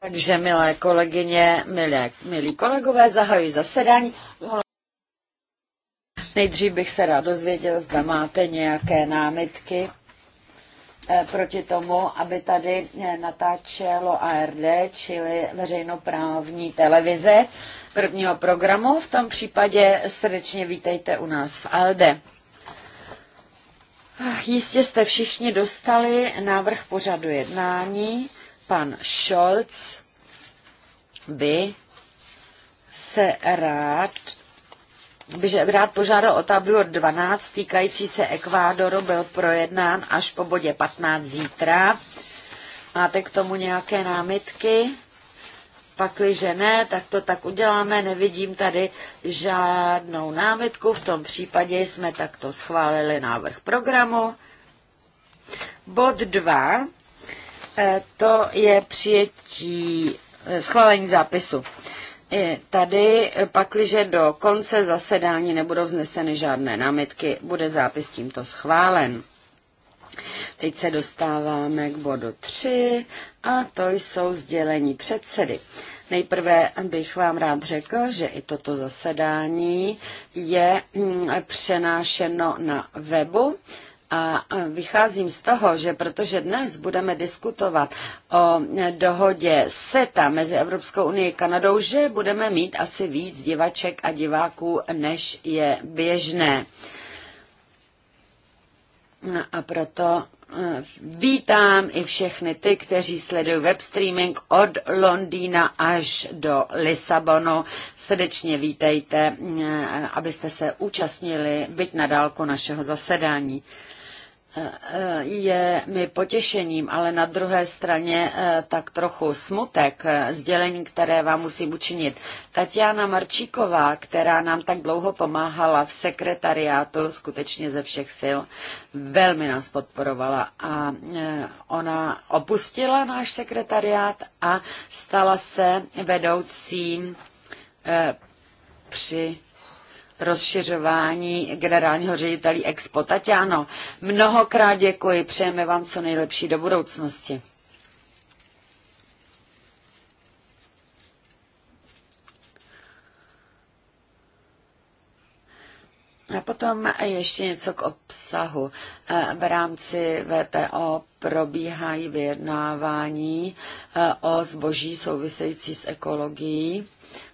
Takže milé kolegyně, milé, milí kolegové, zahajuji zasedání. Nejdřív bych se rád dozvěděl, zda máte nějaké námitky eh, proti tomu, aby tady eh, natáčelo ARD, čili veřejnoprávní televize prvního programu. V tom případě srdečně vítejte u nás v ALDE. Jistě jste všichni dostali návrh pořadu jednání pan Scholz by se rád by že rád požádal o to, aby 12 týkající se Ekvádoru byl projednán až po bodě 15 zítra. Máte k tomu nějaké námitky? Pakliže ne, tak to tak uděláme. Nevidím tady žádnou námitku. V tom případě jsme takto schválili návrh programu. Bod 2 Eh, to je přijetí eh, schválení zápisu. Eh, tady pakliže do konce zasedání nebudou vzneseny žádné námitky, bude zápis tímto schválen. Teď se dostáváme k bodu 3 a to jsou sdělení předsedy. Nejprve bych vám rád řekl, že i toto zasedání je mm, přenášeno na webu a vycházím z toho, že protože dnes budeme diskutovat o dohodě SETA mezi Evropskou unii a Kanadou, že budeme mít asi víc divaček a diváků, než je běžné. A proto e, vítám i všechny ty, kteří sledují webstreaming od Londýna až do Lisabonu. Srdečně vítejte, e, abyste se účastnili, byť na dálku našeho zasedání je mi potěšením, ale na druhé straně eh, tak trochu smutek eh, sdělení, které vám musím učinit. Tatiana Marčíková, která nám tak dlouho pomáhala v sekretariátu skutečně ze všech sil, velmi nás podporovala a eh, ona opustila náš sekretariát a stala se vedoucím při rozšiřování generálního ředitelí Expo. Tatiano, mnohokrát děkuji, přejeme vám co nejlepší do budoucnosti. A potom ještě něco k obsahu. Eh, v rámci VTO probíhají vyjednávání eh, o zboží související s ekologií,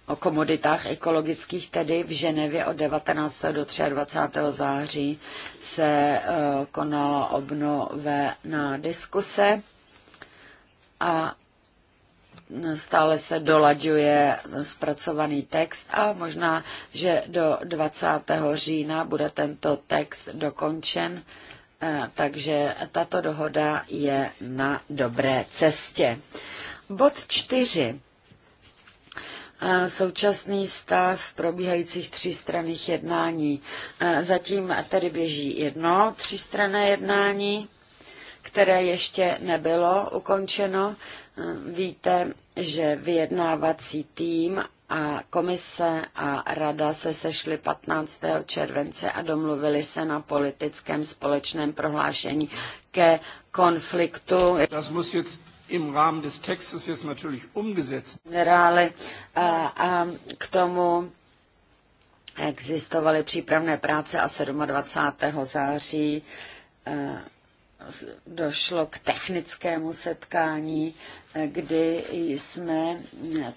o komoditách ekologických, tedy v Ženevě od 19. do 23. září se eh, konala obnovená diskuse a stále se dolaďuje zpracovaný text a možná, že do 20. října bude tento text dokončen, eh, takže tato dohoda je na dobré cestě. Bod 4. Eh, současný stav probíhajících třístranných jednání. Eh, zatím tedy běží jedno třístranné jednání které ještě nebylo ukončeno. Víte, že vyjednávací tým a komise a rada se sešly 15. července a domluvili se na politickém společném prohlášení ke konfliktu. Das muss jetzt im Rahmen des Textes jetzt natürlich umgesetzt. Generály a, a k tomu existovaly přípravné práce a 27. září a, došlo k technickému setkání, kdy jsme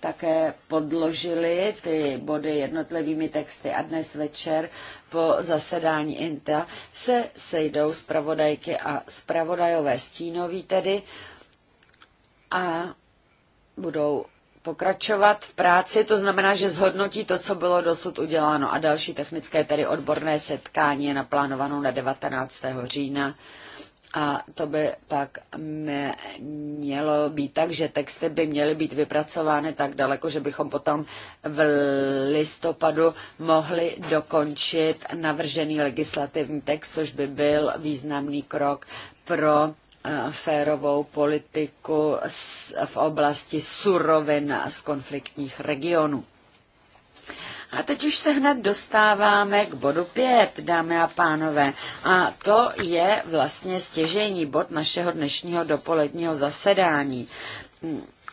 také podložili ty body jednotlivými texty a dnes večer po zasedání INTA se sejdou zpravodajky a zpravodajové stínoví tedy a budou pokračovat v práci, to znamená, že zhodnotí to, co bylo dosud uděláno a další technické, tedy odborné setkání je naplánovanou na 19. října a to by pak mělo být tak, že texty by měly být vypracovány tak daleko, že bychom potom v listopadu mohli dokončit navržený legislativní text, což by byl významný krok pro eh, férovou politiku v oblasti surovin z konfliktních regionů. A teď už se hned dostáváme k bodu pět, dámy a pánové. A to je vlastně stěžejní bod našeho dnešního dopoledního zasedání.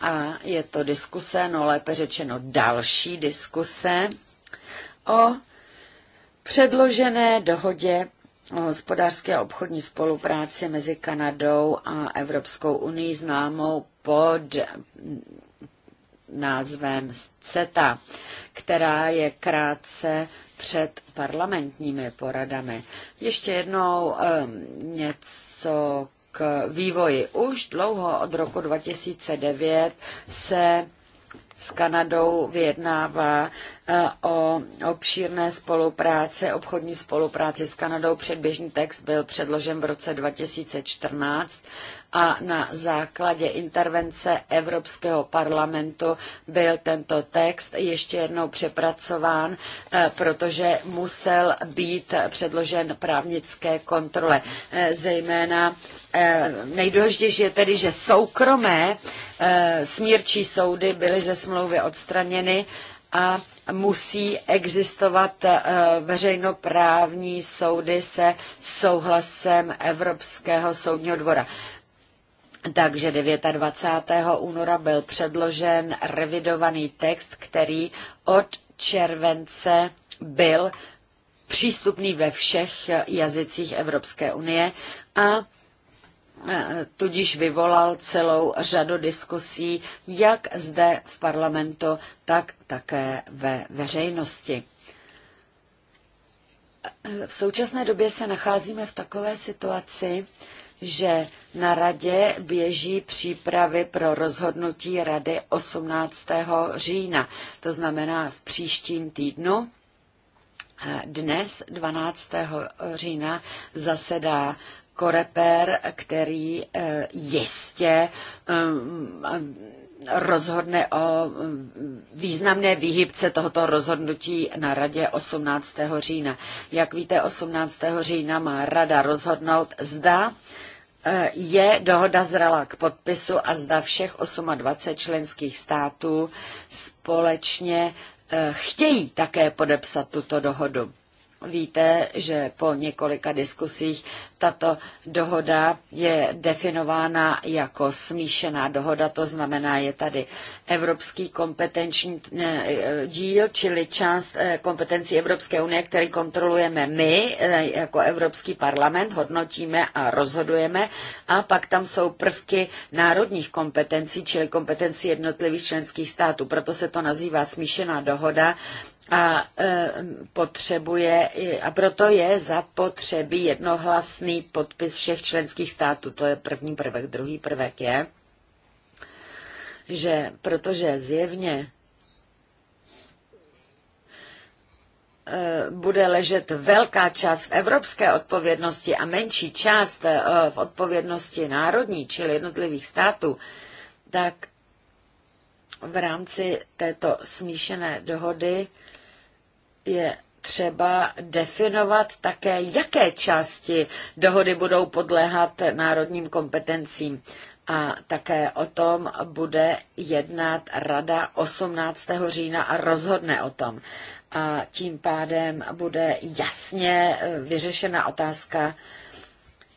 A je to diskuse, no lépe řečeno další diskuse o předložené dohodě o hospodářské a obchodní spolupráci mezi Kanadou a Evropskou unii známou pod názvem CETA, která je krátce před parlamentními poradami. Ještě jednou ehm, něco k vývoji. Už dlouho od roku 2009 se s Kanadou vyjednává eh, o obšírné spolupráci, obchodní spolupráci s Kanadou. Předběžný text byl předložen v roce 2014 a na základě intervence Evropského parlamentu byl tento text ještě jednou přepracován, eh, protože musel být předložen právnické kontrole. Eh, zejména eh, nejdůležitější je tedy, že soukromé smírčí soudy byly ze smlouvy odstraněny a musí existovat veřejnoprávní soudy se souhlasem Evropského soudního dvora. Takže 29. února byl předložen revidovaný text, který od července byl přístupný ve všech jazycích Evropské unie a e, tudíž vyvolal celou řadu diskusí, jak zde v parlamentu, tak také ve veřejnosti. E, v současné době se nacházíme v takové situaci, že na radě běží přípravy pro rozhodnutí rady 18. října, to znamená v příštím týdnu. Dnes, 12. října, zasedá Koreper, který eh, jistě eh, rozhodne o eh, významné výhybce tohoto rozhodnutí na radě 18. října. Jak víte, 18. října má rada rozhodnout, zda Eh, je dohoda zralá k podpisu a zda všech 28 členských států společně eh, chtějí také podepsat tuto dohodu. Víte, že po několika diskusích tato dohoda je definována jako smíšená dohoda, to znamená, je tady evropský kompetenční eh, díl, čili část eh, kompetencí Evropské unie, který kontrolujeme my eh, jako Evropský parlament, hodnotíme a rozhodujeme. A pak tam jsou prvky národních kompetencí, čili kompetencí jednotlivých členských států. Proto se to nazývá smíšená dohoda a potřebuje, a proto je zapotřebí jednohlasný podpis všech členských států. To je první prvek. Druhý prvek je, že protože zjevně e, bude ležet velká část v evropské odpovědnosti a menší část e, v odpovědnosti národní, čili jednotlivých států, tak v rámci této smíšené dohody je třeba definovat také, jaké části dohody budou podléhat národním kompetencím. A také o tom bude jednat Rada 18. října a rozhodne o tom. A tím pádem bude jasně eh, vyřešena otázka,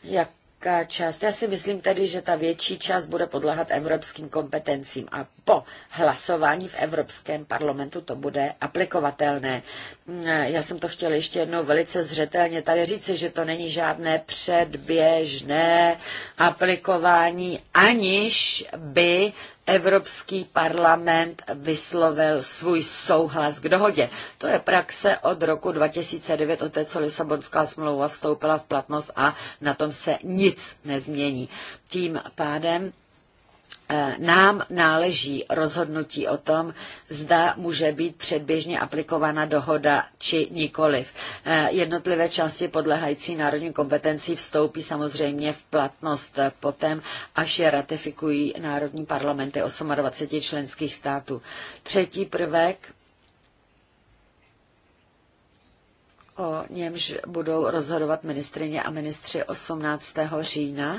jak velká část. Já si myslím tedy, že ta větší část bude podléhat evropským kompetencím a po hlasování v Evropském parlamentu to bude aplikovatelné. Mm, já jsem to chtěla ještě jednou velice zřetelně tady říci, že to není žádné předběžné aplikování, aniž by Evropský parlament vyslovil svůj souhlas k dohodě. To je praxe od roku 2009, od té, co Lisabonská smlouva vstoupila v platnost a na tom se nic nezmění. Tím pádem Eh, nám náleží rozhodnutí o tom, zda může být předběžně aplikována dohoda či nikoliv. Eh, jednotlivé části podlehající národní kompetenci vstoupí samozřejmě v platnost potom, až je ratifikují národní parlamenty 28 členských států. Třetí prvek o němž budou rozhodovat ministrině a ministři 18. října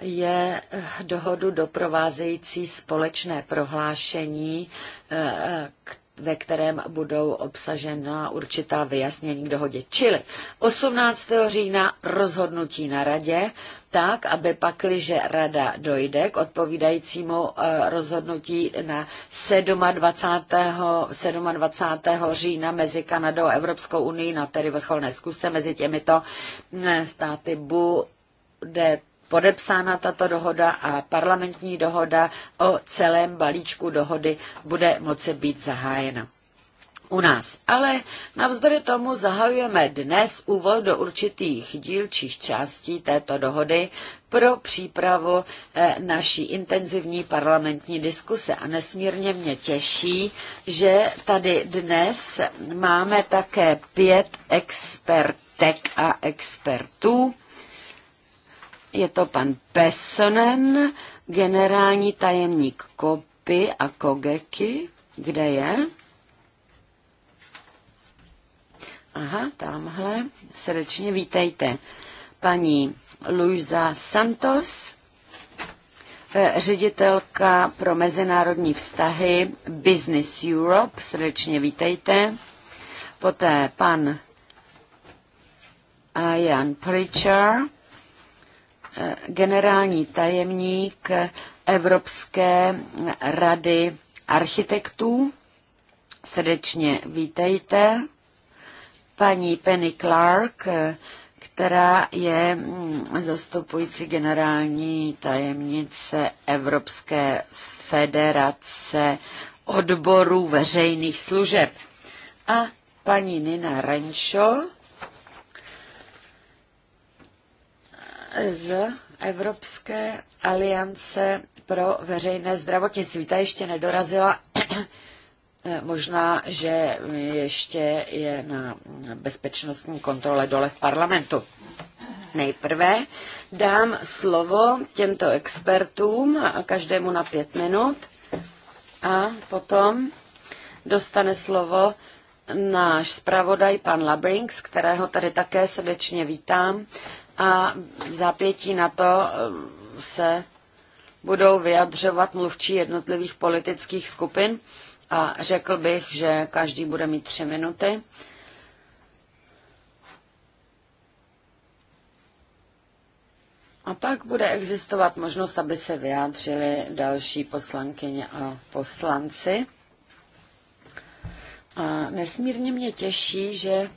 je dohodu doprovázející společné prohlášení, eh, ve kterém budou obsažena určitá vyjasnění k dohodě. Čili 18. října rozhodnutí na radě, tak, aby pakliže rada dojde k odpovídajícímu eh, rozhodnutí na 27. 27. října mezi Kanadou a Evropskou unii na tedy vrcholné zkuse mezi těmito eh, státy bude podepsána tato dohoda a parlamentní dohoda o celém balíčku dohody bude moci být zahájena u nás. Ale navzdory tomu zahajujeme dnes úvod do určitých dílčích částí této dohody pro přípravu eh, naší intenzivní parlamentní diskuse. A nesmírně mě těší, že tady dnes máme také pět expertek a expertů je to pan Pessonen, generální tajemník Kopy a Kogeky. Kde je? Aha, tamhle. Srdečně vítejte. Paní Luisa Santos, eh, ředitelka pro mezinárodní vztahy Business Europe. Srdečně vítejte. Poté pan Jan Pritchard, generální tajemník Evropské rady architektů. Srdečně vítejte paní Penny Clark, která je zastupující generální tajemnice Evropské federace odborů veřejných služeb. A paní Nina Renšo, z Evropské aliance pro veřejné zdravotnictví. Ta ještě nedorazila. Možná, že ještě je na bezpečnostní kontrole dole v parlamentu. Nejprve dám slovo těmto expertům, každému na pět minut, a potom dostane slovo náš zpravodaj pan Labrinks, kterého tady také srdečně vítám a zápětí na to um, se budou vyjadřovat mluvčí jednotlivých politických skupin a řekl bych, že každý bude mít tři minuty. A pak bude existovat možnost, aby se vyjádřili další poslankyně a poslanci. A nesmírně mě těší, že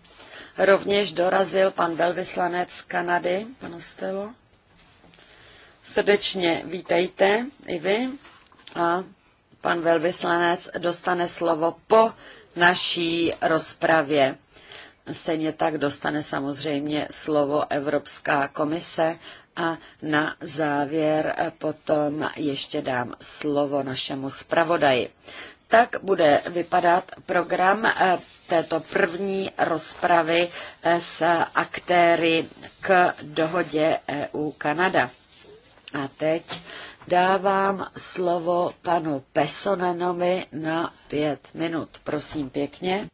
Rovněž dorazil pan velvyslanec Kanady, pan Ostelo. Srdečně vítejte i vy a pan velvyslanec dostane slovo po naší rozpravě. Stejně tak dostane samozřejmě slovo Evropská komise a na závěr potom ještě dám slovo našemu zpravodaji tak bude vypadat program eh, této první rozpravy eh, s aktéry k dohodě EU-Kanada. A teď dávám slovo panu Pesonenovi na pět minut. Prosím pěkně.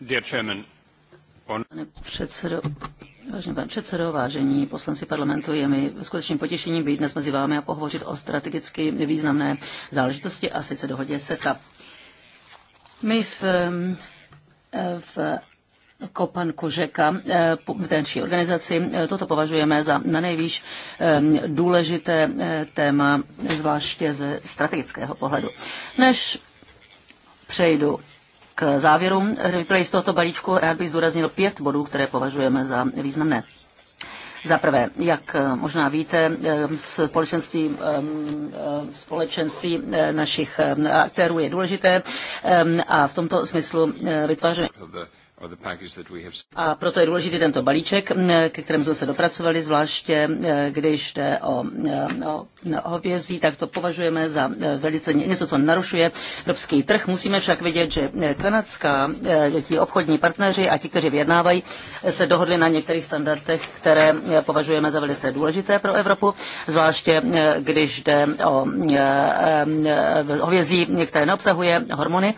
Dear Chairman, on... Pane předsedo, Vážený pane předsedo, vážení poslanci parlamentu, je mi skutečně potěšením být dnes mezi vámi a pohovořit o strategicky významné záležitosti a sice dohodě SETA. My v, v Kopan Kožeka eh, v té naší organizaci. Eh, toto považujeme za na nejvýš důležité eh, téma, zvláště ze strategického pohledu. Než přejdu k závěru vyplývají z tohoto balíčku rád bych zdůraznil pět bodů, které považujeme za významné. Za prvé, jak eh, možná víte, eh, společenství, eh, společenství našich aktérů je důležité a v tomto smyslu vytváříme. A proto je důležitý tento balíček, ke kterému jsme se dopracovali, zvláště když jde o, o hovězí, tak to považujeme za e, velice něco, co narušuje evropský trh. Musíme však vidět, že e, kanadská, e, ti obchodní partneři a ti, kteří vyjednávají, se dohodli na některých standardech, které považujeme za velice důležité pro Evropu, zvláště když jde o hovězí, které neobsahuje hormony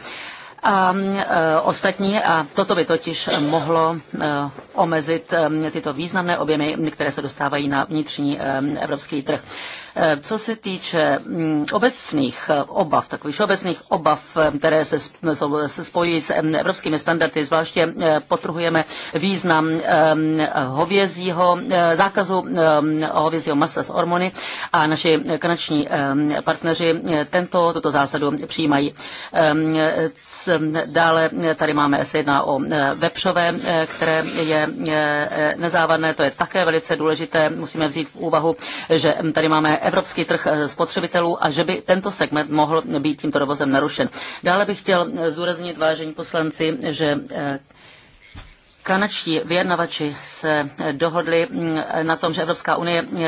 a e, ostatní. A toto by totiž mohlo e, omezit e, tyto významné objemy, které se dostávají na vnitřní evropský trh. Eh, co se týče mm, obecných eh, obav, takových obecných obav, eh, které se, se spojují s evropskými standardy, zvláště potrhujeme význam hovězího, zákazu hovězího masa s hormony a naši kanační partneři tento, tuto zásadu přijímají. Ehm, dále tady máme, se jedná o vepřové, které je nezávadné, to je také velice důležité, musíme vzít v úvahu, že hm, tady máme evropský trh eh, spotřebitelů a že by tento segment mohl být tímto dovozem narušen. Dále bych chtěl eh, zdůraznit, vážení poslanci, že eh, Kanadští vyjednavači se dohodli mm, na tom, že Evropská unie, mm, e,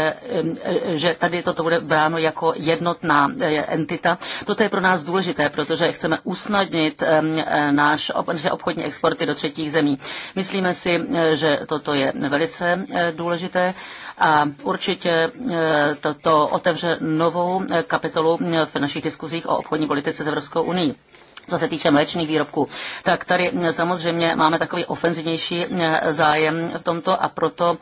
e, že tady toto bude bráno jako jednotná e, entita. Toto je pro nás důležité, protože chceme usnadnit mm, náš, naše obchodní exporty do třetích zemí. Myslíme si, že toto je velice důležité a určitě toto otevře novou kapitolu v našich diskuzích o obchodní politice s Evropskou unii. Co se týče mléčných výrobků, tak tady samozřejmě máme takový ofenzivnější zájem v tomto a proto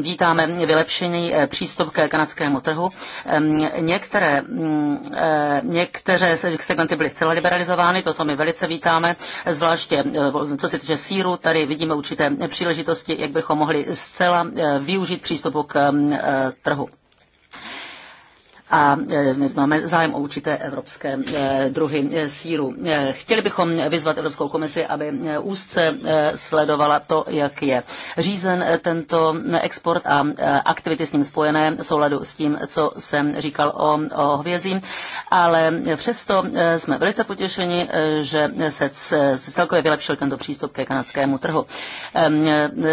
vítáme vylepšený e, přístup ke kanadskému trhu. Některé, e, některé segmenty byly zcela liberalizovány, toto my velice vítáme, zvláště e, co se týče síru, tady vidíme určité příležitosti, jak bychom mohli zcela využít přístupu k trhu a e, máme zájem o určité evropské e, druhy e, síru. Chtěli bychom vyzvat Evropskou komisi, aby úzce sledovala to, jak je řízen tento export a aktivity s ním spojené v souladu s tím, co jsem říkal o, o hvězí. Ale přesto jsme velice potěšeni, že se celkově vylepšil tento přístup ke kanadskému trhu.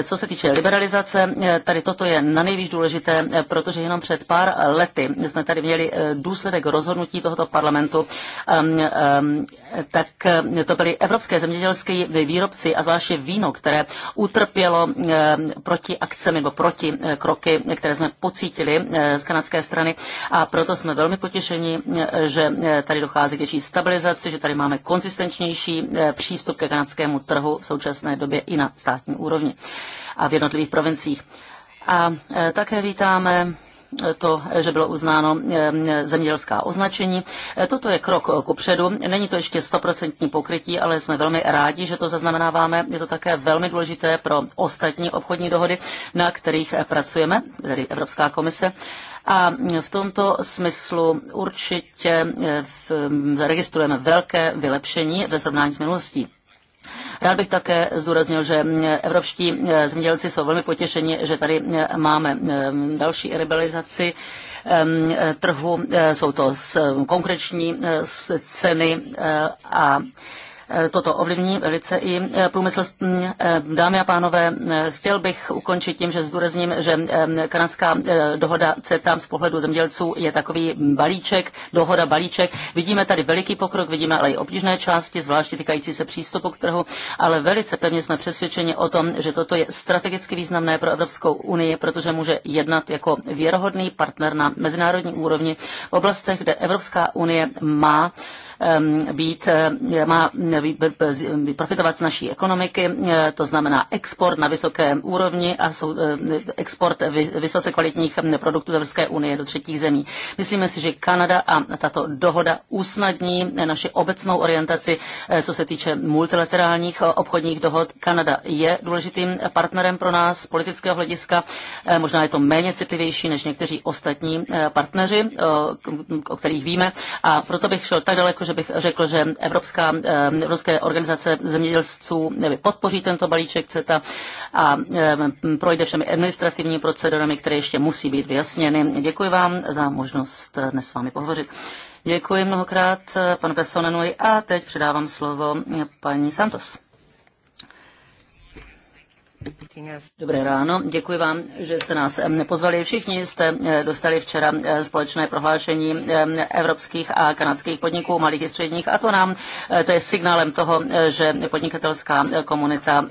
Co se týče liberalizace, tady toto je na nejvíc důležité, protože jenom před pár lety jsme tady měli eh, důsledek rozhodnutí tohoto parlamentu, ehm, ehm, tak eh, to byly evropské zemědělské výrobci a zvláště víno, které utrpělo eh, proti akcemi nebo proti kroky, které jsme pocítili z kanadské strany a proto jsme velmi potěšeni, že tady dochází k větší stabilizaci, že tady máme konzistenčnější přístup ke kanadskému trhu v současné době i na státní úrovni a v jednotlivých provinciích. A také vítáme to, že bylo uznáno eh, zemědělská označení. Eh, toto je krok eh, ku předu. Není to ještě stoprocentní pokrytí, ale jsme velmi rádi, že to zaznamenáváme. Je to také velmi důležité pro ostatní obchodní dohody, na kterých pracujeme, tedy Evropská komise. A v tomto smyslu určitě mm, registrujeme velké vylepšení ve srovnání s minulostí. Rád bych také zdůraznil, že evropští eh, zemědělci jsou velmi potěšeni, že tady eh, máme eh, další rebelizaci ehm, trhu. Jsou to konkrétní ceny a Eh, toto ovlivní velice i eh, průmysl. Mm, eh, Dámy a pánové, chtěl bych ukončit tím, že zdůrazním, že kanadská dohoda CETA z pohledu zemědělců je takový balíček, dohoda balíček. Vidíme tady veliký pokrok, vidíme ale i obtížné části, zvláště týkající se přístupu k trhu, ale velice pevně jsme přesvědčeni o tom, že toto je strategicky významné pro Evropskou unii, protože může jednat jako věrohodný partner na mezinárodní úrovni v oblastech, kde Evropská unie má Ehm, být, eh, má profitovat z naší ekonomiky, eh, to znamená export na vysoké úrovni a jsou, eh, export vysoce kvalitních ehm, produktů Evropské unie do třetích zemí. Myslíme si, že Kanada a tato dohoda usnadní naši obecnou orientaci, co se týče multilaterálních obchodních dohod. Kanada je důležitým partnerem pro nás z politického hlediska. Možná je to méně citlivější než někteří ostatní partneři, o kterých víme. A proto bych šel tak daleko, jako že bych řekl, že Evropská, eh, Evropské organizace zemědělců podpoří tento balíček CETA a eh, projde všemi administrativní procedurami, které ještě musí být vyjasněny. Děkuji vám za možnost eh, dnes s vámi pohovořit. Děkuji mnohokrát panu Pesonenovi a teď předávám slovo paní Santos. Dobré ráno, děkuji vám, že jste nás pozvali. Všichni jste dostali včera společné prohlášení evropských a kanadských podniků, malých i středních, a to nám, e, to je signálem toho, e, že podnikatelská e, komunita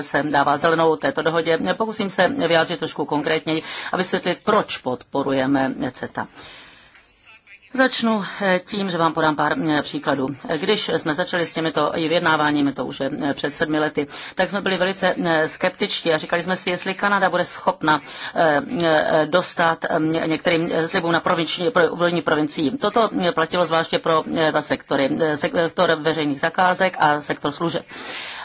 se dává zelenou této dohodě. Pokusím se vyjádřit trošku konkrétněji a vysvětlit, proč podporujeme CETA. Začnu eh, tím, že vám podám pár eh, příkladů. Eh, když jsme začali s těmito vyjednáváními, to už je před sedmi lety, tak jsme byli velice skeptičtí a říkali jsme si, jestli Kanada bude schopna dostat některým slibům na provinční, uvolnění provincií. Toto platilo zvláště pro dva sektory, sektor veřejných zakázek a sektor služeb.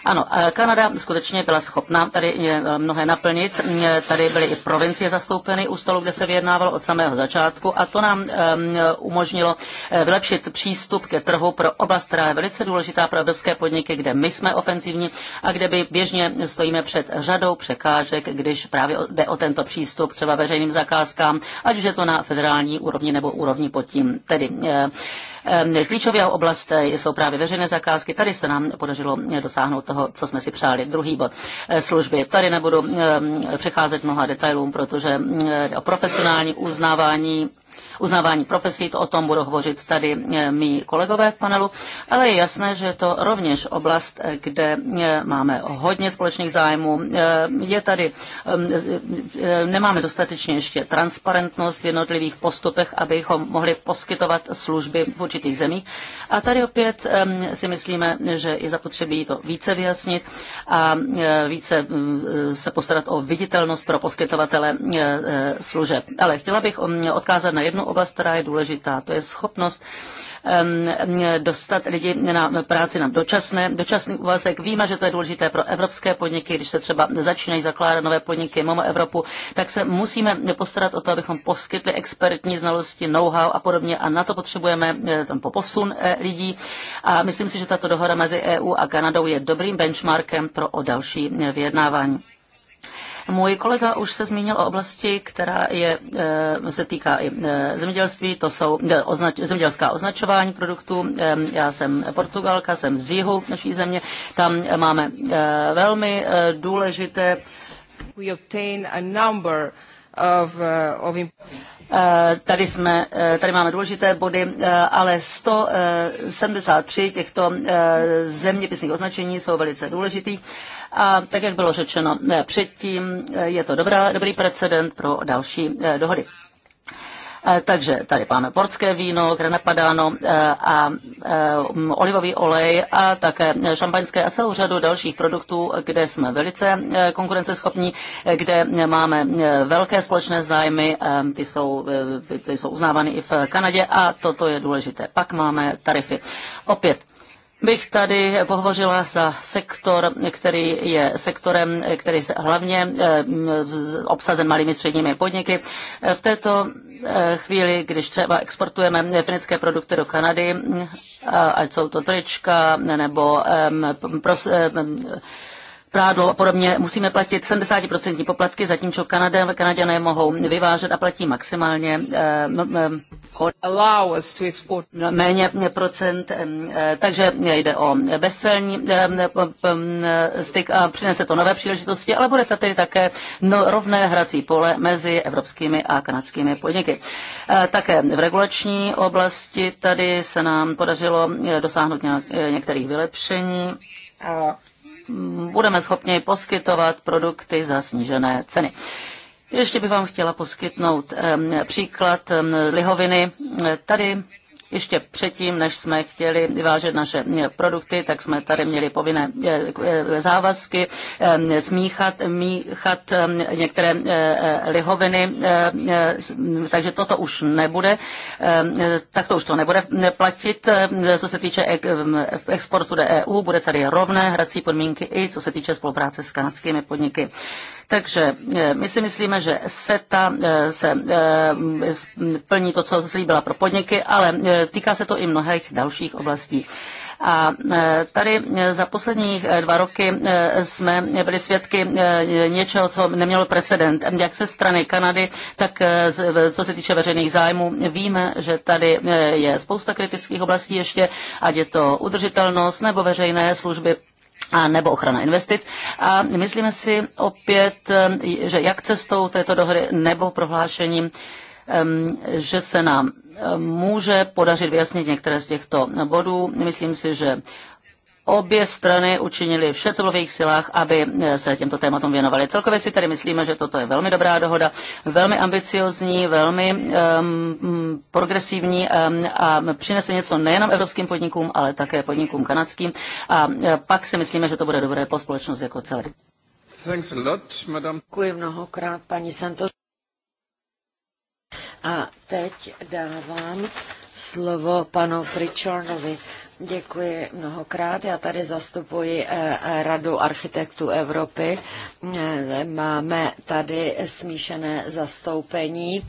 Ano, e, Kanada skutečně byla schopná tady e, mnohé naplnit. E, tady byly i provincie zastoupeny u stolu, kde se vyjednávalo od samého začátku a to nám umožnilo vylepšit přístup ke trhu pro oblast, která je velice důležitá pro evropské podniky, kde my jsme ofenzivní a kde by běžně stojíme před řadou překážek, když právě jde o tento přístup třeba veřejným zakázkám, ať už je to na federální úrovni nebo úrovni pod tím. Tedy Ehm, Klíčová oblast eh, jsou právě veřejné zakázky. Tady se nám podařilo eh, dosáhnout toho, co jsme si přáli. Druhý bod eh, služby. Tady nebudu ehm, přecházet mnoha detailům, protože mm, o profesionální uznávání uznávání profesí, to o tom budou hovořit tady eh, mý kolegové v panelu, ale je jasné, že je to rovněž oblast, eh, kde eh, máme hodně společných zájmů. Je tady, ehm, nemáme dostatečně ještě transparentnost v jednotlivých postupech, abychom mohli poskytovat služby v určitých zemích. A tady opět ehm, si myslíme, že je zapotřebí to více vyjasnit a více mm, se postarat o viditelnost pro poskytovatele služeb. Ale chtěla bych mm, odkázat na jednu oblast, která je důležitá. To je schopnost dostat lidi na práci na dočasné, dočasný úvazek. Víme, že to je důležité pro evropské podniky, když se třeba začínají zakládat nové podniky mimo Evropu, tak se musíme postarat o to, abychom poskytli expertní znalosti, know-how a podobně a na to potřebujeme eh, ten posun eh, lidí. A myslím si, že tato dohoda mezi EU a Kanadou je dobrým benchmarkem pro o další eh, vyjednávání. Můj kolega už se zmínil o oblasti, která je, eh, se týká i eh, zemědělství, to jsou eh, označ, zemědělská označování produktů. Já jsem Portugalka, jsem z jihu naší země, tam máme velmi důležité. We obtain a number of, uh, of Tady, jsme, tady máme důležité body, ale 173 těchto zeměpisných označení jsou velice důležitý a tak, jak bylo řečeno eh, předtím, eh, je to dobrá, dobrý precedent pro další eh, dohody. Takže tady máme portské víno, grenapadáno a olivový olej a také šampaňské a celou řadu dalších produktů, kde jsme velice konkurenceschopní, kde máme velké společné zájmy, ty jsou, ty jsou uznávány i v Kanadě a toto je důležité. Pak máme tarify. Opět bych tady pohovořila za sektor, který je sektorem, který je hlavně eh, obsazen malými středními podniky. V této eh, chvíli, když třeba exportujeme finické produkty do Kanady, eh, ať jsou to trička nebo pros, prádlo a podobně musíme platit 70% poplatky, zatímco Kanadě, Kanaděné mohou vyvážet a platí maximálně méně procent. Takže jde o bezcelní eh, eh, eh, styk a přinese to nové příležitosti, ale bude to tady také no, rovné hrací pole mezi evropskými a kanadskými podniky. Také v regulační oblasti tady se nám podařilo dosáhnout nějak, některých vylepšení budeme schopni poskytovat produkty za snížené ceny. Ještě bych vám chtěla poskytnout příklad lihoviny. Tady ještě předtím, než jsme chtěli vyvážet naše eh, produkty, tak jsme tady měli povinné eh, eh, závazky smíchat, míchat některé lihoviny, takže toto už nebude, tak to už to nebude platit, co se týče exportu do EU, bude tady rovné hrací podmínky i co se týče spolupráce s kanadskými podniky. Takže eh, my si myslíme, že SETA eh, se eh, plní to, co slíbila pro podniky, ale týká se to i mnohých dalších oblastí. A tady za posledních dva roky jsme byli svědky něčeho, co nemělo precedent. Jak se strany Kanady, tak co se týče veřejných zájmů, víme, že tady je spousta kritických oblastí ještě, ať je to udržitelnost nebo veřejné služby a nebo ochrana investic. A myslíme si opět, eh, že jak cestou této dohody nebo prohlášením, že se nám eh, může podařit vyjasnit některé z těchto bodů. Myslím si, že obě strany učinili vše, co bylo v jejich silách, aby eh, se těmto tématům věnovali. Celkově si tady myslíme, že toto je velmi dobrá dohoda, velmi ambiciozní, velmi um, progresivní um, a přinese něco nejenom evropským podnikům, ale také podnikům kanadským. A eh, pak si myslíme, že to bude dobré po společnost jako celé. Thanks a lot, madam. Děkuji mnohokrát, paní Santos. A teď dávám slovo panu Pričornovi. Děkuji mnohokrát. Já tady zastupuji eh, Radu architektů Evropy. Eh, máme tady smíšené zastoupení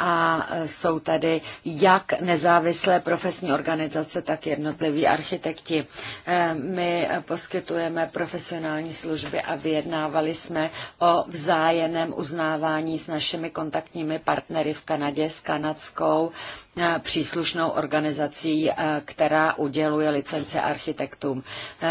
a e, jsou tady jak nezávislé profesní organizace, tak jednotliví architekti. E, my poskytujeme profesionální služby a vyjednávali jsme o vzájemném uznávání s našimi kontaktními partnery v Kanadě, s kanadskou e, příslušnou organizací, která uděluje licence architektům.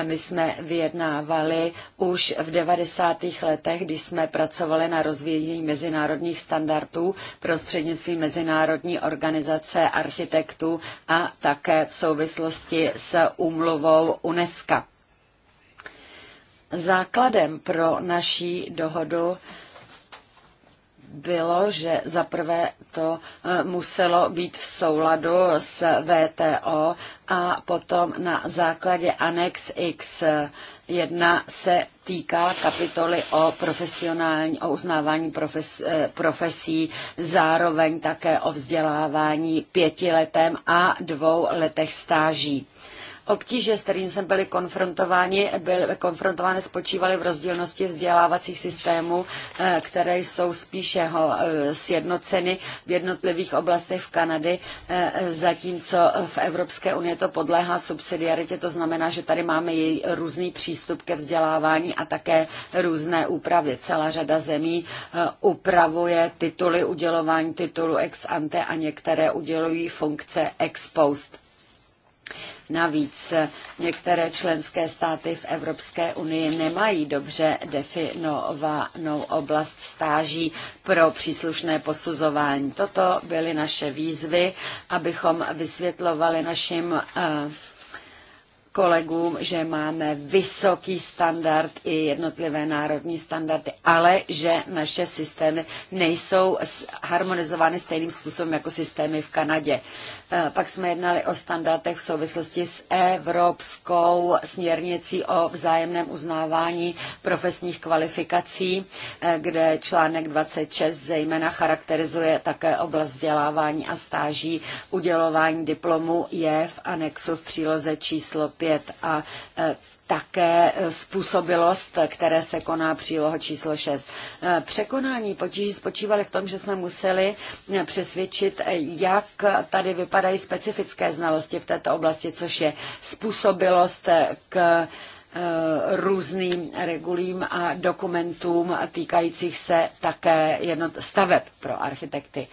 My jsme vyjednávali už v 90. letech, když jsme pracovali na rozvíjení mezinárodních standardů prostřednictvím předsednictví Mezinárodní organizace architektů a také v souvislosti s úmluvou UNESCO. Základem pro naší dohodu bylo, že za prvé to eh, muselo být v souladu s VTO a potom na základě Annex X1 se týká kapitoly o, profesionální, o uznávání profes, eh, profesí, zároveň také o vzdělávání pěti letem a dvou letech stáží. Obtíže, s kterým jsme byli konfrontováni, byly konfrontovány spočívaly v rozdílnosti vzdělávacích systémů, eh, které jsou spíše eh, sjednoceny v jednotlivých oblastech v Kanady, eh, zatímco v Evropské unii to podléhá subsidiaritě, to znamená, že tady máme její různý přístup ke vzdělávání a také různé úpravy. Celá řada zemí upravuje tituly udělování titulu ex ante a některé udělují funkce ex post. Navíc některé členské státy v Evropské unii nemají dobře definovanou oblast stáží pro příslušné posuzování. Toto byly naše výzvy, abychom vysvětlovali našim eh, kolegům, že máme vysoký standard i jednotlivé národní standardy, ale že naše systémy nejsou harmonizovány stejným způsobem jako systémy v Kanadě. Eh, pak jsme jednali o standardech v souvislosti s evropskou směrnicí o vzájemném uznávání profesních kvalifikací, eh, kde článek 26 zejména charakterizuje také oblast vzdělávání a stáží. Udělování diplomu je v anexu v příloze číslo 5 a eh, také eh, způsobilost, které se koná příloho číslo 6. Eh, překonání potíží spočívaly v tom, že jsme museli eh, přesvědčit, jak tady vypadají specifické znalosti v této oblasti, což je způsobilost k různým regulím a dokumentům týkajících se také jednot- staveb pro architekty.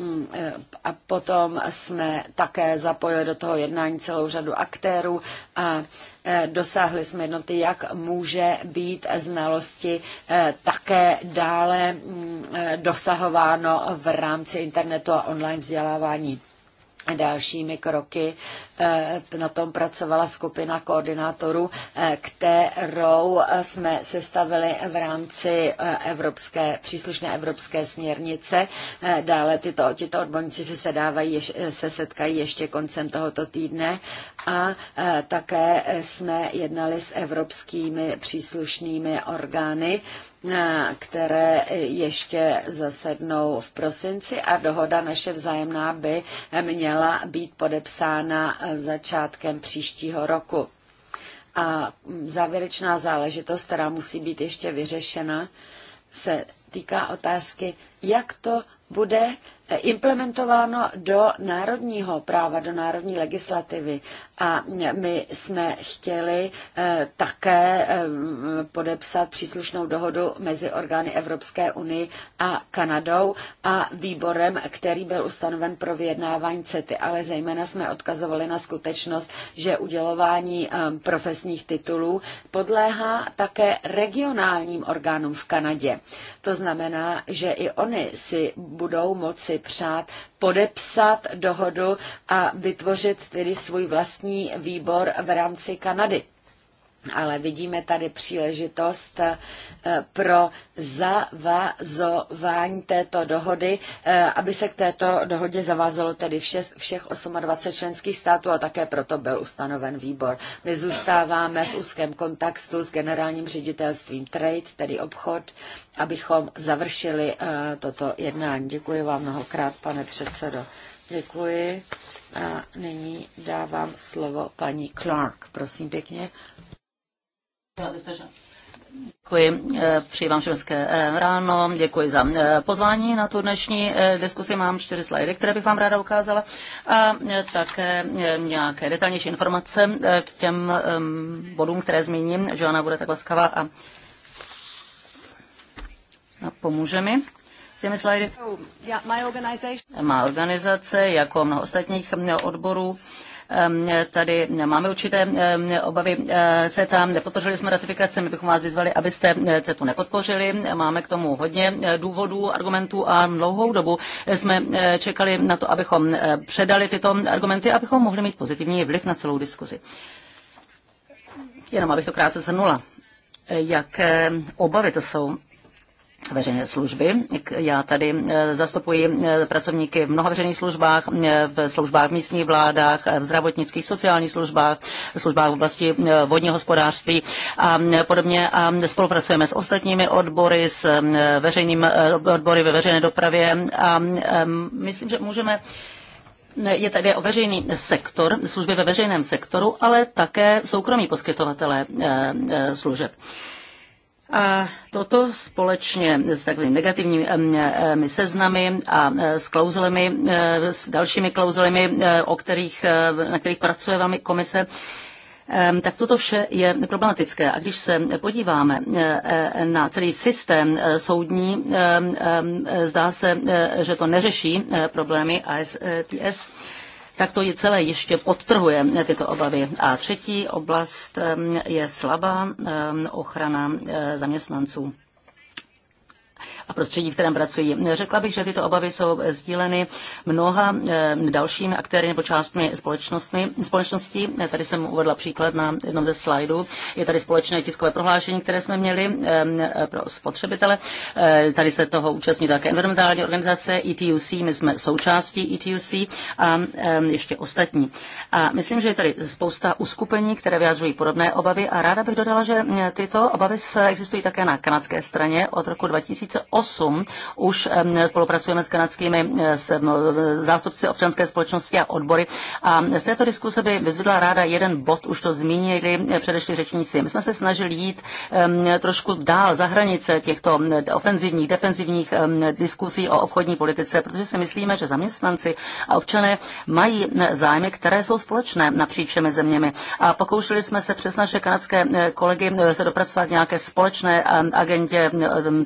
Mm, eh, a potom jsme také zapojili do toho jednání celou řadu aktérů a eh, dosáhli jsme jednoty, jak může být znalosti eh, také dále mm, dosahováno v rámci internetu a online vzdělávání dalšími kroky Eh, na tom pracovala skupina koordinátorů, eh, kterou jsme sestavili v rámci eh, evropské, příslušné evropské směrnice. Dále tyto, tyto odborníci se, sedávají, se setkají ještě koncem tohoto týdne a také jsme jednali s evropskými příslušnými orgány, které ještě zasednou v prosinci a dohoda naše vzájemná by měla být podepsána začátkem příštího roku. A závěrečná záležitost, která musí být ještě vyřešena, se týká otázky, jak to bude eh, implementováno do národního práva, do národní legislativy a my jsme chtěli eh, také eh, podepsat příslušnou dohodu mezi orgány Evropské unie a Kanadou a výborem, který byl ustanoven pro vyjednávání CETY, ale zejména jsme odkazovali na skutečnost, že udělování eh, profesních titulů podléhá také regionálním orgánům v Kanadě. To znamená, že i oni si budou moci přát podepsat dohodu a vytvořit tedy svůj vlastní pilotní výbor v rámci Kanady. Ale vidíme tady příležitost eh, pro zavazování této dohody, eh, aby se k této dohodě zavázalo tedy všech, všech 28 členských států a také proto byl ustanoven výbor. My zůstáváme v úzkém kontaktu s generálním ředitelstvím Trade, tedy obchod, abychom završili eh, toto jednání. Děkuji vám mnohokrát, pane předsedo. Děkuji. A nyní dávám slovo paní Clark. Prosím pěkně. Děkuji, eh, přeji vám všemské eh, ráno, děkuji za eh, pozvání na tu dnešní diskusi. Mám čtyři slajdy, které bych vám ráda ukázala a také nějaké detailnější informace k těm ehm, bodům, které zmíním. Joana bude tak laskavá a, a pomůže mi těmi slajdy. Oh, Má organizace, jako mnoho ostatních eh, odborů, ehm, tady máme určité ehm, obavy eh, CETA, nepodpořili jsme ratifikace, my bychom vás vyzvali, abyste eh, CETu nepodpořili. Máme k tomu hodně důvodů, argumentů a dlouhou dobu jsme čekali na to, abychom předali tyto argumenty, abychom mohli mít pozitivní vliv na celou diskuzi. Jenom abych to krátce shrnula, jak obavy to jsou veřejné služby. Já tady eh, zastupuji eh, pracovníky v mnoha veřejných službách, eh, v službách v místních vládách, v zdravotnických, sociálních službách, v službách v oblasti vodního hospodářství a podobně. A spolupracujeme s ostatními odbory, s veřejným odbory ve veřejné dopravě a myslím, že můžeme je tady o veřejný sektor, služby ve veřejném sektoru, ale také soukromí poskytovatelé služeb. A toto společně s takovými negativními seznamy a e, s klauzulemi, e, s dalšími klauzulemi, e, o kterých, na kterých pracuje vámi komise, tak toto vše je problematické. A když se podíváme na celý systém soudní, zdá se, že to neřeší problémy ASTS tak to je celé ještě podtrhuje tyto obavy. A třetí oblast je slabá ochrana eh, zaměstnanců a prostředí, v kterém pracují. Řekla bych, že tyto obavy jsou sdíleny mnoha eh, dalšími aktéry nebo částmi společnostmi, Společnosti Tady jsem uvedla příklad na jednom ze slajdů. Je tady společné tiskové prohlášení, které jsme měli ehm, pro spotřebitele. Eh, tady se toho účastní také environmentální organizace ETUC, my jsme součástí ETUC a ehm, ještě ostatní. A myslím, že je tady spousta uskupení, které vyjadřují podobné obavy a ráda bych dodala, že eh, tyto obavy existují také na kanadské straně od roku 2008 2008 už spolupracujeme s kanadskými eh, s eh, no, eh, zástupci občanské společnosti a odbory. A z této diskuse by vyzvedla ráda jeden bod, už to zmínili předešli řečníci. My jsme se snažili jít trošku dál za hranice těchto ofenzivních, defenzivních diskusí o obchodní politice, protože si myslíme, že zaměstnanci a občané mají zájmy, které jsou společné napříč všemi zeměmi. A pokoušeli jsme se přes naše kanadské kolegy se dopracovat nějaké společné agendě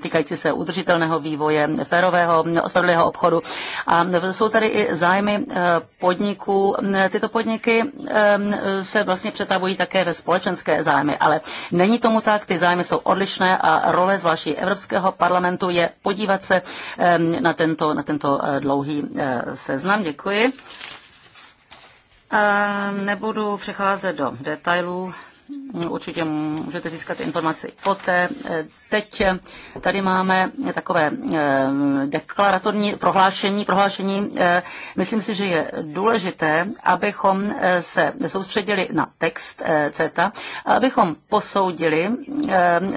týkající se udržitelnosti udržitelného vývoje, férového, ospravedlivého obchodu. A jsou tady i zájmy eh, podniků. Tyto podniky eh, se vlastně přetavují také ve společenské zájmy, ale není tomu tak, ty zájmy jsou odlišné a role zvláště Evropského parlamentu je podívat se eh, na tento, na tento dlouhý seznam. Děkuji. Nebudu přecházet do detailů, určitě můžete získat informaci poté. Teď tady máme takové eh, deklaratorní prohlášení, prohlášení. Eh, myslím si, že je důležité, abychom eh, se soustředili na text CETA, abychom posoudili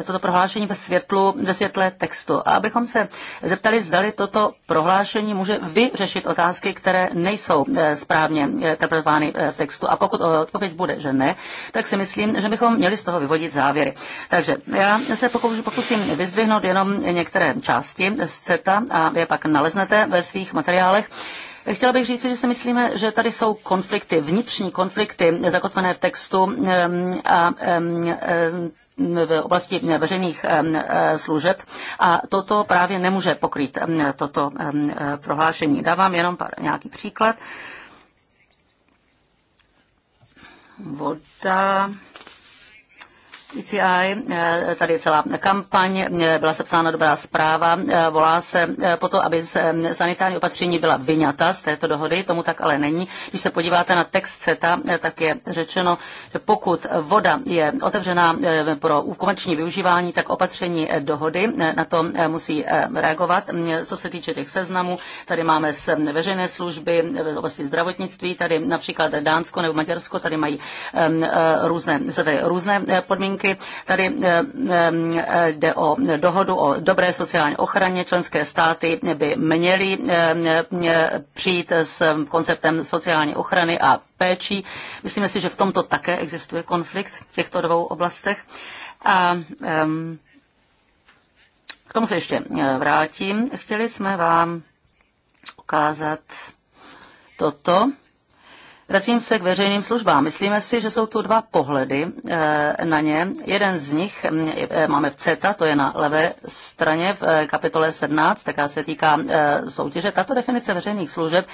toto prohlášení ve, světlu, ve světle textu a abychom se zeptali, zdali toto prohlášení může vyřešit otázky, které nejsou správně interpretovány v textu. A pokud odpověď bude, že ne, tak si myslím, že bychom měli z toho vyvodit závěry. Takže já se pokusím vyzdvihnout jenom některé části z CETA a je pak naleznete ve svých materiálech. Chtěla bych říct, že si myslíme, že tady jsou konflikty, vnitřní konflikty zakotvené v textu a v oblasti veřejných e, služeb a toto právě nemůže pokrýt toto e, prohlášení. Dávám jenom pár, nějaký příklad. Voda, ECI, eh, tady je celá kampaň, eh, byla sepsána dobrá zpráva, eh, volá se po to, aby mm, sanitární opatření byla vyňata z této dohody, tomu tak ale není. Když se podíváte na text CETA, tak je řečeno, že pokud voda je otevřená pro komerční využívání, tak opatření dohody na to musí reagovat. Mm, co se týče těch seznamů, tady máme z mm, veřejné služby, v oblasti zdravotnictví, tady například Dánsko nebo Maďarsko, tady mají různé, tady různé podmínky podmínky. Tady eh, eh, jde o dohodu o dobré sociální ochraně. Členské státy by měly eh, přijít s konceptem sociální ochrany a péčí. Myslíme si, že v tomto také existuje konflikt v těchto dvou oblastech. A ehm, k tomu se ještě vrátím. Chtěli jsme vám ukázat toto. Vracím se k veřejným službám. Myslíme si, že jsou tu dva pohledy eh, na ně. Jeden z nich mm, eh, máme v CETA, to je na levé straně v eh, kapitole 17, taká se týká soutěže. Tato definice veřejných služeb,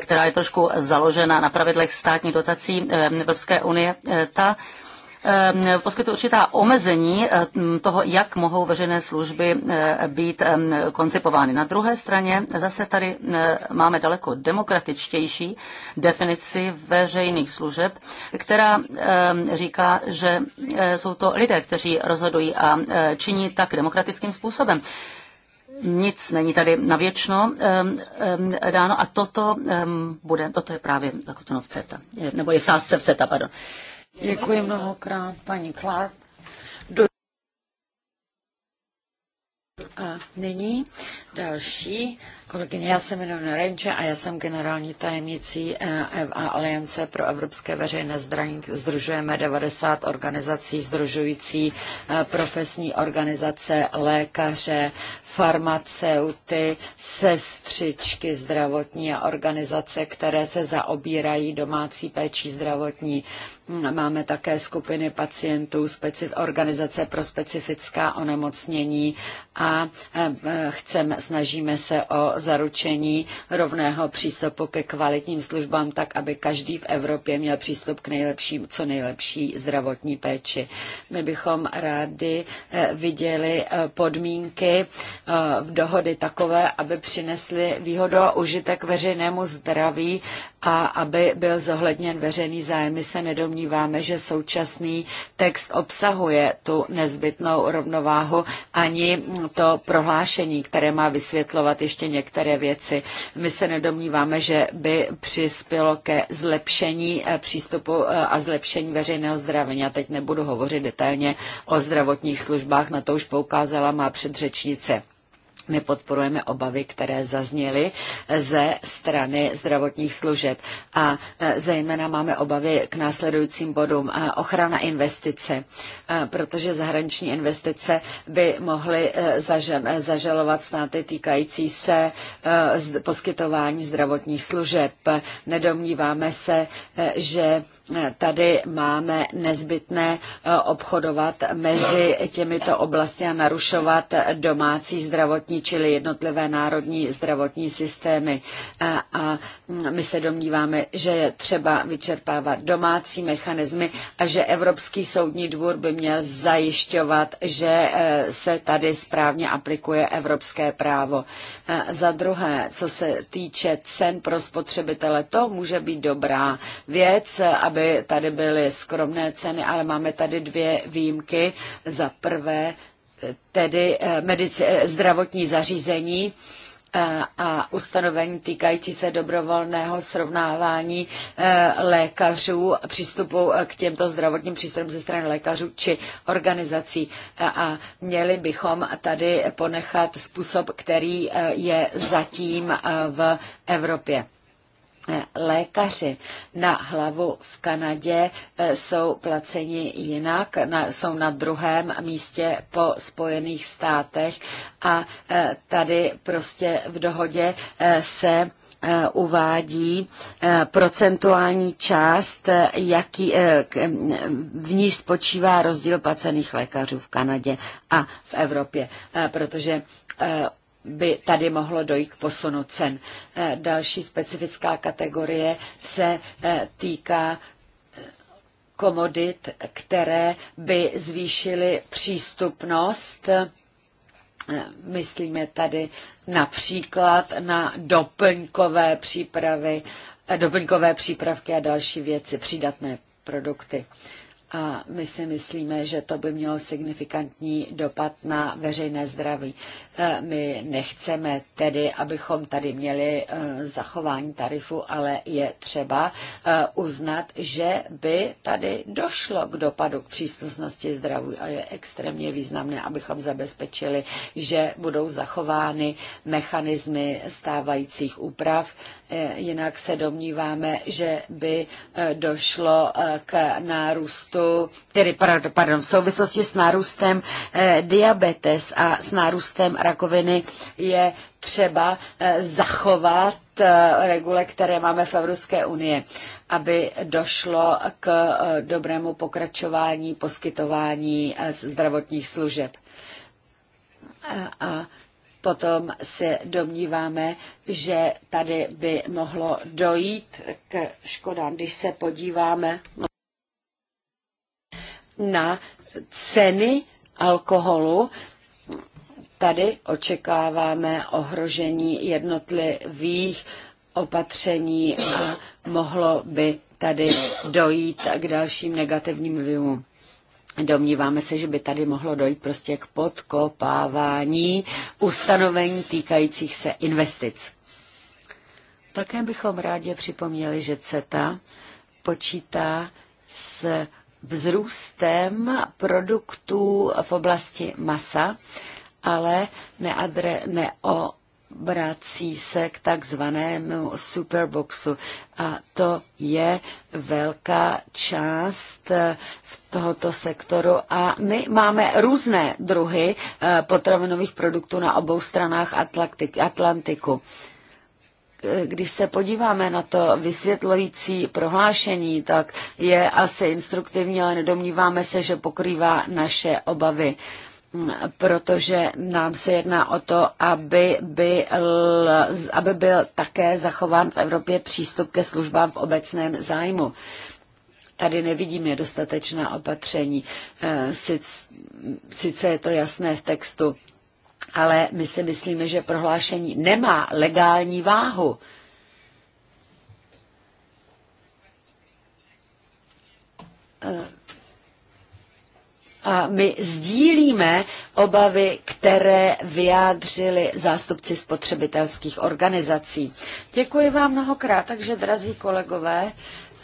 která je trošku založena na pravidlech státní dotací Evropské unie, ta Ehm, poskytuje určitá omezení ehm, toho, jak mohou veřejné služby eh, být ehm, koncipovány. Na druhé straně zase tady eh, máme daleko demokratičtější definici veřejných služeb, která říká, že eh, jsou to lidé, kteří rozhodují a činí tak demokratickým způsobem nic není tady na věčno dáno a toto bude, toto je právě zakotveno v CETA, nebo je v sázce v CETA, pardon. Děkuji mnohokrát, paní Clark. Do... A nyní další kolegyně. Já jsem jmenuji Renče a já jsem generální tajemnicí eh, EVA Aliance pro evropské veřejné zdraví. Združujeme 90 organizací, združující eh, profesní organizace, lékaře, farmaceuty, sestřičky zdravotní a organizace, které se zaobírají domácí péčí zdravotní. Máme také skupiny pacientů, organizace pro specifická onemocnění a e, e, chceme, snažíme se o zaručení rovného přístupu ke kvalitním službám, tak aby každý v Evropě měl přístup k nejlepším, co nejlepší zdravotní péči. My bychom rádi e, viděli podmínky v dohody takové, aby přinesly výhodu a užitek veřejnému zdraví a aby byl zohledněn veřejný zájem. My se nedomníváme, že současný text obsahuje tu nezbytnou rovnováhu ani to prohlášení, které má vysvětlovat ještě některé věci. My se nedomníváme, že by přispělo ke zlepšení eh, přístupu eh, a zlepšení veřejného zdraví. Já teď nebudu hovořit detailně o zdravotních službách, na to už poukázala má předřečnice. My podporujeme obavy, které zazněly ze strany zdravotních služeb. A e, zejména máme obavy k následujícím bodům. E, ochrana investice, e, protože zahraniční investice by mohly zažalovat státy týkající se poskytování zdravotních služeb. Nedomníváme se, že tady máme nezbytné obchodovat mezi těmito oblasti a narušovat domácí zdravotní státní, čili jednotlivé národní zdravotní systémy. A, a my se domníváme, že je třeba vyčerpávat domácí mechanismy a že Evropský soudní dvůr by měl zajišťovat, že e, se tady správně aplikuje evropské právo. A e, za druhé, co se týče cen pro spotřebitele, to může být dobrá věc, aby tady byly skromné ceny, ale máme tady dvě výjimky. Za prvé, tedy eh, medici, eh, zdravotní zařízení eh, a ustanovení týkající se dobrovolného srovnávání lékařů, přístupu k těmto zdravotním přístrojům ze strany lékařů či organizací. A měli bychom tady ponechat způsob, který je zatím v Evropě. Lékaři na hlavu v Kanadě eh, jsou placeni jinak, na, jsou na druhém místě po Spojených státech a eh, tady prostě v dohodě eh, se uvádí procentuální část, jaký, v níž spočívá rozdíl placených lékařů v Kanadě a v Evropě, protože by tady mohlo dojít k posunu cen. Eh, další specifická kategorie se eh, týká eh, komodit, které by zvýšily přístupnost. Myslíme tady například na doplňkové přípravy, doplňkové přípravky a další věci, přídatné produkty a my si myslíme, že to by mělo signifikantní dopad na veřejné zdraví. E, my nechceme tedy, abychom tady měli e, zachování tarifu, ale je třeba e, uznat, že by tady došlo k dopadu k přístupnosti zdraví a je extrémně významné, abychom zabezpečili, že budou zachovány mechanismy stávajících úprav, Eh, jinak se domníváme, že by eh, došlo eh, k nárůstu, tedy pardon, v souvislosti s nárůstem diabetes a s nárůstem rakoviny je třeba zachovat regule, které máme v Evropské unii, aby došlo k dobrému pokračování poskytování zdravotních služeb. A, a potom se domníváme, že tady by mohlo dojít k škodám, když se podíváme na ceny alkoholu. Tady očekáváme ohrožení jednotlivých opatření a mohlo by tady dojít k dalším negativním vlivům. Domníváme se, že by tady mohlo dojít prostě k podkopávání ustanovení týkajících se investic. Také bychom rádi připomněli, že CETA počítá s vzrůstem produktů v oblasti masa, ale neadre, neo, vrací se k takzvanému superboxu. A to je velká část eh, v tohoto sektoru. A my máme různé druhy eh, potravinových produktů na obou stranách Atlantiku eh, když se podíváme na to vysvětlující prohlášení, tak je asi instruktivní, ale nedomníváme se, že pokrývá naše obavy protože nám se jedná o to, aby byl, aby byl také zachován v Evropě přístup ke službám v obecném zájmu. Tady nevidíme dostatečná opatření. Eh, sice je to jasné v textu, ale my si myslíme, že prohlášení nemá legální váhu. Uh a my sdílíme obavy, které vyjádřili zástupci spotřebitelských organizací. Děkuji vám mnohokrát, takže drazí kolegové,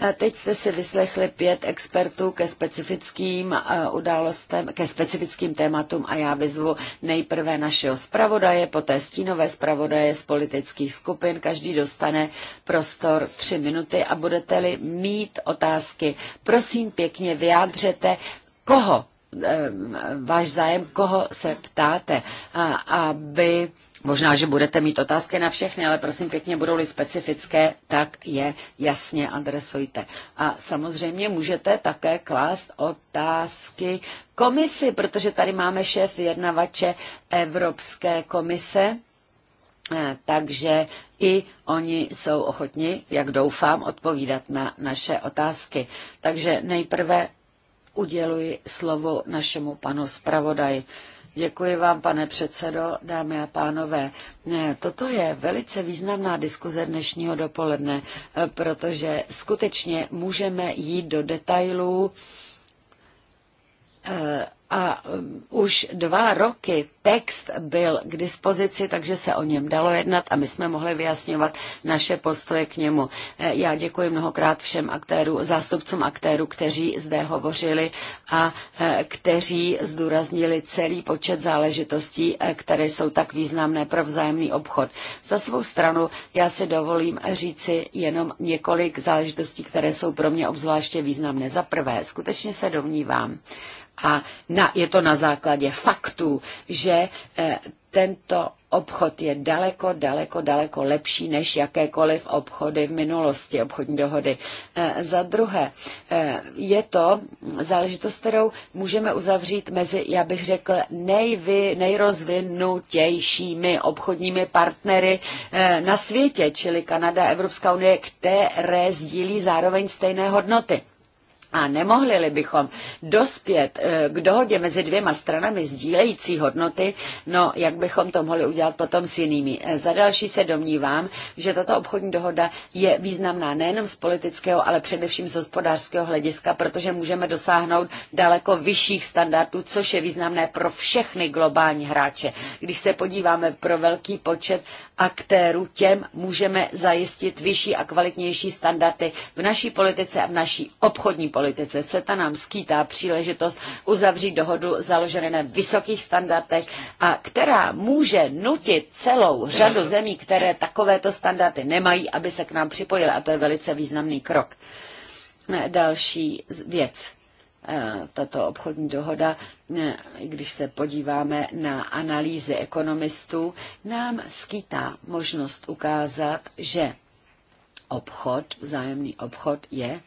eh, Teď jste si vyslechli pět expertů ke specifickým eh, událostem, ke specifickým tématům a já vyzvu nejprve našeho zpravodaje, poté stínové zpravodaje z politických skupin. Každý dostane prostor tři minuty a budete-li mít otázky, prosím pěkně vyjádřete, koho Eh, váš zájem, koho se ptáte, a, aby Možná, že budete mít otázky na všechny, ale prosím pěkně, budou-li specifické, tak je jasně adresujte. A samozřejmě můžete také klást otázky komisi, protože tady máme šéf jednavače Evropské komise, eh, takže i oni jsou ochotni, jak doufám, odpovídat na naše otázky. Takže nejprve uděluji slovo našemu panu zpravodaji. Děkuji vám, pane předsedo, dámy a pánové. Toto je velice významná diskuze dnešního dopoledne, eh, protože skutečně můžeme jít do detailů eh, a um, už dva roky text byl k dispozici, takže se o něm dalo jednat a my jsme mohli vyjasňovat naše postoje k němu. E, já děkuji mnohokrát všem aktéru, zástupcům aktérů, kteří zde hovořili a e, kteří zdůraznili celý počet záležitostí, e, které jsou tak významné pro vzájemný obchod. Za svou stranu já si dovolím říci jenom několik záležitostí, které jsou pro mě obzvláště významné. Za prvé, skutečně se domnívám, a na, je to na základě faktů, že eh, tento obchod je daleko, daleko, daleko lepší než jakékoliv obchody v minulosti, obchodní dohody. Eh, za druhé, eh, je to záležitost, kterou můžeme uzavřít mezi, já bych řekl, nejvy, nejrozvinutějšími obchodními partnery na světě, čili Kanada, Evropská unie, které sdílí zároveň stejné hodnoty. A nemohli-li bychom dospět eh, k dohodě mezi dvěma stranami sdílející hodnoty, no jak bychom to mohli udělat potom s jinými. Eh, za další se domnívám, že tato obchodní dohoda je významná nejenom z politického, ale především z hospodářského hlediska, protože můžeme dosáhnout daleko vyšších standardů, což je významné pro všechny globální hráče. Když se podíváme pro velký počet aktérů, těm můžeme zajistit vyšší a kvalitnější standardy v naší politice a v naší obchodní politice. CETA nám skýtá příležitost uzavřít dohodu založené na vysokých standardech a která může nutit celou řadu zemí, které takovéto standardy nemají, aby se k nám připojily a to je velice významný krok. Další věc tato obchodní dohoda, když se podíváme na analýzy ekonomistů, nám skýtá možnost ukázat, že obchod, vzájemný obchod je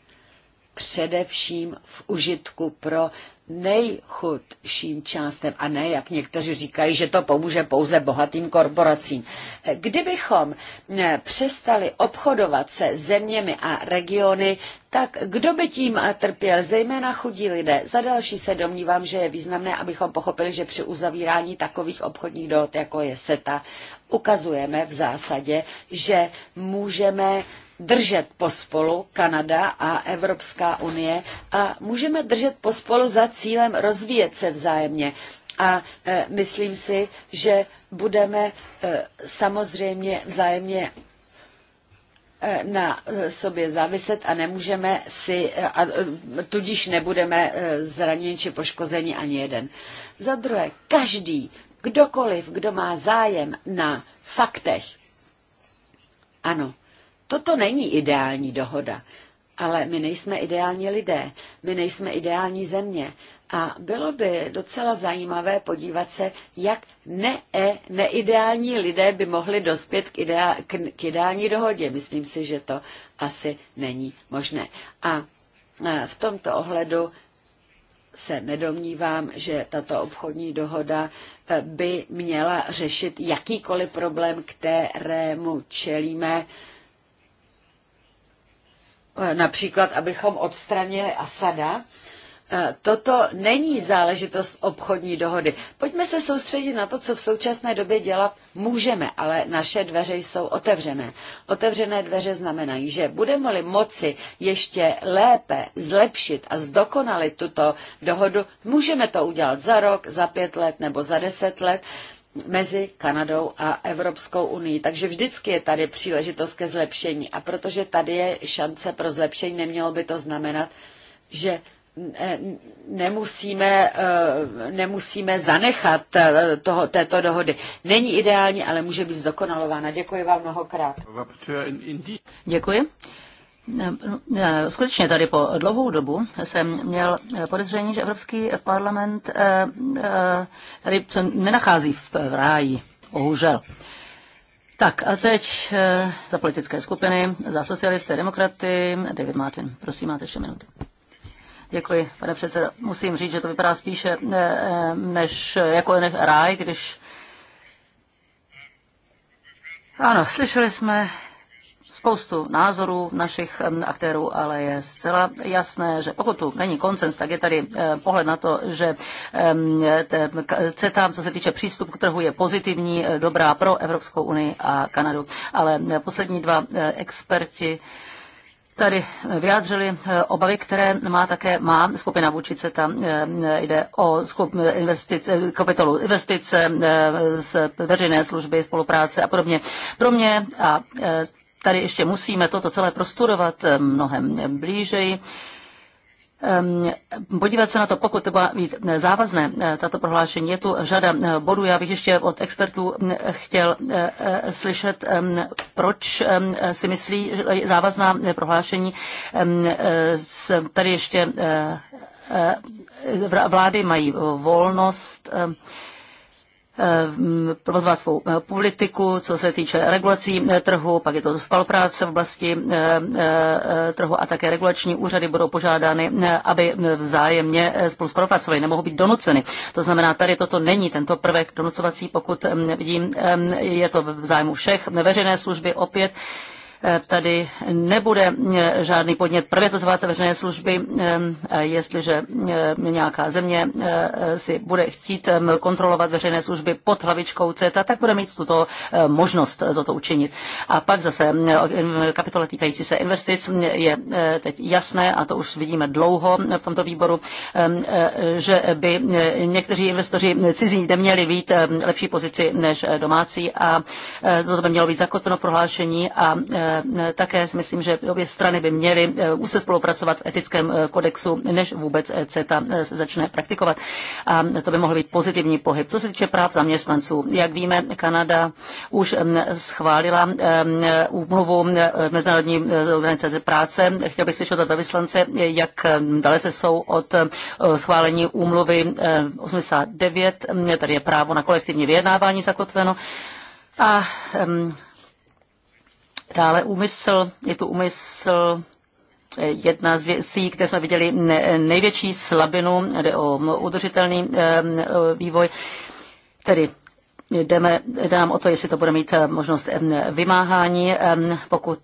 především v užitku pro nejchudším částem a ne, jak někteří říkají, že to pomůže pouze bohatým korporacím. Kdybychom eh, přestali obchodovat se zeměmi a regiony, tak kdo by tím eh, trpěl, zejména chudí lidé? Za další se domnívám, že je významné, abychom pochopili, že při uzavírání takových obchodních dohod, jako je SETA, ukazujeme v zásadě, že můžeme držet pospolu Kanada a Evropská unie a můžeme držet pospolu za cílem rozvíjet se vzájemně. A e, myslím si, že budeme e, samozřejmě vzájemně e, na e, sobě záviset a nemůžeme si, e, a tudíž nebudeme zraněni či poškozeni ani jeden. Za druhé, každý, kdokoliv, kdo má zájem na faktech, ano, Toto není ideální dohoda, ale my nejsme ideální lidé, my nejsme ideální země. A bylo by docela zajímavé podívat se, jak ne -e, neideální lidé by mohli dospět k, ideá, k, k ideální dohodě. Myslím si, že to asi není možné. A e, v tomto ohledu se nedomnívám, že tato obchodní dohoda e, by měla řešit jakýkoliv problém, kterému čelíme Eh, například abychom odstranili Asada, eh, Toto není záležitost obchodní dohody. Pojďme se soustředit na to, co v současné době dělat můžeme, ale naše dveře jsou otevřené. Otevřené dveře znamenají, že budeme-li moci ještě lépe zlepšit a zdokonalit tuto dohodu, můžeme to udělat za rok, za pět let nebo za deset let mezi Kanadou a Evropskou unii. Takže vždycky je tady příležitost ke zlepšení. A protože tady je šance pro zlepšení, nemělo by to znamenat, že eh, nemusíme, eh, nemusíme zanechat eh, toho, této dohody. Není ideální, ale může být zdokonalována. Děkuji vám mnohokrát. Děkuji. Eh, skutečně tady po dlouhou dobu jsem měl podezření, že Evropský parlament eh, eh, tady se nenachází v ráji, bohužel. Tak a teď za politické skupiny, za socialisty, demokraty, David Martin, prosím, máte ještě minuty. Děkuji, pane předsedo. Musím říct, že to vypadá spíše než jako jen ráj, když... Ano, slyšeli jsme spoustu názorů našich aktérů, ale je zcela jasné, že pokud tu není koncens, tak je tady eh, pohled na to, že CETA, co se týče přístupu k trhu, je pozitivní, eh, dobrá pro Evropskou unii a Kanadu. Ale eh, poslední dva experti tady vyjádřili obavy, které má také má skupina vůči CETA. Jde o investice, kapitolu investice, z veřejné služby, spolupráce a podobně. Pro mě a tady ještě musíme toto celé prostudovat eh, mnohem blížeji ehm, podívat se na to, pokud třeba být závazné eh, tato prohlášení. Je tu řada eh, bodů. Já bych ještě od expertů chtěl slyšet, ehm, proč ehm, si myslí závazná prohlášení. Tady ještě vlády mají volnost Eh, provozovat svou eh, politiku, co se týče regulací eh, trhu, pak je to spolupráce v oblasti trhu a také regulační úřady budou požádány, aby vzájemně spolu spolupracovali, nemohou být donuceny. To znamená, tady toto není tento prvek donucovací, pokud vidím, je to v zájmu všech veřejné služby opět tady nebude eh, žádný podnět privatizovat veřejné služby, eh, eh, jestliže nějaká země si bude chtít kontrolovat veřejné služby pod hlavičkou CETA, tak bude mít tuto možnost toto učinit. A pak zase kapitola týkající se investic je teď jasné, a to už vidíme dlouho v tomto výboru, že by někteří investoři cizí neměli být lepší pozici než domácí a toto by mělo být zakotveno prohlášení a Eh, také si myslím, že obě strany by měly eh, už se spolupracovat v etickém eh, kodexu, než vůbec CETA se začne praktikovat. A to by mohl být pozitivní pohyb. Co se týče práv zaměstnanců, jak víme, Kanada už mm, schválila úmluvu Mezinárodní organizace práce. Chtěl bych slyšet od vyslance, jak dalece jsou od schválení úmluvy 89, tady je právo na kolektivní vyjednávání zakotveno. A um, Dále úmysl, je tu úmysl eh, jedna z věcí, které jsme viděli největší slabinu, jde o udržitelný eh, vývoj, tedy jdeme, nám o to, jestli to bude mít eh, možnost vymáhání, pokud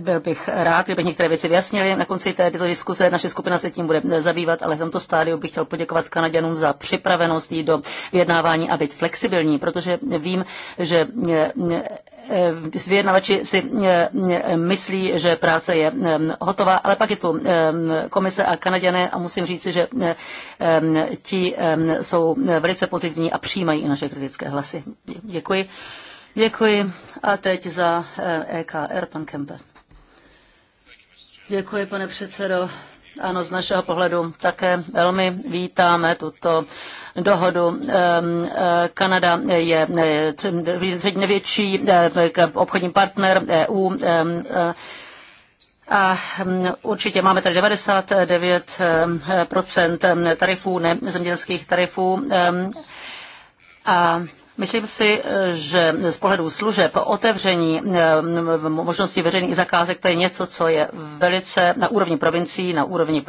byl bych rád, kdyby některé věci vyjasnili. Na konci této diskuse naše skupina se tím bude zabývat, ale v tomto stádiu bych chtěl poděkovat Kanaděnům za připravenost jít do vyjednávání a být flexibilní, protože vím, že eh, eh, vyjednavači si eh, myslí, že práce je hotová, ale pak je tu komise a Kanaděné a musím říci, že ti jsou velice pozitivní a přijímají i naše kritické hlasy. Děkuji. Děkuji. A teď za EKR e pan Kempe. Děkuji, pane předsedo. Ano, z našeho pohledu také velmi vítáme tuto dohodu. E, Kanada je e, třetí největší e, obchodní partner EU. A určitě máme tady 99 tarifů, ne, zemědělských tarifů. A Myslím si, že z pohledu služeb otevření eh, možnosti veřejných zakázek to je něco, co je velice na úrovni provincií, na úrovni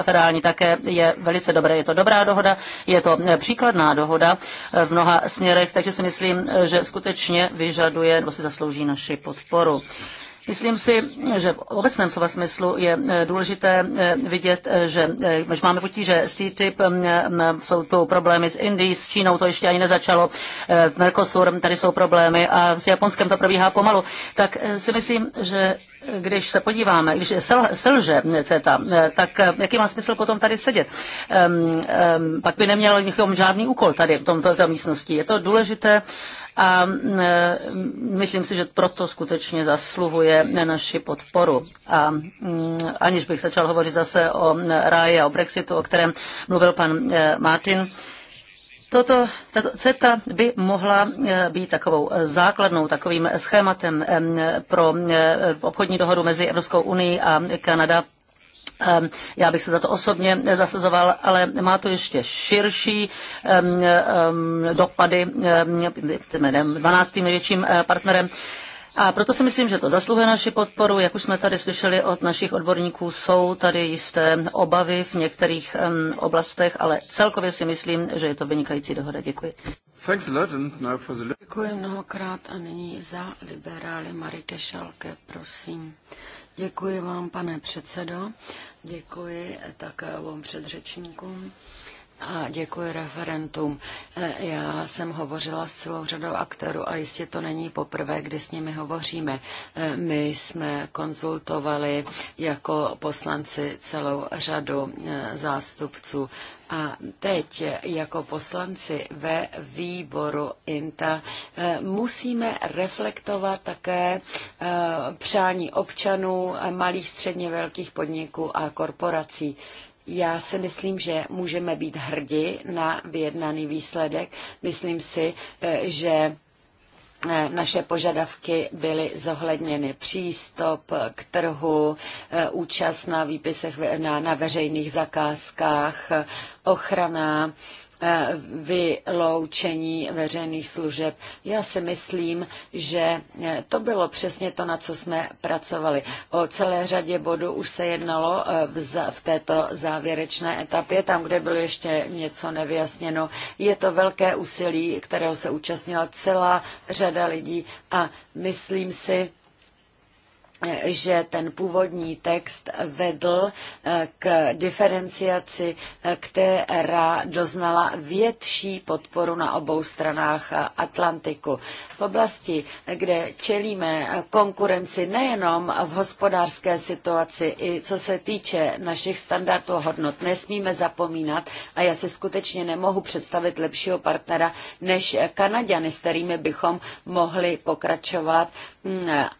federální také je velice dobré. Je to dobrá dohoda, je to eh, příkladná dohoda eh, v mnoha směrech, takže si myslím, že skutečně vyžaduje nebo si zaslouží naši podporu. Myslím si, že v obecném slova smyslu je eh, důležité eh, vidět, eh, že když máme potíže s TTIP, jsou tu problémy s Indií, s Čínou to ještě ani nezačalo, Mercosur, tady jsou problémy a s Japonskem to probíhá pomalu, tak si myslím, že když se podíváme, když sel, selže CETA, tak jaký má smysl potom tady sedět? Um, um, pak by neměl žádný úkol tady v tomto místnosti. Je to důležité a mm, myslím si, že proto skutečně zasluhuje naši podporu. A mm, aniž bych začal hovořit zase o ráji a o Brexitu, o kterém mluvil pan eh, Martin, Toto, tato CETA by mohla eh, být takovou základnou, takovým schématem pro eh, obchodní dohodu mezi Evropskou unii a Kanada Ehm, já bych se za to osobně zasazoval, ale má to ještě širší ehm, ehm, dopady, 12. největším eh, partnerem. A proto si myslím, že to zasluhuje naši podporu. Jak už jsme tady slyšeli od našich odborníků, jsou tady jisté obavy v některých um, oblastech, ale celkově si myslím, že je to vynikající dohoda. Děkuji. Děkuji mnohokrát a nyní za liberály Marike Šalke, prosím. Děkuji vám, pane předsedo. Děkuji také vám předřečníkům. A děkuji referentům. E, já jsem hovořila s celou řadou aktérů a jistě to není poprvé, kdy s nimi hovoříme. E, my jsme konzultovali jako poslanci celou řadu e, zástupců a teď jako poslanci ve výboru INTA musíme reflektovat také přání občanů, malých, středně velkých podniků a korporací. Já si myslím, že můžeme být hrdi na vyjednaný výsledek. Myslím si, eh, že eh, naše požadavky byly zohledněny přístup k trhu, eh, účast na výpisech na, na veřejných zakázkách, ochrana Eh, vyloučení veřejných služeb. Já si myslím, že eh, to bylo přesně to, na co jsme pracovali. O celé řadě bodů už se jednalo eh, v této závěrečné etapě, tam, kde bylo ještě něco nevyjasněno. Je to velké úsilí, kterého se účastnila celá řada lidí a myslím si, že ten původní text vedl eh, k diferenciaci, eh, která doznala větší podporu na obou stranách eh, Atlantiku. V oblasti, kde čelíme konkurenci nejenom v hospodářské situaci, i co se týče našich standardů hodnot, nesmíme zapomínat a já si skutečně nemohu představit lepšího partnera než Kanaďany, s kterými bychom mohli pokračovat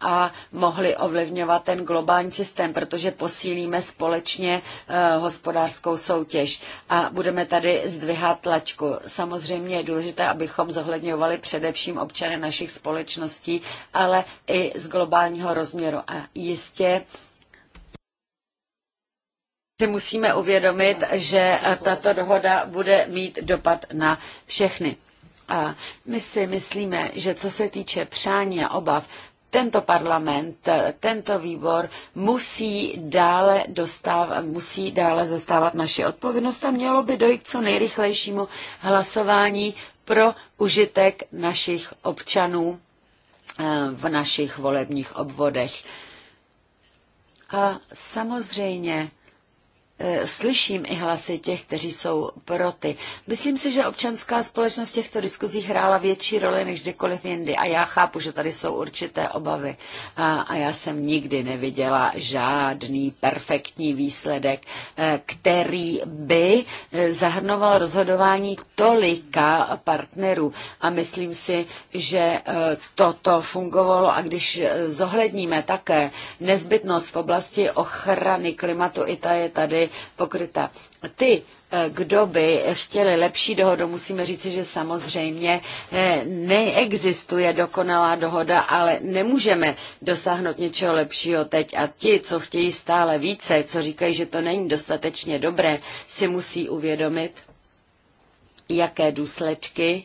a mohli ovlivňovat ten globální systém, protože posílíme společně eh, hospodářskou soutěž a budeme tady zdvihat tlačku. Samozřejmě je důležité, abychom zohledňovali především občany našich společností, ale i z globálního rozměru. A jistě si musíme uvědomit, že tato dohoda bude mít dopad na všechny. A my si myslíme, že co se týče přání a obav, tento parlament, tento výbor musí dále, dostávat, musí dále zastávat naši odpovědnost a mělo by dojít co nejrychlejšímu hlasování pro užitek našich občanů eh, v našich volebních obvodech. A samozřejmě E, slyším i hlasy těch, kteří jsou proti. Myslím si, že občanská společnost v těchto diskuzích hrála větší roli než kdykoliv jindy a já chápu, že tady jsou určité obavy a, a já jsem nikdy neviděla žádný perfektní výsledek, e, který by e, zahrnoval rozhodování tolika partnerů a myslím si, že toto fungovalo a když zohledníme také nezbytnost v oblasti ochrany klimatu, i ta je tady pokryta. Ty, eh, kdo by chtěli lepší dohodu, musíme říci, že samozřejmě eh, neexistuje dokonalá dohoda, ale nemůžeme dosáhnout něčeho lepšího teď. A ti, co chtějí stále více, co říkají, že to není dostatečně dobré, si musí uvědomit, jaké důsledky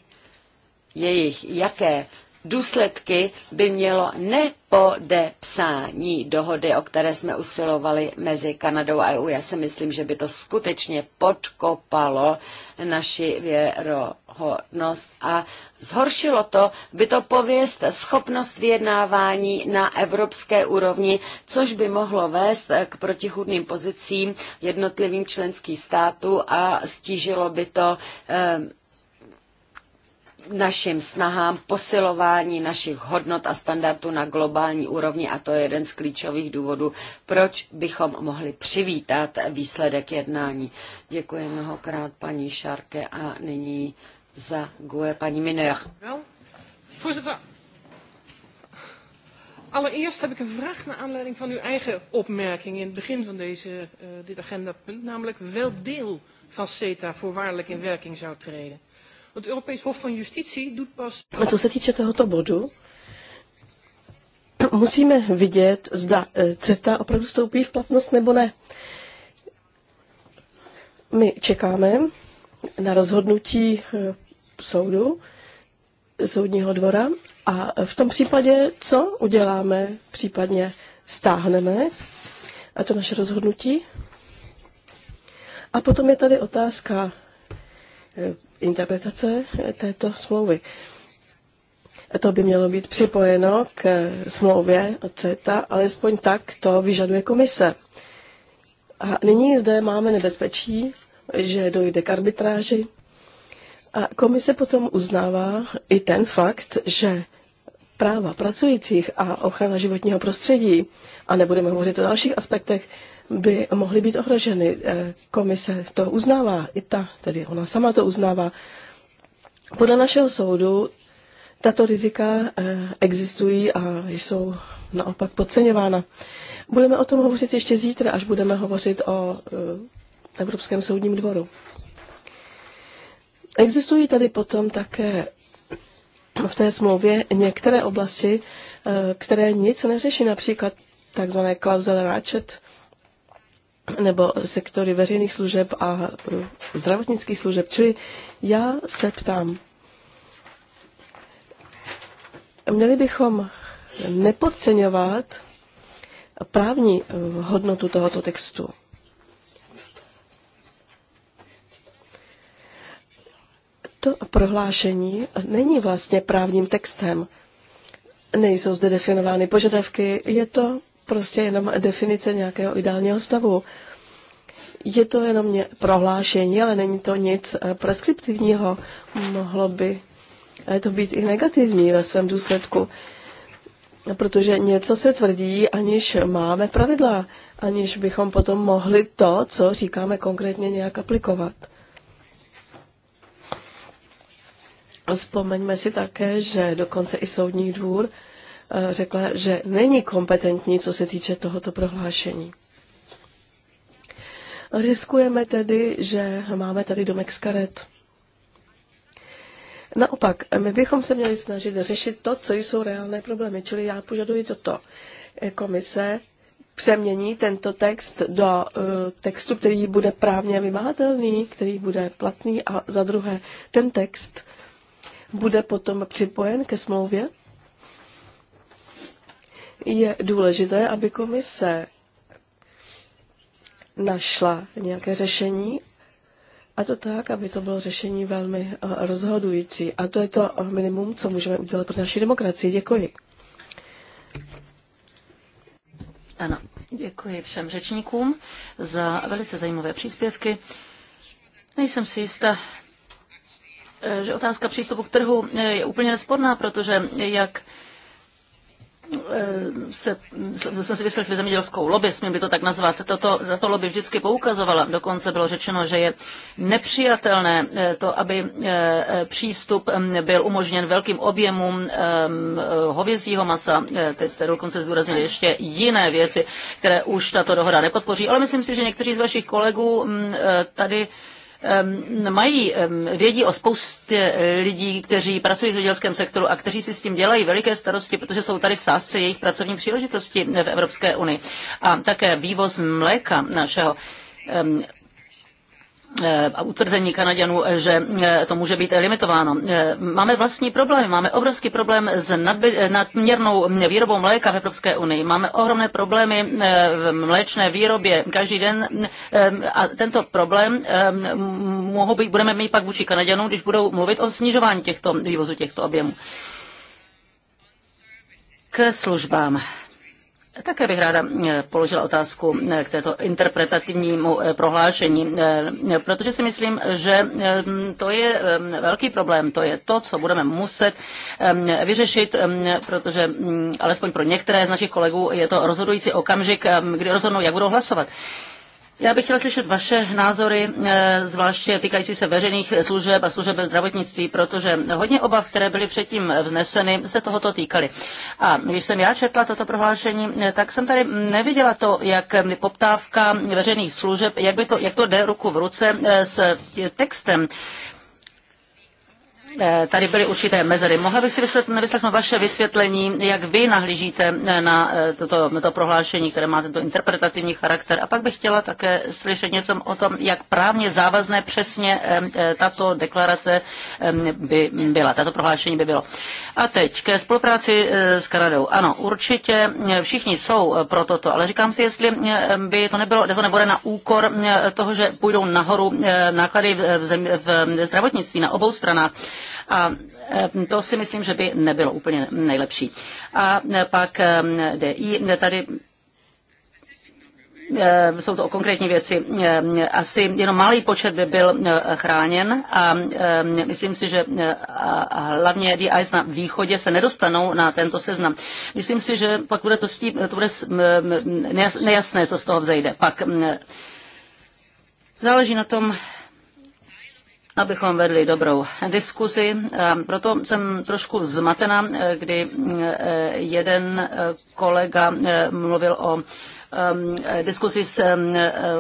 jejich, jaké důsledky by mělo nepodepsání dohody, o které jsme usilovali mezi Kanadou a EU. Já si myslím, že by to skutečně podkopalo naši věrohodnost a zhoršilo to, by to pověst schopnost vyjednávání na evropské úrovni, což by mohlo vést k protichudným pozicím jednotlivým členských států a stížilo by to eh, našim snahám posilování našich hodnot a standardů na globální úrovni a to je jeden z klíčových důvodů, proč bychom mohli přivítat výsledek jednání. Děkuji mnohokrát paní Šárke a nyní za GUE paní Miner. No, allereerst heb ik een vraag naar aanleiding van uw eigen opmerking in het begin van deze, uh, dit agendapunt, namelijk welk deel van CETA voorwaardelijk in werking zou treden. Het Europees Hof van Justitie doet pas... Co se týče tohoto bodu, musíme vidět, zda eh, CETA opravdu stoupí v platnost nebo ne. My čekáme na rozhodnutí eh, soudu, soudního dvora a v tom případě, co uděláme, případně stáhneme a to naše rozhodnutí. A potom je tady otázka eh, interpretace této smlouvy. To by mělo být připojeno k smlouvě CETA, alespoň tak to vyžaduje komise. A nyní zde máme nebezpečí, že dojde k arbitráži. A komise potom uznává i ten fakt, že práva pracujících a ochrana životního prostředí, a nebudeme hovořit o dalších aspektech, by mohly být ohroženy. Eh, komise to uznává, i ta, tedy ona sama to uznává. Podle našeho soudu tato rizika eh, existují a jsou naopak podceňována. Budeme o tom hovořit ještě zítra, až budeme hovořit o eh, Evropském soudním dvoru. Existují tady potom také v té smlouvě některé oblasti, které nic neřeší, například takzvané klauzule ráčet, nebo sektory veřejných služeb a zdravotnických služeb. Čili já se ptám, měli bychom nepodceňovat právní eh, hodnotu tohoto textu. To prohlášení není vlastně právním textem. Nejsou zde definovány požadavky, je to prostě jenom definice nějakého ideálního stavu. Je to jenom prohlášení, ale není to nic eh, preskriptivního. Mohlo by eh, to být i negativní ve svém důsledku, protože něco se tvrdí, aniž máme pravidla, aniž bychom potom mohli to, co říkáme konkrétně, nějak aplikovat. Vzpomeňme si také, že dokonce i soudní dvůr Eh, řekla, že není kompetentní, co se týče tohoto prohlášení. Riskujeme tedy, že máme tady domek z karet. Naopak, my bychom se měli snažit řešit to, co jsou reálné problémy. Čili já požaduji toto. Komise přemění tento text do uh, textu, který bude právně vymahatelný, který bude platný a za druhé ten text bude potom připojen ke smlouvě je důležité, aby komise našla nějaké řešení, a to tak, aby to bylo řešení velmi eh, rozhodující. A to je to minimum, co můžeme udělat pro naši demokracii. Děkuji. Ano, děkuji všem řečníkům za velice zajímavé příspěvky. Nejsem si jistá, eh, že otázka přístupu k trhu eh, je úplně nesporná, protože jak Eh, se, jsme si vyslechli zemědělskou lobby, smím by to tak nazvat, toto, tato lobby vždycky poukazovala. Dokonce bylo řečeno, že je nepřijatelné eh, to, aby eh, přístup byl umožněn velkým objemům hovězího masa. Teď jste dokonce zúraznili ještě jiné věci, které už tato dohoda nepodpoří. Ale myslím si, že někteří z vašich kolegů mm, tady Ehm, mají, ehm, vědí o spoustě lidí, kteří pracují v zemědělském sektoru a kteří si s tím dělají veliké starosti, protože jsou tady v sázce jejich pracovní příležitosti v Evropské unii. A také vývoz mléka našeho ehm, Eh, a utvrzení Kanaděnů, eh, že eh, to může být limitováno. Máme vlastní problémy, máme obrovský problém s nadby, nadměrnou výrobou mléka v Evropské unii, máme ohromné problémy v mléčné výrobě každý den a tento problém mohou být, budeme mít pak vůči Kanaděnům, když budou mluvit o snižování těchto vývozu těchto objemů. K službám. Také bych ráda eh, položila otázku eh, k této interpretativnímu eh, prohlášení, protože si myslím, že to je velký problém, to je to, co budeme muset vyřešit, protože mm, alespoň pro některé z našich kolegů je to rozhodující okamžik, kdy rozhodnou, jak budou hlasovat. Já bych chtěla slyšet vaše názory, eh, zvláště týkající se veřejných služeb a služeb zdravotnictví, protože hodně obav, které byly předtím vzneseny, se tohoto týkaly. A když jsem já četla toto prohlášení, eh, tak jsem tady neviděla to, jak eh, poptávka veřejných služeb, jak, by to, jak to jde ruku v ruce s textem Eh, tady byly určité mezery. Mohla bych si vyslechnout vaše vysvětlení, jak vy nahlížíte na eh, toto to prohlášení, které má tento interpretativní charakter. A pak bych chtěla také slyšet něco o tom, jak právně závazné přesně eh, tato deklarace by byla, tato prohlášení by bylo. A teď ke spolupráci s Kanadou. Ano, určitě všichni jsou pro toto, ale říkám si, jestli by to nebylo, to nebude na úkor toho, že půjdou nahoru náklady v, zem, v zdravotnictví na obou stranách. A to si myslím, že by nebylo úplně nejlepší. A pak DI, tady jsou to konkrétní věci. Asi jenom malý počet by byl chráněn a myslím si, že hlavně DIs na východě se nedostanou na tento seznam. Myslím si, že pak bude to, stí, to bude nejasné, co z toho vzejde. Pak záleží na tom, abychom vedli dobrou diskuzi. Proto jsem trošku zmatena, eh, kdy eh, jeden eh, kolega mluvil o ehm, diskusi s, ehm,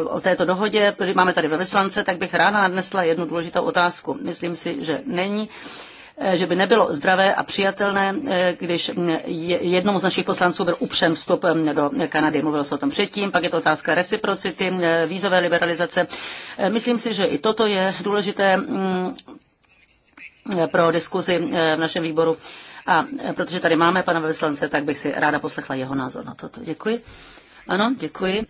o této dohodě, protože máme tady ve vyslance, tak bych ráda nadnesla jednu důležitou otázku. Myslím si, že není Eh, že by nebylo zdravé a přijatelné, eh, když mm, jednomu z našich poslanců byl upřen vstup mm, do Kanady. Mluvilo se o tom předtím, pak je to otázka reciprocity, eh, vízové liberalizace. Myslím si, že i toto je důležité mm, pro diskuzi v našem výboru. A protože tady máme pana vyslance, tak bych si ráda poslechla jeho názor na toto. Děkuji. Ano, děkuji.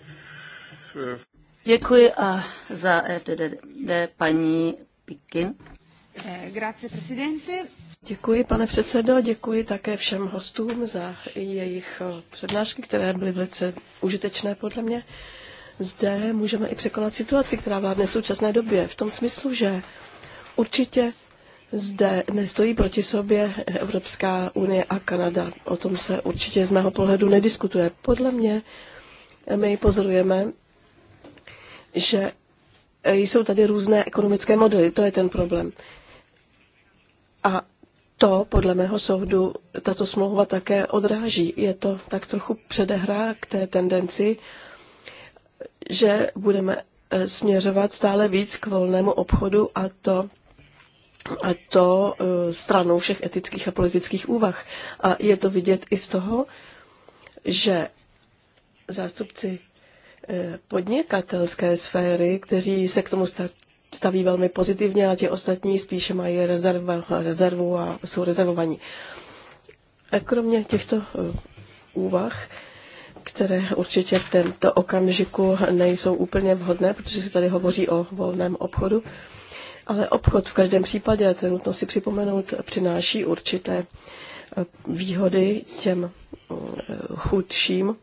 Děkuji a za FDD paní Pikin. Eh, děkuji, pane předsedo, děkuji také všem hostům za jejich eh, přednášky, které byly velice užitečné podle mě. Zde můžeme i překonat situaci, která vládne v současné době, v tom smyslu, že určitě zde nestojí proti sobě Evropská unie a Kanada. O tom se určitě z mého pohledu nediskutuje. Podle mě eh, my pozorujeme, že jsou tady různé ekonomické modely. To je ten problém. A to, podle mého soudu, tato smlouva také odráží. Je to tak trochu předehra k té tendenci, že budeme eh, směřovat stále víc k volnému obchodu a to a to eh, stranou všech etických a politických úvah. A je to vidět i z toho, že zástupci eh, podnikatelské sféry, kteří se k tomu staví velmi pozitivně a ti ostatní spíše mají rezerv, rezervu a jsou rezervovaní. A kromě těchto eh, úvah, které určitě v tomto okamžiku nejsou úplně vhodné, protože se tady hovoří o volném obchodu, ale obchod v každém případě, to je nutno si připomenout, přináší určité eh, výhody těm eh, chudším.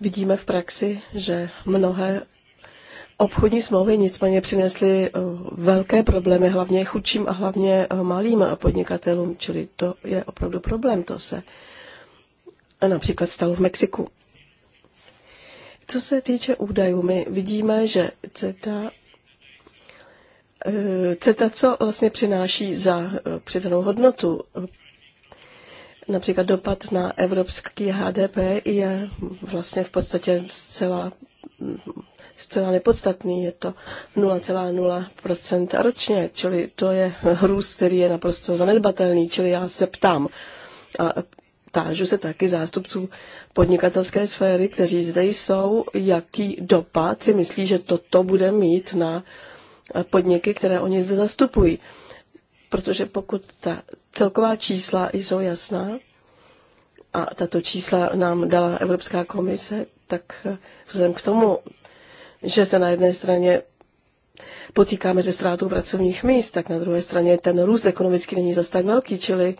Vidíme v praxi, že mnohé Obchodní smlouvy nicméně přinesly eh, velké problémy, hlavně chudším a hlavně eh, malým podnikatelům, čili to je opravdu problém, to se eh, například stalo v Mexiku. Co se týče údajů, my vidíme, že CETA, CETA co vlastně přináší za přidanou hodnotu, například dopad na evropský HDP je vlastně v podstatě zcela mm, zcela nepodstatný, je to 0,0% ročně, čili to je růst, který je naprosto zanedbatelný, čili já se ptám a tážu se taky zástupců podnikatelské sféry, kteří zde jsou, jaký dopad si myslí, že toto bude mít na podniky, které oni zde zastupují. Protože pokud ta celková čísla jsou jasná, a tato čísla nám dala Evropská komise, tak vzhledem k tomu, že se na jedné straně potýkáme se ztrátou pracovních míst, tak na druhé straně ten růst ekonomicky není zas tak velký, čili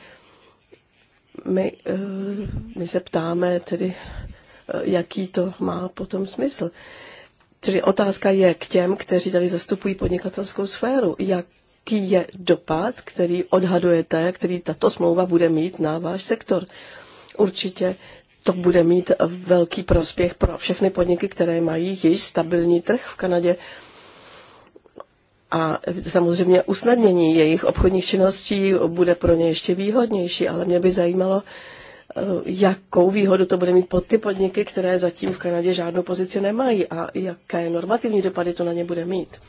my, eh, my se ptáme tedy, eh, jaký to má potom smysl. Čili otázka je k těm, kteří tady zastupují podnikatelskou sféru. Jaký je dopad, který odhadujete, který tato smlouva bude mít na váš sektor? Určitě to bude mít velký prospěch pro všechny podniky, které mají již stabilní trh v Kanadě a samozřejmě usnadnění jejich obchodních činností bude pro ně ještě výhodnější, ale mě by zajímalo, eh, jakou výhodu to bude mít pod ty podniky, které zatím v Kanadě žádnou pozici nemají a jaké normativní dopady to na ně bude mít.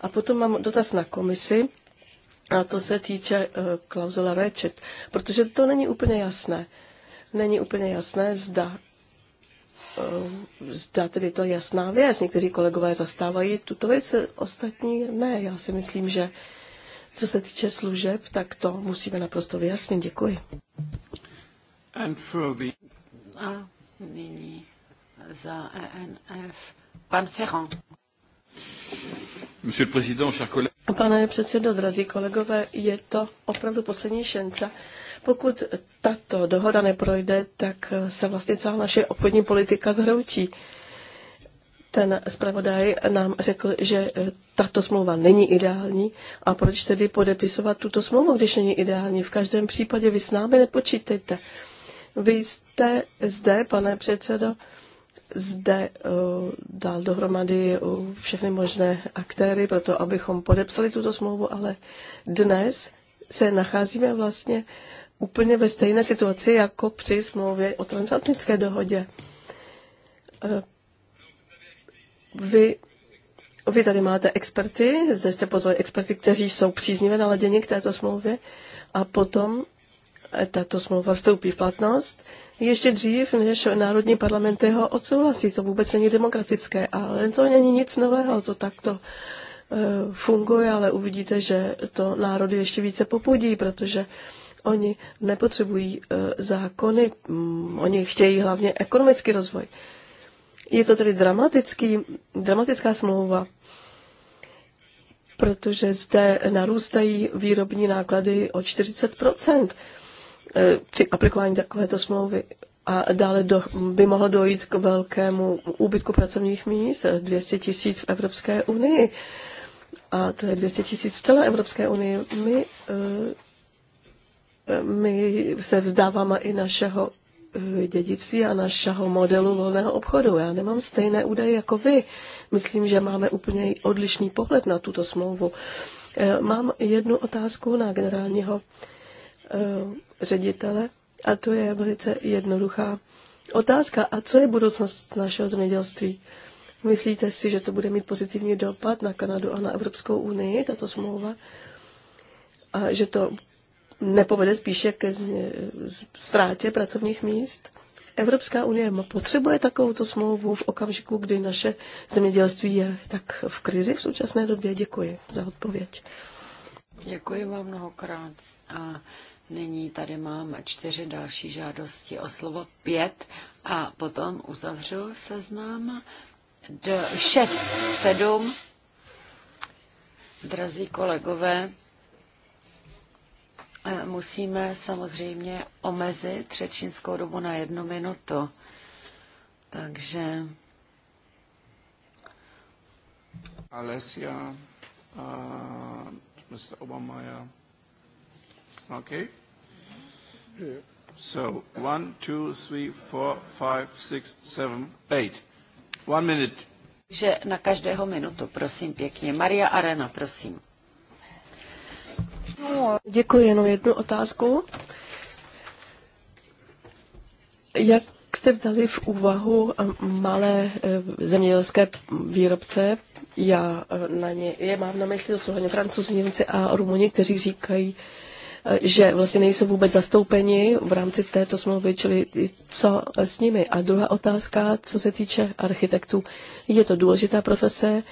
A potom mám dotaz na komisi, a to se týče eh, klauzula rečet, protože to není úplně jasné není úplně jasné, zda eh, zda tedy to jasná věc. Někteří kolegové zastávají tuto věc, ostatní ne. Já si myslím, že co se týče služeb, tak to musíme naprosto vyjasnit. Děkuji. And for the... A nyní za ENF pan Ferrand. Monsieur le Président, chers collègues. Pane předsedo, drazí kolegové, je to opravdu poslední šance pokud tato dohoda neprojde, tak se vlastně celá naše obchodní politika zhroutí. Ten zpravodaj nám řekl, že tato smlouva není ideální a proč tedy podepisovat tuto smlouvu, když není ideální. V každém případě vy s námi nepočítejte. Vy jste zde, pane předsedo, zde uh, dal dohromady uh, všechny možné aktéry, to, abychom podepsali tuto smlouvu, ale dnes se nacházíme vlastně úplně ve stejné situaci jako při smlouvě o transatlantické dohodě. Eh, vy, vy tady máte experty, zde jste pozvali experty, kteří jsou příznivě naladěni k této smlouvě a potom eh, tato smlouva vstoupí v platnost. Ještě dřív, než národní parlamenty ho odsouhlasí, to vůbec není demokratické, ale to není nic nového, to takto eh, funguje, ale uvidíte, že to národy ještě více popudí, protože Oni nepotřebují eh, zákony, mm, oni chtějí hlavně ekonomický rozvoj. Je to tedy dramatický, dramatická smlouva, protože zde narůstají výrobní náklady o 40 eh, při aplikování takovéto smlouvy. A dále do, by mohlo dojít k velkému úbytku pracovních míst, 200 eh, tisíc v Evropské unii. A to je 200 tisíc v celé Evropské unii. My my se vzdáváme i našeho eh, dědictví a našeho modelu volného obchodu. Já nemám stejné údaje jako vy. Myslím, že máme úplně odlišný pohled na tuto smlouvu. Eh, mám jednu otázku na generálního eh, ředitele a to je velice jednoduchá otázka. A co je budoucnost našeho zemědělství? Myslíte si, že to bude mít pozitivní dopad na Kanadu a na Evropskou unii, tato smlouva? A že to nepovede spíše ke ztrátě pracovních míst? Evropská unie potřebuje takovouto smlouvu v okamžiku, kdy naše zemědělství je tak v krizi v současné době. Děkuji za odpověď. Děkuji vám mnohokrát. A nyní tady mám čtyři další žádosti o slovo pět a potom uzavřu seznam do šest, sedm. Drazí kolegové, Eh, musíme samozřejmě omezit řečnickou dobu na jednu minutu. Takže... Alessia, uh, eh, Mr. Obermeier. Okay. So, one, two, three, four, five, six, seven, eight. One minute. Že na každého minutu, prosím pěkně. Maria Arena, prosím. Děkuji, jenom jednu otázku. Jak jste vzali v úvahu eh, malé eh, zemědělské výrobce? Já eh, na ně, je mám na mysli hlavně francouzi, Němci a Rumuni, kteří říkají, že vlastně nejsou vůbec zastoupeni v rámci této smlouvy, čili co s nimi. A druhá otázka, co se týče architektů. Je to důležitá profese,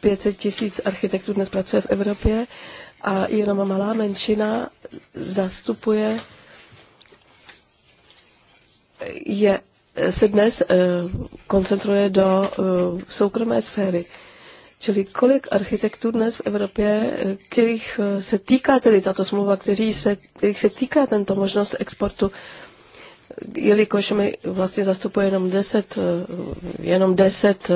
500 tisíc architektů dnes pracuje v Evropě a jenom malá menšina zastupuje, je, se dnes eh, koncentruje do eh, soukromé sféry. Čili kolik architektů dnes v Evropě, eh, kterých se týká tedy tato smlouva, kteří se, kterých se týká tento možnost exportu, jelikož my vlastně zastupuje jenom 10, jenom 10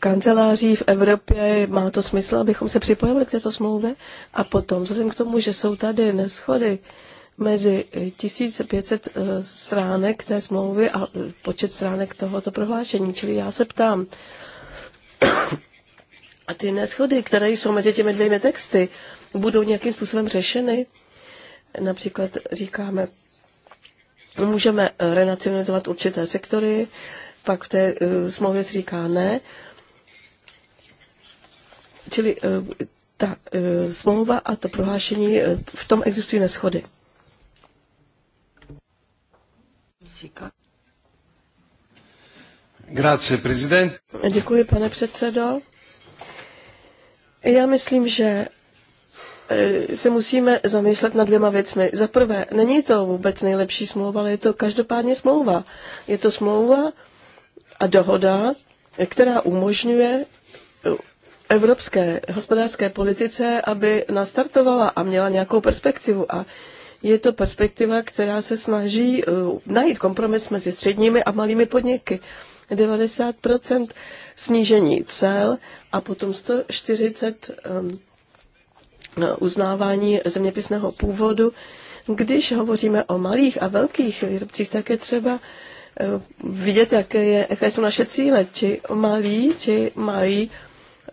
kanceláří v Evropě, má to smysl, abychom se připojili k této smlouvě? A potom, vzhledem k tomu, že jsou tady neschody mezi 1500 eh, stránek té smlouvy a eh, počet stránek tohoto prohlášení, čili já se ptám, a ty neschody, které jsou mezi těmi dvěmi texty, budou nějakým způsobem řešeny? Například říkáme, můžeme renacionalizovat určité sektory, pak v té eh, smlouvě se říká ne, Čili eh, ta eh, smlouva a to prohlášení, eh, v tom existují neschody. Grazie, prezident. Děkuji, pane předsedo. Já myslím, že se musíme zamyslet nad dvěma věcmi. Za prvé, není to vůbec nejlepší smlouva, ale je to každopádně smlouva. Je to smlouva a dohoda, která umožňuje evropské hospodářské politice, aby nastartovala a měla nějakou perspektivu. A je to perspektiva, která se snaží eh, najít kompromis mezi středními a malými podniky. 90 snížení cel a potom 140 ehm, uznávání zeměpisného původu. Když hovoříme o malých a velkých výrobcích, tak je třeba eh, vidět, jaké, je, jaké jsou naše cíle. Ti malí, ti mají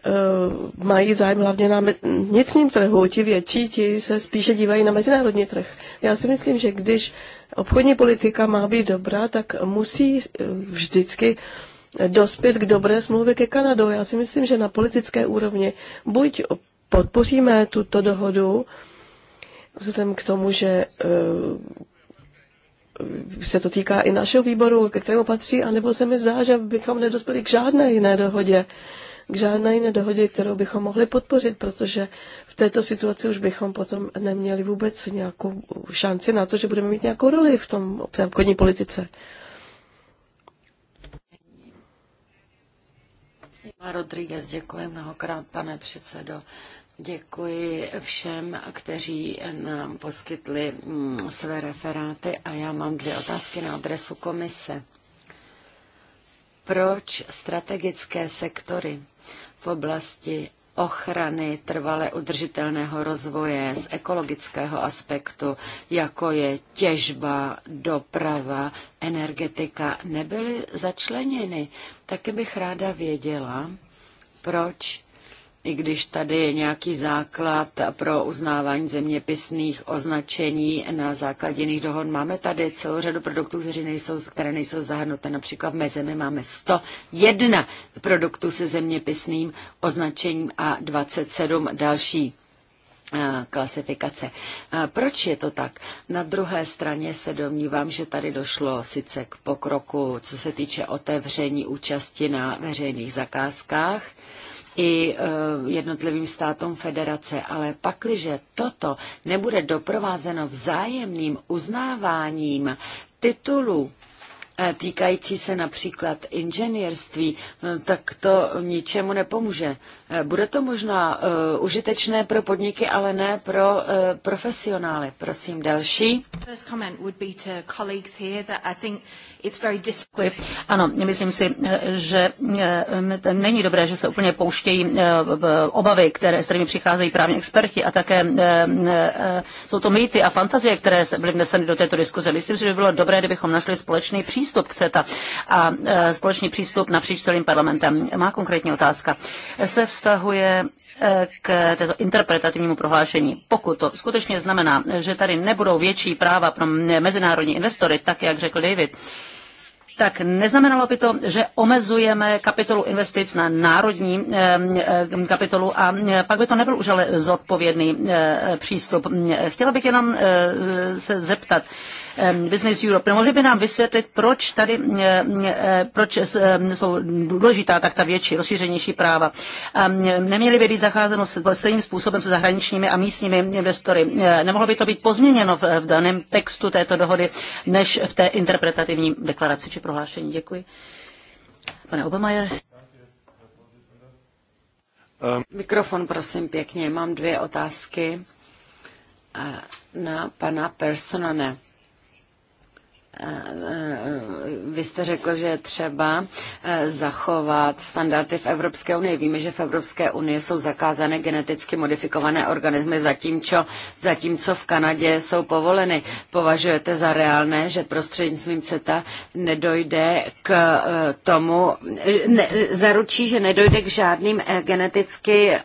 Eh, mají zájem hlavně na vnitřním trhu. Ti větší, ti se spíše dívají na mezinárodní trh. Já si myslím, že když obchodní politika má být dobrá, tak musí eh, vždycky dospět k dobré smlouvě ke Kanadou. Já si myslím, že na politické úrovni buď podpoříme tuto dohodu, vzhledem k tomu, že eh, se to týká i našeho výboru, ke kterému patří, anebo se mi zdá, že bychom nedospěli k žádné jiné dohodě k žádné jiné dohodě, kterou bychom mohli podpořit, protože v této situaci už bychom potom neměli vůbec nějakou šanci na to, že budeme mít nějakou roli v tom obchodní politice. Rodríguez, děkuji mnohokrát, pane předsedo. Děkuji všem, kteří nám poskytli mm, své referáty a já mám dvě otázky na adresu komise. Proč strategické sektory v oblasti ochrany trvale udržitelného rozvoje z ekologického aspektu, jako je těžba, doprava, energetika, nebyly začleněny. Taky bych ráda věděla, proč i když tady je nějaký základ pro uznávání zeměpisných označení na základě jiných dohod, máme tady celou řadu produktů, které nejsou, které nejsou zahrnuté. Například v mé zemi máme 101 produktů se zeměpisným označením a 27 další klasifikace. Proč je to tak? Na druhé straně se domnívám, že tady došlo sice k pokroku, co se týče otevření účasti na veřejných zakázkách, i e, jednotlivým státům federace, ale pakliže toto nebude doprovázeno vzájemným uznáváním titulů Eh, týkající se například inženýrství, eh, tak to ničemu nepomůže. Eh, bude to možná užitečné pro podniky, ale ne pro profesionály. Prosím další. Ano, myslím si, že není dobré, že se úplně pouštějí obavy, které, s kterými přicházejí právě experti a také jsou to mýty a fantazie, které byly vneseny do této diskuze. Myslím si, že by bylo dobré, kdybychom našli společný příklad přístup k CETA a e, společný přístup napříč celým parlamentem. Má konkrétní otázka. Se vztahuje e, k této interpretativnímu prohlášení. Pokud to skutečně znamená, že tady nebudou větší práva pro mezinárodní investory, tak jak řekl David, tak neznamenalo by to, že omezujeme kapitolu investic na národní kapitolu a pak by to nebyl už ale zodpovědný e, přístup. Chtěla bych jenom se zeptat, Um, Business Europe. Mohli by nám vysvětlit, proč tady, um, um, proč jsou důležitá tak ta větší, rozšířenější práva. Neměli by být zacházeno stejným způsobem se zahraničními a místními investory. Uh, nemohlo by to být pozměněno v daném textu této dohody, než v té interpretativní deklaraci či prohlášení. Děkuji. Pane Obermeier. Mikrofon, prosím, pěkně. Mám dvě otázky uh, na pana Personane. Eh, eh, vy jste řekl, že je třeba eh, zachovat standardy v Evropské unii. Víme, že v Evropské unii jsou zakázané geneticky modifikované organismy, zatímco, zatímco v Kanadě jsou povoleny. Považujete za reálné, že prostřednictvím CETA nedojde k tomu, ne, zaručí, že nedojde k žádným geneticky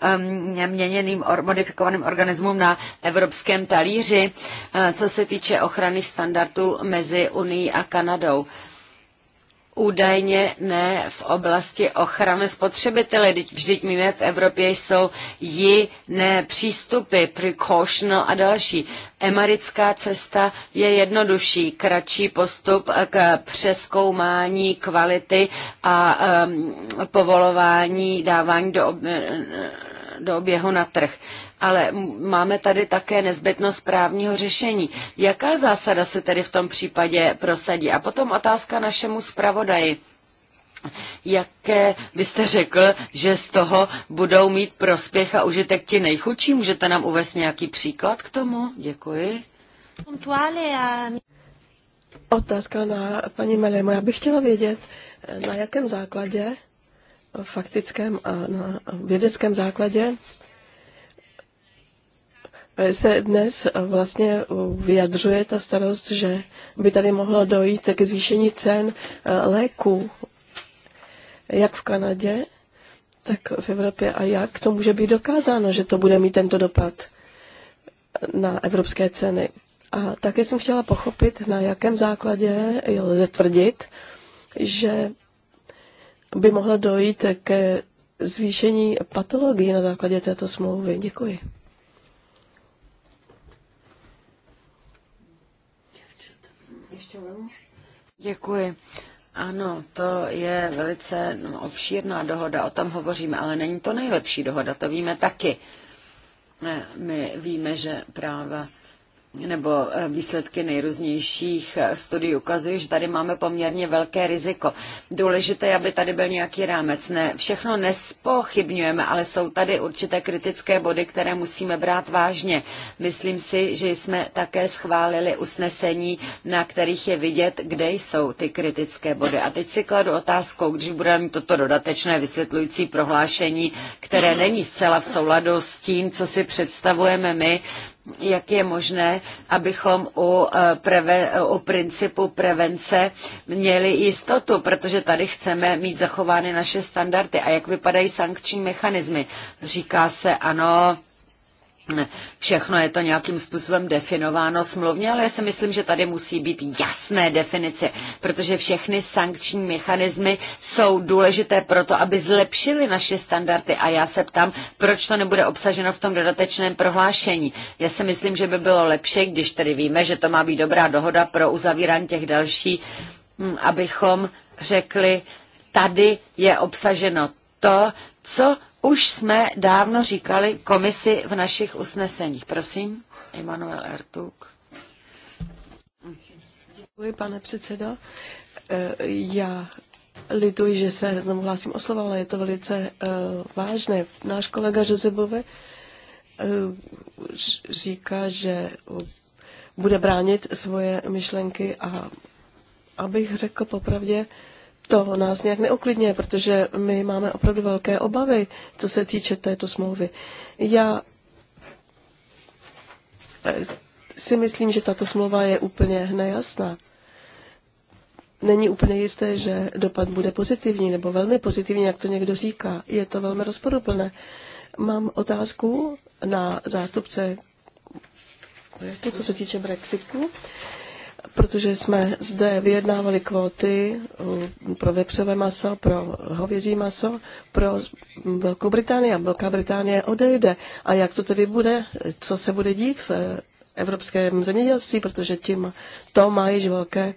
měněným or, modifikovaným organismům na evropském talíři, co se týče ochranných standardů mezi unii unii a Kanadou. Údajně ne v oblasti ochrany spotřebitele, vždyť míme v Evropě jsou jiné přístupy, precautional a další. Emarická cesta je jednodušší, kratší postup k přeskoumání kvality a um, povolování dávání do, ob, do oběhu na trh ale máme tady také nezbytnost právního řešení. Jaká zásada se tedy v tom případě prosadí? A potom otázka našemu zpravodaji jaké byste řekl, že z toho budou mít prospěch a užitek ti nejchučí? Můžete nám uvést nějaký příklad k tomu? Děkuji. Otázka na paní Melemu. Já bych chtěla vědět, na jakém základě faktickém a na vědeckém základě se dnes vlastně vyjadřuje ta starost, že by tady mohlo dojít ke zvýšení cen eh, léků, jak v Kanadě, tak v Evropě. A jak to může být dokázáno, že to bude mít tento dopad na evropské ceny? A také jsem chtěla pochopit, na jakém základě lze tvrdit, že by mohlo dojít ke zvýšení patologii na základě této smlouvy. Děkuji. Děkuji. Ano, to je velice no, obšírná dohoda, o tom hovoříme, ale není to nejlepší dohoda, to víme taky. Eh, my víme, že práva nebo eh, výsledky nejrůznějších eh, studií ukazují, že tady máme poměrně velké riziko. Důležité aby tady byl nějaký rámec. Ne, všechno nespochybňujeme, ale jsou tady určité kritické body, které musíme brát vážně. Myslím si, že jsme také schválili usnesení, na kterých je vidět, kde jsou ty kritické body. A teď si kladu otázku, když budeme mít toto dodatečné vysvětlující prohlášení, které není zcela v souladu s tím, co si představujeme my, jak je možné, abychom u, eh, preve, u principu prevence měli jistotu, protože tady chceme mít zachovány naše standardy. A jak vypadají sankční mechanismy? Říká se, ano, všechno je to nějakým způsobem definováno smluvně, ale já si myslím, že tady musí být jasné definice, protože všechny sankční mechanismy jsou důležité proto, aby zlepšili naše standardy a já se ptám, proč to nebude obsaženo v tom dodatečném prohlášení. Já si myslím, že by bylo lepší, když tedy víme, že to má být dobrá dohoda pro uzavírání těch další, hm, abychom řekli, tady je obsaženo to, co už jsme dávno říkali komisi v našich usneseních. Prosím, Emanuel Ertuk. Děkuji, pane předsedo. E, já lituji, že se znovu hlásím o slovo, ale je to velice e, vážné. Náš kolega Josebove říká, že bude bránit svoje myšlenky a abych řekl popravdě, to nás nějak neuklidňuje, protože my máme opravdu velké obavy, co se týče této smlouvy. Já eh, si myslím, že tato smlouva je úplně nejasná. Není úplně jisté, že dopad bude pozitivní nebo velmi pozitivní, jak to někdo říká. Je to velmi rozporuplné. Mám otázku na zástupce co se týče Brexitu protože jsme zde vyjednávali kvóty pro vepřové maso, pro hovězí maso, pro Velkou Británii a Velká Británie odejde. A jak to tedy bude, co se bude dít v eh, evropském zemědělství, protože tím to mají velké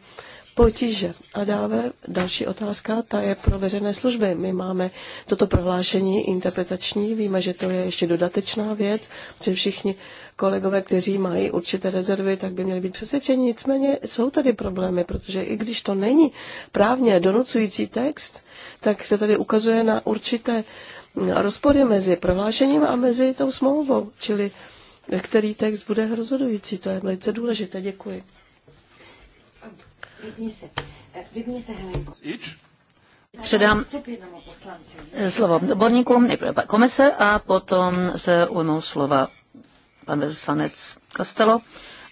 potíže. A dále další otázka, ta je pro veřejné služby. My máme toto prohlášení interpretační, víme, že to je ještě dodatečná věc, že všichni kolegové, kteří mají určité rezervy, tak by měli být přesvědčeni. Nicméně jsou tady problémy, protože i když to není právně donucující text, tak se tady ukazuje na určité rozpory mezi prohlášením a mezi tou smlouvou, čili který text bude rozhodující. To je velice důležité. Děkuji. Vypni se. Eh, vypni se, Předám eh, slovo odborníkům, nejprve komise a potom se ujmou slova pan poslanec Kostelo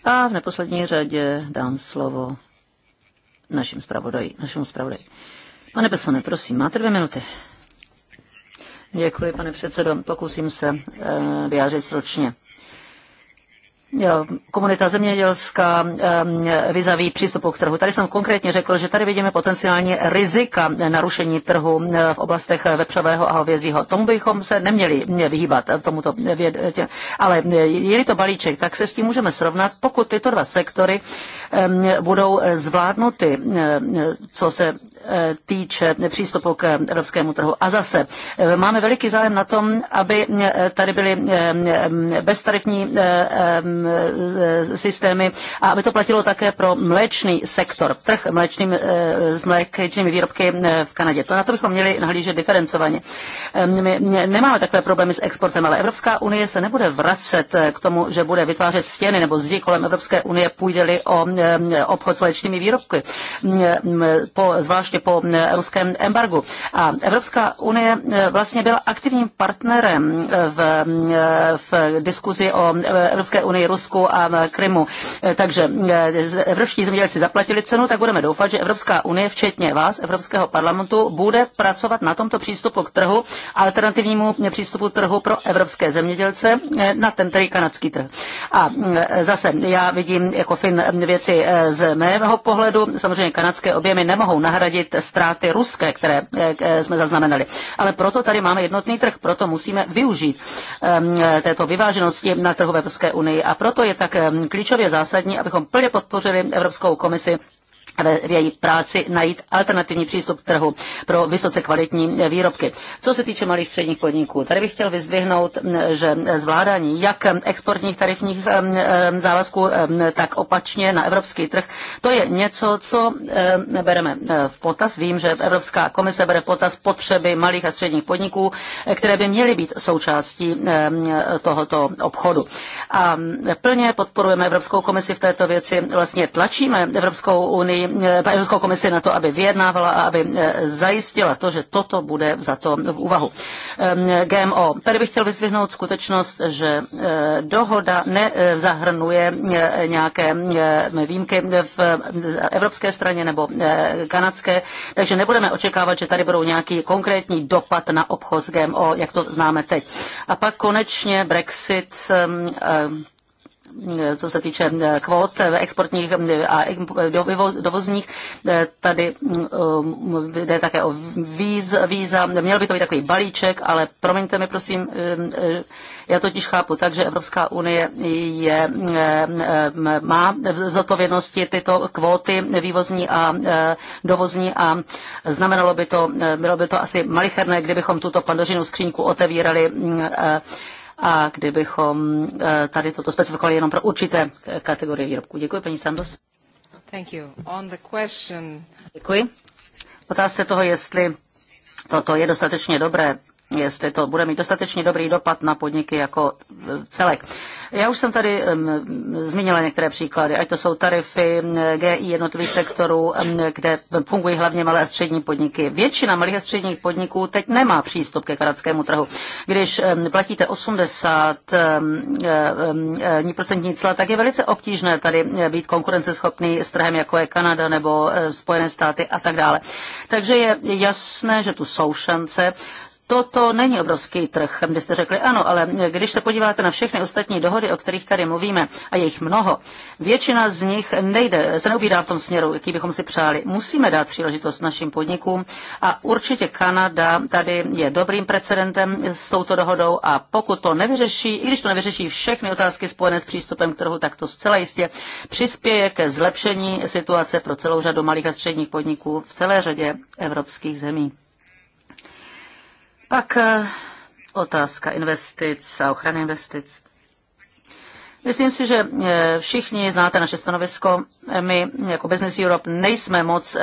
a v neposlední řadě dám slovo našim zpravodaji, našemu zpravodaji. Pane Pesone, prosím, máte dvě minuty. Děkuji, pane předsedo. Pokusím se e, vyjádřit stručně komunita zemědělská vyzaví přístupu k trhu. Tady jsem konkrétně řekl, že tady vidíme potenciální rizika narušení trhu v oblastech vepřového a hovězího. Tomu bychom se neměli vyhýbat, tomuto vědě. ale je-li to balíček, tak se s tím můžeme srovnat, pokud tyto dva sektory budou zvládnuty, co se e, týče přístupu k evropskému trhu. A zase e, máme veliký zájem na tom, aby tady byly beztarifní e, Eh, systémy a aby to platilo také pro mléčný sektor, trh mléčným, eh, s mléčnými výrobky eh, v Kanadě. To na to bychom měli nahlížet diferencovaně. Ehm, my nemáme takové problémy s exportem, ale Evropská unie se nebude vracet k tomu, že bude vytvářet stěny nebo zdi kolem Evropské unie, půjde-li o obchod s mléčnými výrobky, mm, mm, po, zvláště po mm, ruském embargu. A Evropská unie vlastně byla aktivním partnerem v, v diskuzi o Evropské unii vůči Rusku a Krymu. Eh, takže eh, evropští zemědělci zaplatili cenu, tak budeme doufat, že Evropská unie, včetně vás, Evropského parlamentu, bude pracovat na tomto přístupu k trhu, alternativnímu přístupu trhu pro evropské zemědělce eh, na ten tedy kanadský trh. A zase já vidím jako fin věci z mého pohledu. Samozřejmě kanadské objemy nemohou nahradit ztráty ruské, které jsme zaznamenali. Ale proto tady máme jednotný trh, proto musíme využít ehm, této vyváženosti na trhu v Evropské unii a proto je tak eh, klíčově zásadní, abychom plně podpořili Evropskou komisi v její práci najít alternativní přístup k trhu pro vysoce kvalitní výrobky. Co se týče malých středních podniků, tady bych chtěl vyzvihnout, že zvládání jak exportních tarifních závazků, tak opačně na evropský trh, to je něco, co bereme e, v potaz. Vím, že Evropská komise bere v potaz potřeby malých a středních podniků, e, které by měly být součástí tohoto obchodu. A plně podporujeme Evropskou komisi v této věci, vlastně tlačíme Evropskou unii Eh, Evropskou komisi na to, aby vyjednávala a aby eh, zajistila to, že toto bude za to v úvahu. Eh, GMO. Tady bych chtěl vyzvihnout skutečnost, že dohoda nezahrnuje nějaké výjimky v evropské straně nebo kanadské, takže nebudeme očekávat, že tady budou nějaký konkrétní dopad na obchod s GMO, jak to známe teď. A pak konečně Brexit co se týče eh, kvót exportních eh, a dovozních. Eh, tady jde také o víz, víza. Měl by to být takový balíček, ale promiňte mi, prosím, já totiž chápu tak, že Evropská unie je, má v zodpovědnosti tyto kvóty vývozní a dovozní a znamenalo by to, bylo by to asi malicherné, kdybychom tuto pandořinu skřínku otevírali a kdybychom eh, tady toto specifikovali jenom pro určité kategorie výrobků. Děkuji, paní Sandos. Thank you. On the question... Děkuji. Otázce toho, jestli toto je dostatečně dobré, jestli to bude mít dostatečně dobrý dopad na podniky jako e, celek. Já už jsem tady zmínila některé příklady, ať to jsou tarify GI jednotlivých sektorů, kde fungují hlavně malé a střední podniky. Většina malých a středních podniků teď nemá přístup ke kanadskému trhu. Když platíte 80 e, e, cla, tak je velice obtížné tady být konkurenceschopný s trhem, jako je Kanada nebo Spojené státy a tak dále. Takže je jasné, že tu jsou šance toto není obrovský trh, byste řekli ano, ale když se podíváte na všechny ostatní dohody, o kterých tady mluvíme, a je jich mnoho, většina z nich nejde, se neubídá v tom směru, jaký bychom si přáli. Musíme dát příležitost našim podnikům a určitě Kanada tady je dobrým precedentem s touto dohodou a pokud to nevyřeší, i když to nevyřeší všechny otázky spojené s přístupem k trhu, tak to zcela jistě přispěje ke zlepšení situace pro celou řadu malých a středních podniků v celé řadě evropských zemí. Pak eh, otázka investic a ochrany investic. Myslím si, že eh, všichni znáte naše stanovisko. My jako Business Europe nejsme moc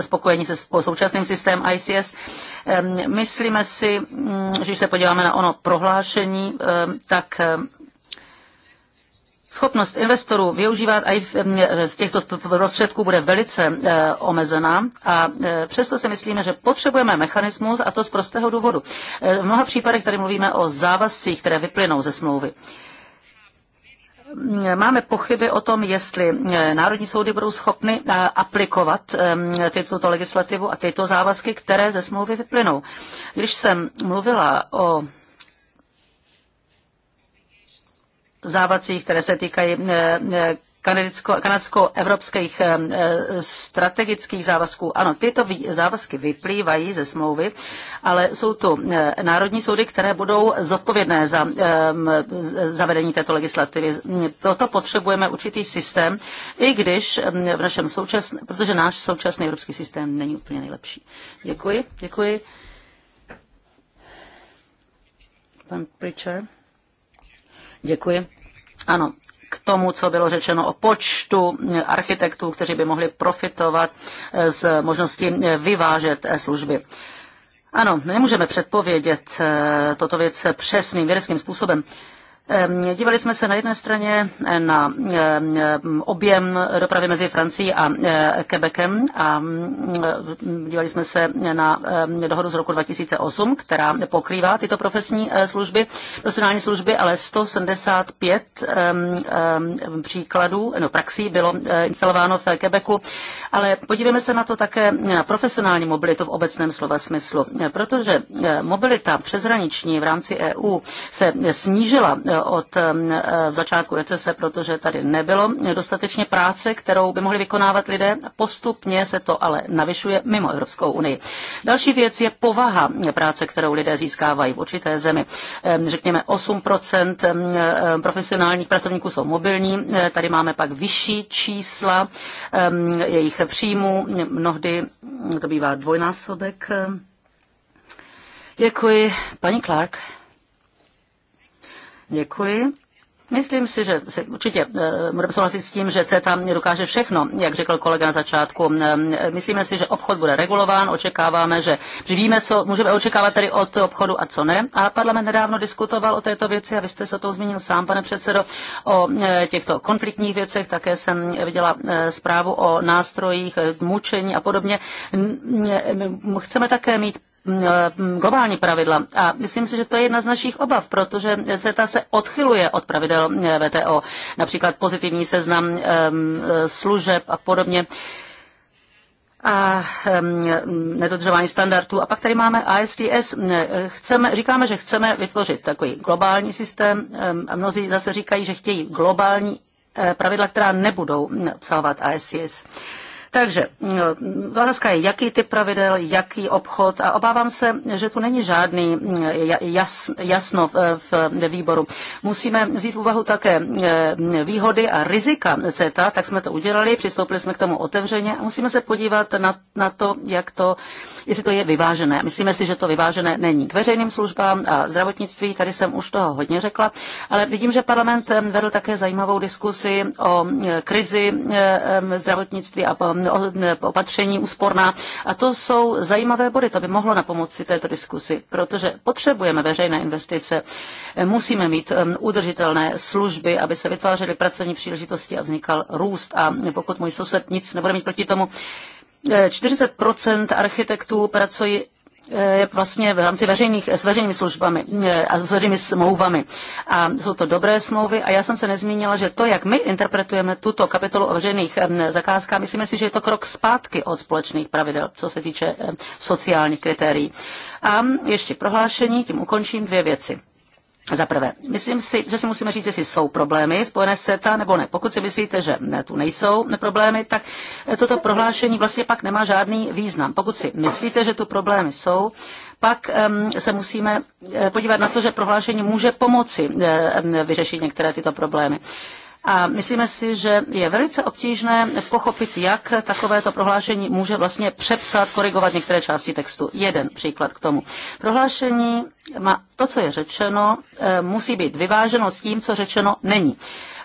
spokojeni se současným systémem ICS. Myslíme si, mm, že když se podíváme na ono prohlášení, tak schopnost investorů využívat i z těchto prostředků bude velice eh, omezená a eh, přesto si myslíme, že potřebujeme mechanismus a to z prostého důvodu. Eh, v mnoha případech tady mluvíme o závazcích, které vyplynou ze smlouvy máme pochyby o tom, jestli národní soudy budou schopny aplikovat tuto legislativu a tyto závazky, které ze smlouvy vyplynou. Když jsem mluvila o závacích, které se týkají eh, eh, kanadsko-evropských eh, strategických závazků. Ano, tyto závazky vyplývají ze smlouvy, ale jsou tu národní soudy, které budou zodpovědné za zavedení této legislativy. Hm, proto potřebujeme určitý systém, i když hm, v našem současném, protože náš současný evropský systém není úplně nejlepší. Děkuji, děkuji. Pan Pritcher. Děkuji. Ano, k tomu, co bylo řečeno o počtu architektů, kteří by mohli profitovat eh, z možnosti eh, vyvážet eh, služby. Ano, nemůžeme předpovědět toto věc přesným vědeckým způsobem. Ehm, dívali jsme se na jedné straně eh, na ehm, eh, objem dopravy mezi Francií a eh, Quebecem a mm, dívali jsme se na ehm, dohodu z roku 2008, která pokrývá tyto profesní služby, profesionální služby, ale 175 příkladů, no praxí bylo instalováno v Quebecu, ale podívejme se na to také na profesionální mobilitu v obecném slova smyslu, protože mobilita přeshraniční v rámci EU se snížila od e, začátku recese, protože tady nebylo dostatečně práce, kterou by mohli vykonávat lidé. Postupně se to ale navyšuje mimo Evropskou unii. Další věc je povaha práce, kterou lidé získávají v určité zemi. Řekněme, 8% e, profesionálních pracovníků jsou mobilní, e, tady máme pak vyšší čísla jejich příjmů, mnohdy to bývá dvojnásobek. Děkuji. Paní Clark. Děkuji. Myslím si, že se určitě eh, budeme souhlasit s tím, že CETA dokáže všechno, jak řekl kolega na začátku. Ehm, myslíme si, že obchod bude regulován, očekáváme, že víme, co můžeme očekávat tedy od obchodu a co ne. A parlament nedávno diskutoval o této věci a vy jste se to zmínil sám, pane předsedo, o eh, těchto konfliktních věcech. Také jsem viděla eh, zprávu o nástrojích mučení a podobně. Chceme také mít Mm, eh, mm, globální pravidla. A myslím si, že to je jedna z našich obav, protože CETA se odchyluje od pravidel eh, VTO, například pozitivní seznam eh, mm, služeb a podobně a nedodržování standardů. A pak tady máme ASDS. Chceme, říkáme, že chceme vytvořit takový globální systém a mnozí zase říkají, že chtějí globální pravidla, která nebudou obsahovat ASDS. Takže mm, otázka je, jaký typ pravidel, jaký obchod a obávám se, že tu není žádný mm, jas, jasno v, v výboru. Musíme vzít v úvahu také mm, výhody a rizika CETA, tak jsme to udělali, přistoupili jsme k tomu otevřeně a musíme se podívat na, na to, jak to, jestli to je vyvážené. Myslíme si, že to vyvážené není k veřejným službám a zdravotnictví, tady jsem už toho hodně řekla, ale vidím, že parlament vedl také zajímavou diskusi o krizi zdravotnictví a Eh, eh, opatření úsporná. A to jsou zajímavé body, to by mohlo na pomoci této diskusi, protože potřebujeme veřejné investice, eh, musíme mít udržitelné služby, aby se vytvářely pracovní příležitosti a vznikal růst. A pokud můj sosed nic nebude mít proti tomu, 40 architektů pracují vlastně v rámci veřejných, s veřejnými službami eh, a s veřejnými smlouvami. A jsou to dobré smlouvy a já jsem se nezmínila, že to, jak my interpretujeme tuto kapitolu o veřejných eh, zakázkách, myslíme si, že je to krok zpátky od společných pravidel, co se týče eh, sociálních kritérií. A ještě prohlášení, tím ukončím dvě věci. Za prvé, myslím si, že si musíme říct, jestli jsou problémy spojené s CETA nebo ne. Pokud si myslíte, že ne, tu nejsou problémy, tak eh, toto prohlášení vlastně pak nemá žádný význam. Pokud si myslíte, že tu problémy jsou, pak ehm, se musíme eh, podívat na to, že prohlášení může pomoci eh, ehm, vyřešit některé tyto problémy. A myslíme si, že je velice obtížné pochopit, jak takovéto prohlášení může vlastně přepsat, korigovat některé části textu. Jeden příklad k tomu. Prohlášení má to, co je řečeno, eh, musí být vyváženo s tím, co řečeno není.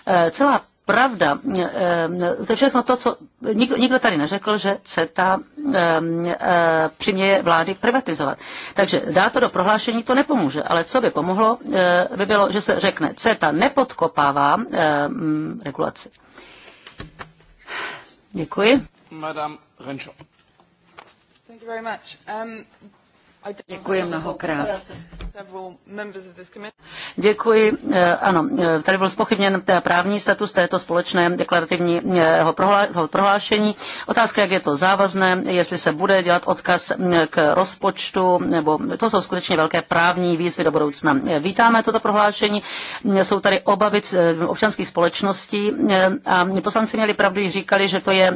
Eh, celá pravda, eh, to je všechno to, co nikdo, nikdo tady neřekl, že CETA eh, eh, přiměje vlády privatizovat. Takže dá to do prohlášení, to nepomůže, ale co by pomohlo, by bylo, že se řekne, CETA nepodkopává mm, regulaci. Děkuji. Madame Renšo. Thank you very much. Um, Děkuji mnohokrát. Děkuji. Eh, ano, eh, tady byl spochybněn právní status této společné deklarativního prohlášení. Otázka, jak je to závazné, jestli se bude dělat odkaz k rozpočtu, nebo to jsou skutečně velké právní výzvy do budoucna. Eh, vítáme toto prohlášení. Jsou tady obavy občanských společností a poslanci měli pravdu, když říkali, že to je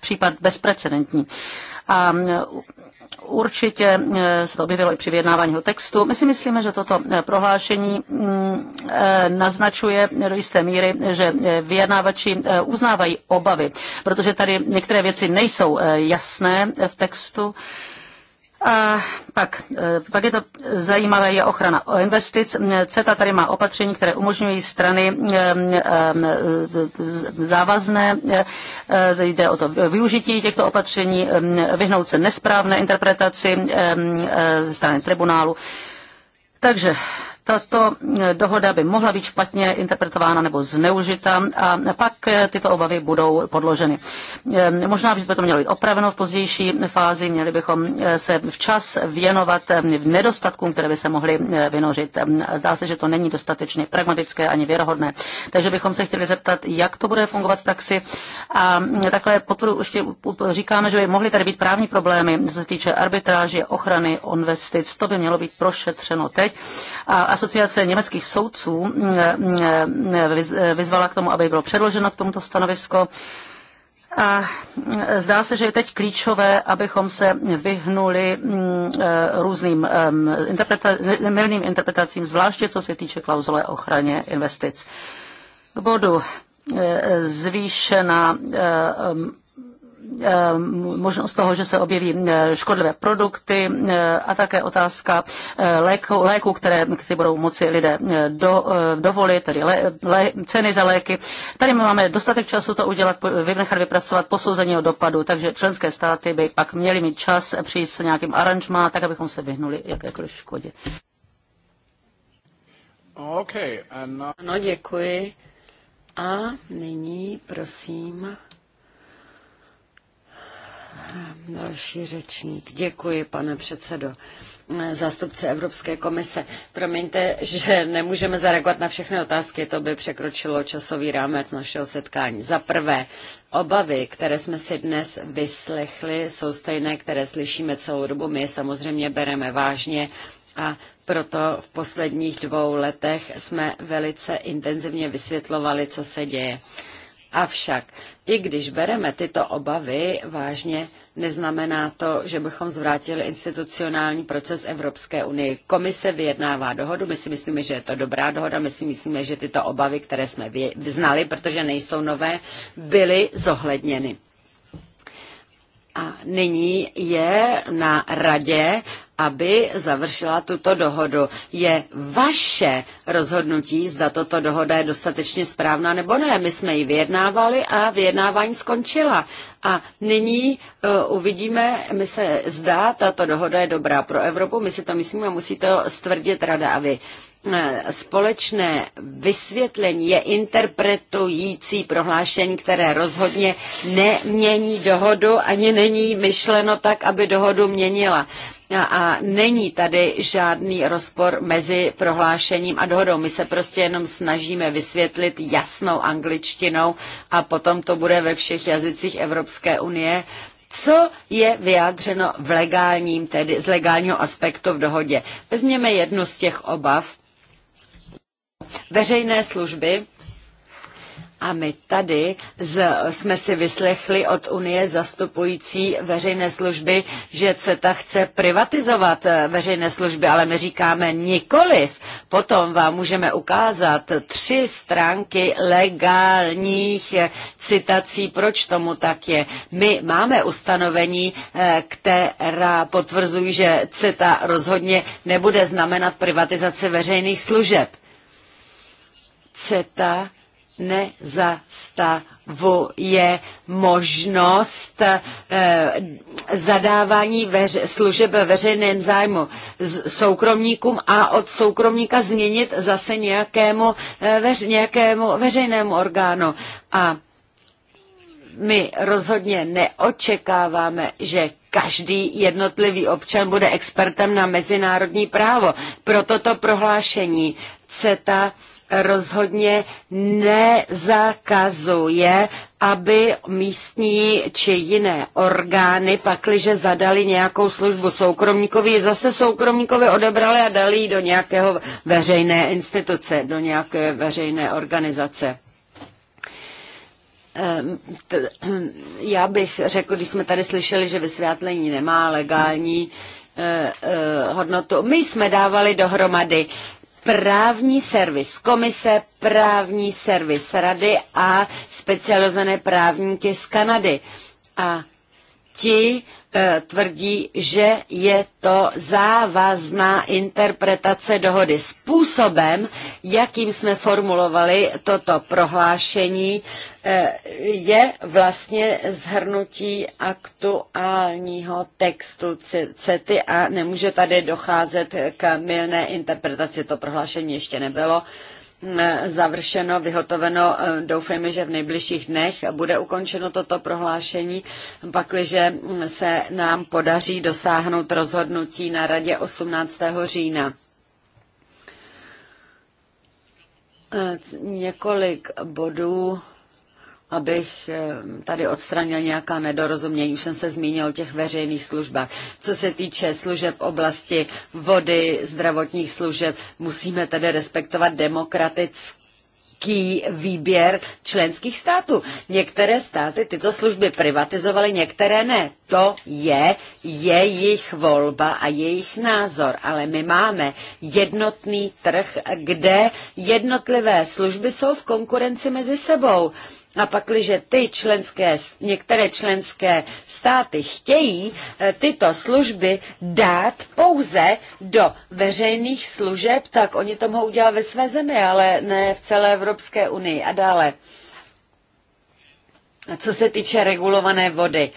případ bezprecedentní. A Určitě eh, se to objevilo i při vyjednávání textu. My si myslíme, že toto eh, prohlášení mm, eh, naznačuje do jisté míry, že vyjednávači uznávají obavy, protože tady některé věci nejsou jasné v textu. A pak, e, pak je to zajímavé, je ochrana investic. CETA tady má opatření, které umožňují strany e, e, závazné, jde o to využití těchto opatření, vyhnout se nesprávné interpretaci ze strany tribunálu. Takže tato eh, dohoda by mohla být špatně interpretována nebo zneužita a pak eh, tyto obavy budou podloženy. Eh, možná by to mělo být opraveno v pozdější fázi, měli bychom se včas věnovat nedostatkům, které by se mohly vynořit. Zdá se, že to není dostatečně pragmatické ani věrohodné. Takže bychom se chtěli zeptat, jak to bude fungovat v praxi. A mm, takhle potvrdu ještě říkáme, že by mohly tady být právní problémy, co se týče arbitráže, ochrany, investic. To by mělo být prošetřeno teď. A asociace německých soudců vyzvala k tomu, aby bylo předloženo k tomuto stanovisko. A zdá se, že je teď klíčové, abychom se vyhnuli e, různým interpreta- milným interpretacím, zvláště co se týče klauzule ochraně investic. K bodu e, zvýšená e, Eh, možnost toho, že se objeví eh, škodlivé produkty eh, a také otázka léku, léku které si budou moci lidé do, dovolit, tedy lé, lé, ceny za léky. Tady my máme dostatek času to udělat, vynechat vypracovat posouzení o dopadu, takže členské státy by pak měly mít čas přijít s nějakým aranžmá, tak abychom se vyhnuli jakékoliv škodě. Okay, and now... Ano, děkuji. A nyní prosím Další řečník. Děkuji, pane předsedo. Zástupce Evropské komise. Promiňte, že nemůžeme zareagovat na všechny otázky, to by překročilo časový rámec našeho setkání. Za prvé, obavy, které jsme si dnes vyslechli, jsou stejné, které slyšíme celou dobu. My je samozřejmě bereme vážně a proto v posledních dvou letech jsme velice intenzivně vysvětlovali, co se děje. Avšak, i když bereme tyto obavy vážně, neznamená to, že bychom zvrátili institucionální proces Evropské unie. Komise vyjednává dohodu, my si myslíme, že je to dobrá dohoda, my si myslíme, že tyto obavy, které jsme znali, protože nejsou nové, byly zohledněny. A nyní je na radě, aby završila tuto dohodu. Je vaše rozhodnutí, zda toto dohoda je dostatečně správná nebo ne. My jsme ji vyjednávali a vyjednávání skončila. A nyní uh, uvidíme, my se zdá, tato dohoda je dobrá pro Evropu, my si to myslíme a musí to stvrdit rada a vy. Uh, Eh, společné vysvětlení je interpretující prohlášení, které rozhodně nemění dohodu, ani není myšleno tak, aby dohodu měnila. A, není tady žádný rozpor mezi prohlášením a dohodou. My se prostě jenom snažíme vysvětlit jasnou angličtinou a potom to bude ve všech jazycích Evropské unie co je vyjádřeno v legálním, tedy z legálního aspektu v dohodě. Vezměme jednu z těch obav, veřejné služby. A my tady z, jsme si vyslechli od Unie zastupující veřejné služby, že CETA chce privatizovat eh, veřejné služby, ale my říkáme nikoliv. Potom vám můžeme ukázat tři stránky legálních eh, citací, proč tomu tak je. My máme ustanovení, eh, která potvrzují, že CETA rozhodně nebude znamenat privatizaci veřejných služeb. CETA nezastavuje možnost eh, zadávání veř- služeb veřejném zájmu soukromníkům a od soukromníka změnit zase nějakému, eh, veř- nějakému veřejnému orgánu. A my rozhodně neočekáváme, že každý jednotlivý občan bude expertem na mezinárodní právo. Proto to prohlášení CETA rozhodně nezakazuje, aby místní či jiné orgány pakliže zadali nějakou službu soukromníkovi, zase soukromníkovi odebrali a dali ji do nějakého veřejné instituce, do nějaké veřejné organizace. Ehm, já bych řekl, když jsme tady slyšeli, že vysvětlení nemá legální eh, eh, hodnotu. My jsme dávali dohromady právní servis komise, právní servis rady a specializované právníky z Kanady. A ti Eh, tvrdí, že je to závazná interpretace dohody. Způsobem, jakým jsme formulovali toto prohlášení, eh, je vlastně zhrnutí aktuálního textu CETY a nemůže tady docházet k milné interpretaci. To prohlášení ještě nebylo završeno, vyhotoveno. Eh, doufejme, že v nejbližších dnech bude ukončeno toto prohlášení, pakliže se nám podaří dosáhnout rozhodnutí na radě 18. října. Eh, několik bodů abych eh, tady odstranil nějaká nedorozumění. Už jsem se zmínil o těch veřejných službách. Co se týče služeb v oblasti vody, zdravotních služeb, musíme tedy respektovat demokratické výběr členských států. Některé státy tyto služby privatizovaly, některé ne. To je jejich volba a jejich názor, ale my máme jednotný trh, kde jednotlivé služby jsou v konkurenci mezi sebou. A pakliže ty členské, některé členské státy chtějí eh, tyto služby dát pouze do veřejných služeb, tak oni to mohou udělat ve své zemi, ale ne v celé Evropské unii a dále. co se týče regulované vody,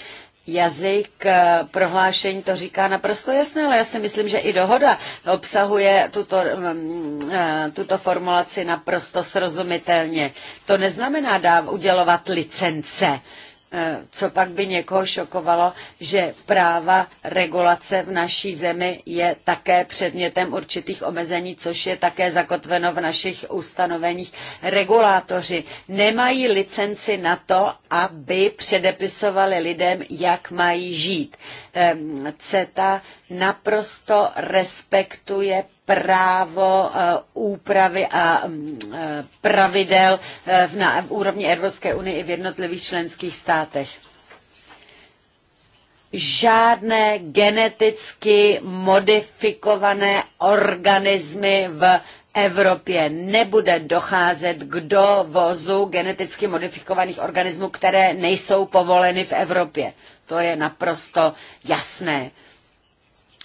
jazyk eh, prohlášení to říká naprosto jasné, ale já si myslím, že i dohoda obsahuje tuto, mm, eh, tuto formulaci naprosto srozumitelně. To neznamená dá udělovat licence Eh, co pak by někoho šokovalo, že práva regulace v naší zemi je také předmětem určitých omezení, což je také zakotveno v našich ustanoveních. Regulátoři nemají licenci na to, aby předepisovali lidem, jak mají žít. Ehm, CETA naprosto respektuje právo eh, úpravy a mm, eh, pravidel eh, na úrovni Evropské unie i v jednotlivých členských státech žádné geneticky modifikované organismy v Evropě nebude docházet k dovozu geneticky modifikovaných organismů, které nejsou povoleny v Evropě. To je naprosto jasné.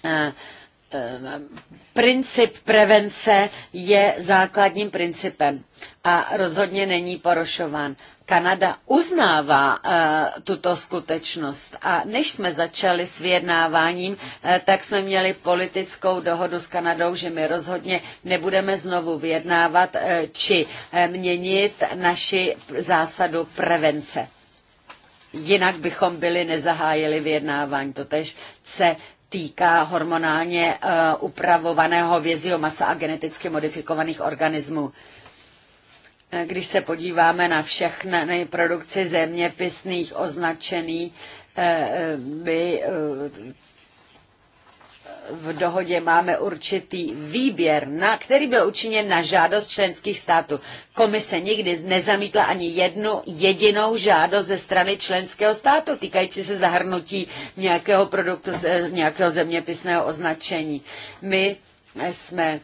Uh, Eh, princip prevence je základním principem a rozhodně není porušován. Kanada uznává uh, tuto skutečnost a než jsme začali s vyjednáváním, uh, tak jsme měli politickou dohodu s Kanadou, že my rozhodně nebudeme znovu vyjednávat uh, či uh, měnit naši zásadu prevence. Jinak bychom byli nezahájili vyjednávání. Totež se týká hormonálně eh, upravovaného vězího masa a geneticky modifikovaných organismů. Eh, když se podíváme na všechny produkci zeměpisných označený, eh, by v dohodě máme určitý výběr, na, který byl učiněn na žádost členských států. Komise nikdy nezamítla ani jednu jedinou žádost ze strany členského státu týkající se zahrnutí nějakého produktu, eh, nějakého zeměpisného označení. My eh, jsme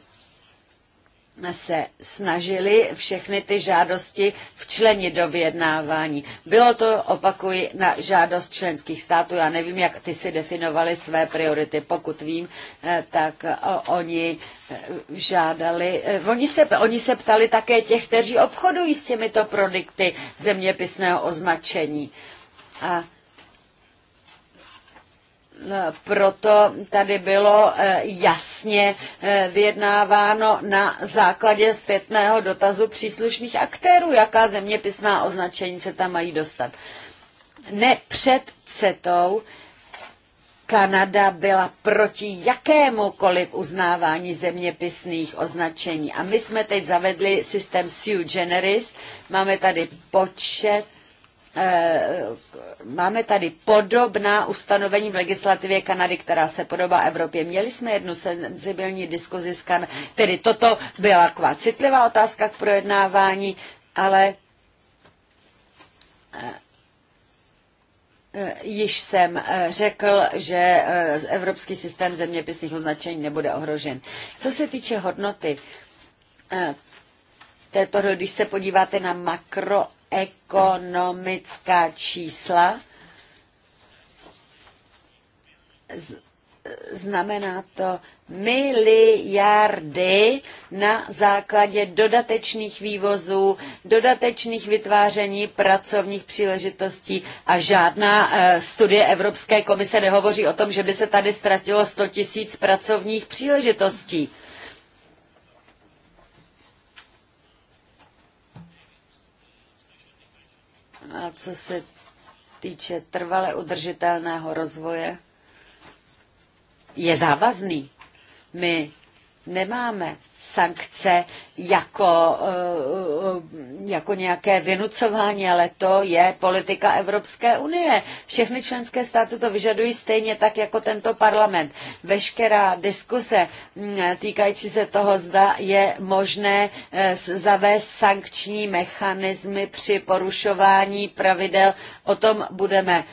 se snažili všechny ty žádosti včlenit do vyjednávání. Bylo to, opakuji, na žádost členských států. Já nevím, jak ty si definovali své priority. Pokud vím, eh, tak eh, oni eh, žádali, oni se, oni se ptali také těch, kteří obchodují s těmito produkty zeměpisného označení. A proto tady bylo eh, jasně eh, vyjednáváno na základě zpětného dotazu příslušných aktérů, jaká zeměpisná označení se tam mají dostat. Ne před CETou Kanada byla proti jakémukoliv uznávání zeměpisných označení. A my jsme teď zavedli systém SUE generis. Máme tady počet Eh, máme tady podobná ustanovení v legislativě Kanady, která se podobá Evropě. Měli jsme jednu senzibilní diskuzi s Kanadou, tedy toto byla taková citlivá otázka k projednávání, ale eh, eh, již jsem řekl, že evropský systém zeměpisných označení nebude ohrožen. Co se týče hodnoty této, když se podíváte na makro ekonomická čísla, znamená to miliardy na základě dodatečných vývozů, dodatečných vytváření pracovních příležitostí a žádná eh, studie Evropské komise nehovoří o tom, že by se tady ztratilo 100 tisíc pracovních příležitostí. A co se týče trvale udržitelného rozvoje, je závazný. My nemáme sankce jako, eh, jako nějaké vynucování, ale to je politika Evropské unie. Všechny členské státy to vyžadují stejně tak jako tento parlament. Veškerá diskuse mm, týkající se toho, zda je možné eh, zavést sankční mechanismy při porušování pravidel, o tom budeme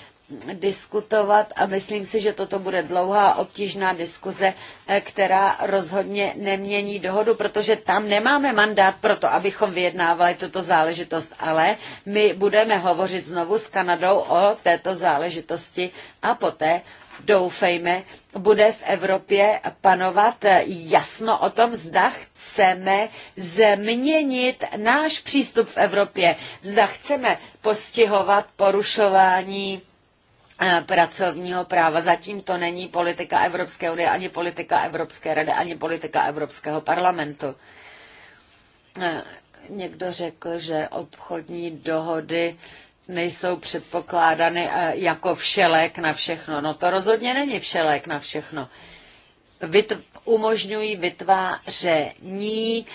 diskutovat a myslím si, že toto bude dlouhá obtížná diskuze, eh, která rozhodně nemění dohodu, protože tam nemáme mandát pro to, abychom vyjednávali tuto záležitost, ale my budeme hovořit znovu s Kanadou o této záležitosti a poté doufejme, bude v Evropě panovat eh, jasno o tom, zda chceme změnit náš přístup v Evropě, zda chceme postihovat porušování Eh, pracovního práva. Zatím to není politika Evropské unie, ani politika Evropské rady, ani politika Evropského parlamentu. Eh, někdo řekl, že obchodní dohody nejsou předpokládány eh, jako všelék na všechno. No to rozhodně není všelék na všechno. Vytv- umožňují vytváření,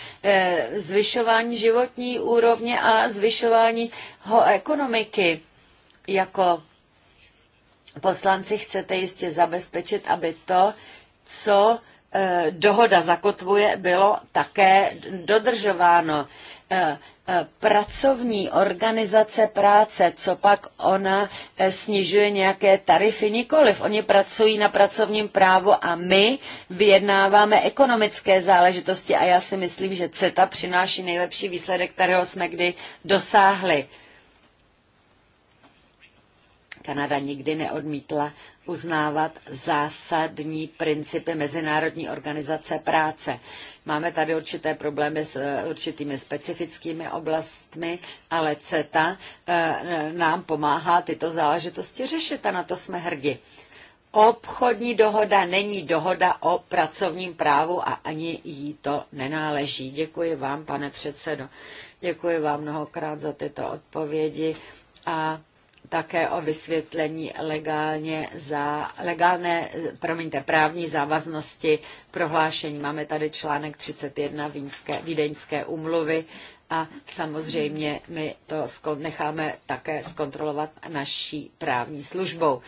zvyšování životní úrovně a zvyšování ho ekonomiky jako poslanci chcete jistě zabezpečit, aby to, co e, dohoda zakotvuje, bylo také dodržováno. E, e, pracovní organizace práce, co pak ona snižuje nějaké tarify? Nikoliv. Oni pracují na pracovním právu a my vyjednáváme ekonomické záležitosti a já si myslím, že CETA přináší nejlepší výsledek, kterého jsme kdy dosáhli. Kanada nikdy neodmítla uznávat zásadní principy Mezinárodní organizace práce. Máme tady určité problémy s eh, určitými specifickými oblastmi, ale CETA eh, nám pomáhá tyto záležitosti řešit a na to jsme hrdi. Obchodní dohoda není dohoda o pracovním právu a ani jí to nenáleží. Děkuji vám, pane předsedo. Děkuji vám mnohokrát za tyto odpovědi a také o vysvětlení legálně za, legálné, promiňte, právní závaznosti prohlášení. Máme tady článek 31 Vínské, Vídeňské umluvy a samozřejmě my to necháme také zkontrolovat naší právní službou.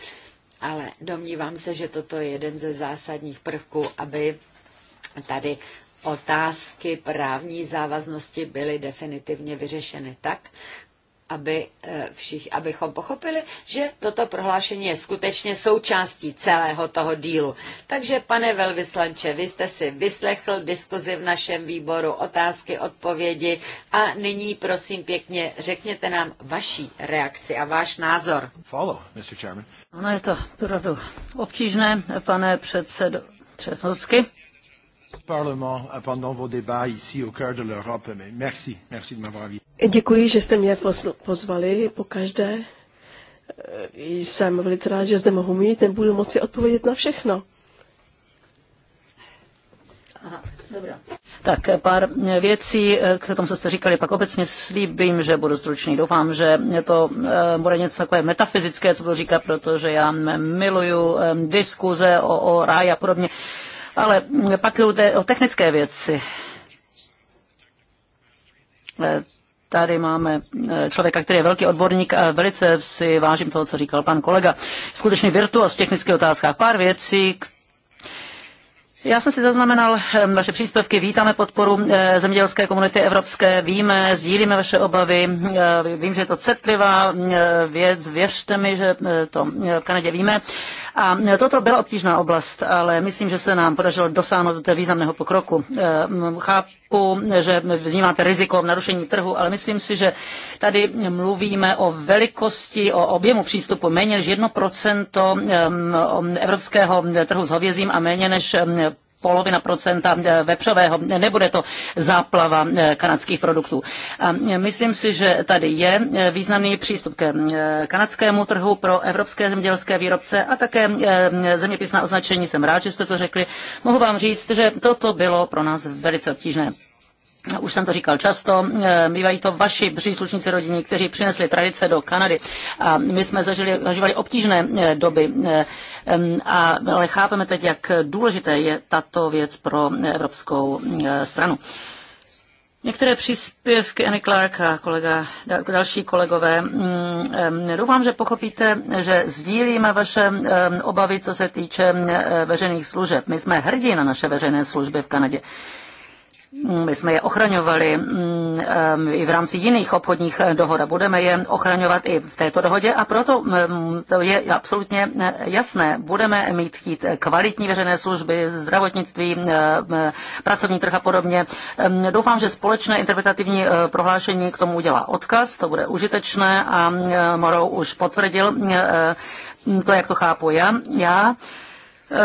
Ale domnívám se, že toto je jeden ze zásadních prvků, aby tady otázky právní závaznosti byly definitivně vyřešeny tak, aby eh, všich, abychom pochopili, že toto prohlášení je skutečně součástí celého toho dílu. Takže, pane velvyslanče, vy jste si vyslechl diskuzi v našem výboru, otázky, odpovědi a nyní, prosím pěkně, řekněte nám vaší reakci a váš názor. Follow, Mr. Chairman. Ono je to opravdu obtížné, pane předsedo Třetnovsky. Děkuji, že jste mě pozvali po každé. E, jsem velice rád, že zde mohu mít, nebudu moci odpovědět na všechno. Aha, dobrá. Tak e, pár e, věcí k tomu, co jste říkali. Pak obecně slíbím, že budu stručný. Doufám, že to bude něco takové metafyzické, co budu říkat, protože já miluju diskuze o, o ráji a podobně. Ale mm, pak jde o technické věci. E, tady máme e, člověka, který je velký odborník a velice si vážím toho, co říkal pan kolega. Skutečně virtuos v technických otázkách. Pár věcí, já jsem si zaznamenal vaše příspěvky, vítáme podporu e, zemědělské komunity evropské, víme, sdílíme vaše obavy, vím, že je to cetlivá věc, věřte mi, že to v Kanadě víme. A e, toto byla obtížná oblast, ale myslím, že se nám podařilo dosáhnout významného pokroku. E, chápu, že vnímáte riziko v narušení trhu, ale myslím si, že tady mluvíme o velikosti, o objemu přístupu méně než 1% e, evropského trhu s hovězím a méně než polovina procenta eh, vepřového. Nebude to záplava eh, kanadských produktů. A eh, myslím si, že tady je významný přístup ke kanadskému trhu pro evropské zemědělské výrobce a také zeměpisná označení. Jsem rád, že jste to řekli. Mohu vám říct, že toto bylo pro nás velice obtížné už jsem to říkal často, eh, bývají to vaši příslušníci rodiny, kteří přinesli tradice do Kanady. A my jsme zažili, zažívali obtížné eh, doby, eh, a, ale chápeme teď, jak důležité je tato věc pro evropskou stranu. Některé příspěvky Annie Clark a kolega, další kolegové. Mm, doufám, že pochopíte, že sdílíme vaše obavy, co se týče veřejných služeb. My jsme hrdí na naše veřejné služby v Kanadě. Mm, my jsme je ochraňovali mm, i v rámci jiných obchodních eh, dohod a budeme je ochraňovat i v této dohodě a proto mm, to je absolutně eh, jasné. Budeme mít chtít kvalitní veřejné služby, zdravotnictví, eh, pracovní trh a podobně. Doufám, že společné interpretativní prohlášení k tomu udělá odkaz, to bude užitečné a Morou už potvrdil to, jak to chápu já. já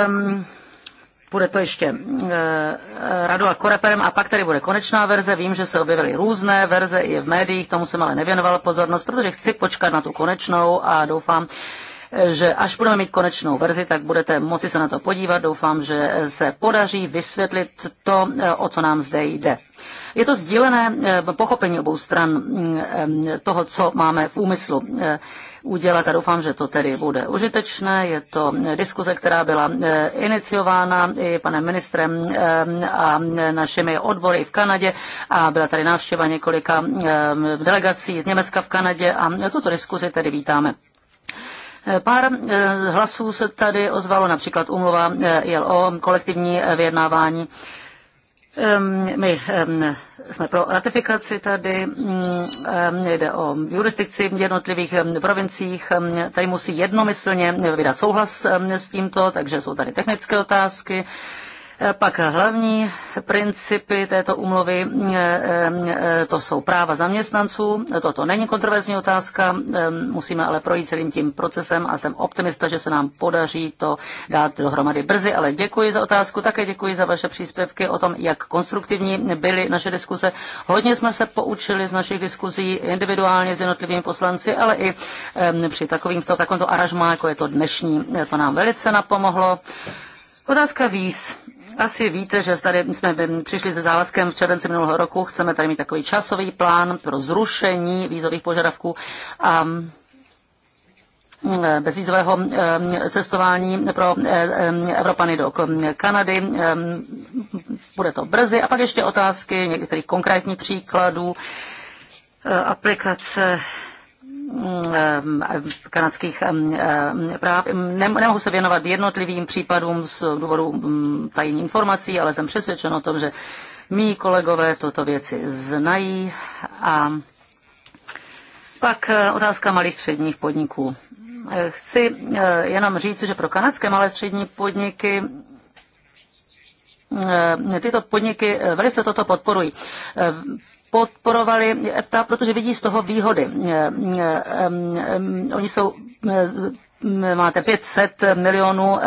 um, bude to ještě eh, eh, Radu a Koreperem a pak tady bude konečná verze. Vím, že se objevily různé verze i v médiích, tomu jsem ale nevěnoval pozornost, protože chci počkat na tu konečnou a doufám, že až budeme mít konečnou verzi, tak budete moci se na to podívat. Doufám, že se podaří vysvětlit to, eh, o co nám zde jde. Je to sdílené eh, pochopení obou stran mm, eh, toho, co máme v úmyslu eh, udělat a doufám, že to tedy bude užitečné. Je to diskuze, která byla iniciována i panem ministrem a našimi odbory v Kanadě a byla tady návštěva několika delegací z Německa v Kanadě a tuto diskuzi tedy vítáme. Pár hlasů se tady ozvalo, například umluva ILO, kolektivní vyjednávání Ehm, my ehm, jsme pro ratifikaci tady, ehm, jde o jurisdikci v jednotlivých provinciích, tady musí jednomyslně vydat souhlas s tímto, takže jsou tady technické otázky, Eh, pak hlavní principy této úmluvy, eh, eh, to jsou práva zaměstnanců, toto není kontroverzní otázka, musíme ale projít celým tím procesem a jsem optimista, že se nám podaří to dát dohromady brzy, ale děkuji za otázku, také děkuji za vaše příspěvky o tom, jak konstruktivní byly naše diskuse. Hodně jsme se poučili z našich diskuzí individuálně s jednotlivými poslanci, ale i při takovýmto, takovémto aražmá, jako je to dnešní, to nám velice napomohlo. Otázka víz. Asi víte, že tady jsme přišli se závazkem v červenci minulého roku, chceme tady mít takový časový plán pro zrušení vízových požadavků a mm, e, bezvízového e, cestování pro e, Evropany do Kanady. Bude to brzy. A pak ještě otázky některých konkrétních příkladů aplikace Eh, kanadských eh, eh, práv. Nemohu se věnovat jednotlivým případům z důvodu mm, tajných informací, ale jsem přesvědčen o tom, že mý kolegové toto věci znají. A pak otázka malých středních podniků. Chci jenom říct, že pro kanadské malé střední podniky tyto podniky velice toto podporují podporovali EFTA, protože vidí z toho výhody. Eh, eh, eh, oni jsou máte 500 milionů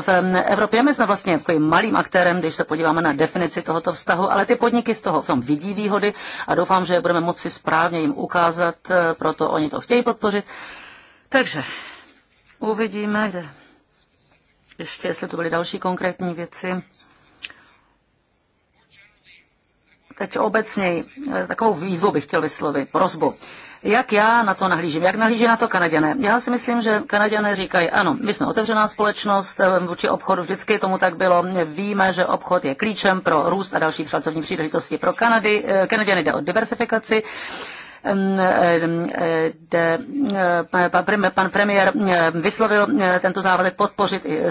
v Evropě. My jsme vlastně takovým malým aktérem, když se podíváme na definici tohoto vztahu, ale ty podniky z toho v tom vidí výhody a doufám, že budeme moci správně jim ukázat, proto oni to chtějí podpořit. Takže uvidíme, ještě jestli to byly další konkrétní věci teď obecněji eh, takovou výzvu bych chtěl vyslovit, prozbu. Jak já na to nahlížím? Jak nahlíží na to Kanaděné? Já si myslím, že Kanaděné říkají, ano, my jsme otevřená společnost eh, vůči obchodu, vždycky tomu tak bylo. Víme, že obchod je klíčem pro růst a další pracovní příležitosti pro Kanady. Eh, Kanaděny jde o diversifikaci kde eh, pan premiér eh, vyslovil eh, tento závazek podpořit i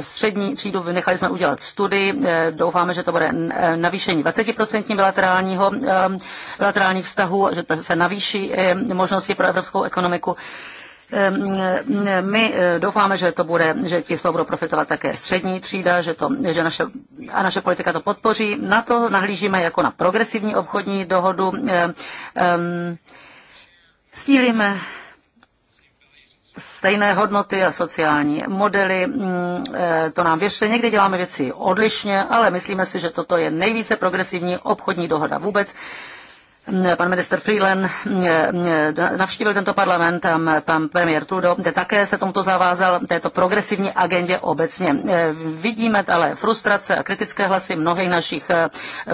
střední třídu. Nechali jsme udělat studii, doufáme, že to bude navýšení 20% bilaterálního, bilaterálních vztahů, že se navýší možnosti pro evropskou ekonomiku. Ehm, ehm, my eh, doufáme, že to bude, že ti slovo budou profitovat také střední třída, že, to, že naše, a naše politika to podpoří. Na to nahlížíme jako na progresivní obchodní dohodu. Ehm, Stílíme stejné hodnoty a sociální modely. Mm, eh, to nám věřte, někdy děláme věci odlišně, ale myslíme si, že toto je nejvíce progresivní obchodní dohoda vůbec. Pan minister Freeland eh, eh, navštívil tento parlament, pan premiér Trudeau také se tomuto zavázal, této progresivní agendě obecně. Eh, vidíme ale frustrace a kritické hlasy mnohých našich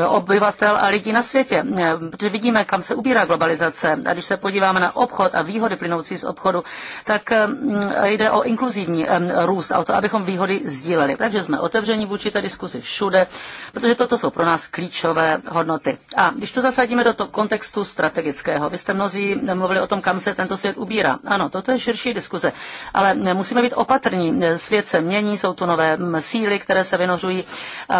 obyvatel a lidí na světě, protože vidíme, kam se ubírá globalizace. A když se podíváme na obchod a výhody plynoucí z obchodu, tak jde o inkluzivní růst a o to, abychom výhody sdíleli. Takže jsme otevření vůči té diskuzi všude, protože toto jsou pro nás klíčové hodnoty. A když to zasadíme do toho kontextu strategického. Vy jste mnozí mluvili o tom, kam se tento svět ubírá. Ano, toto je širší diskuze, ale musíme být opatrní. Svět se mění, jsou tu nové síly, které se vynořují.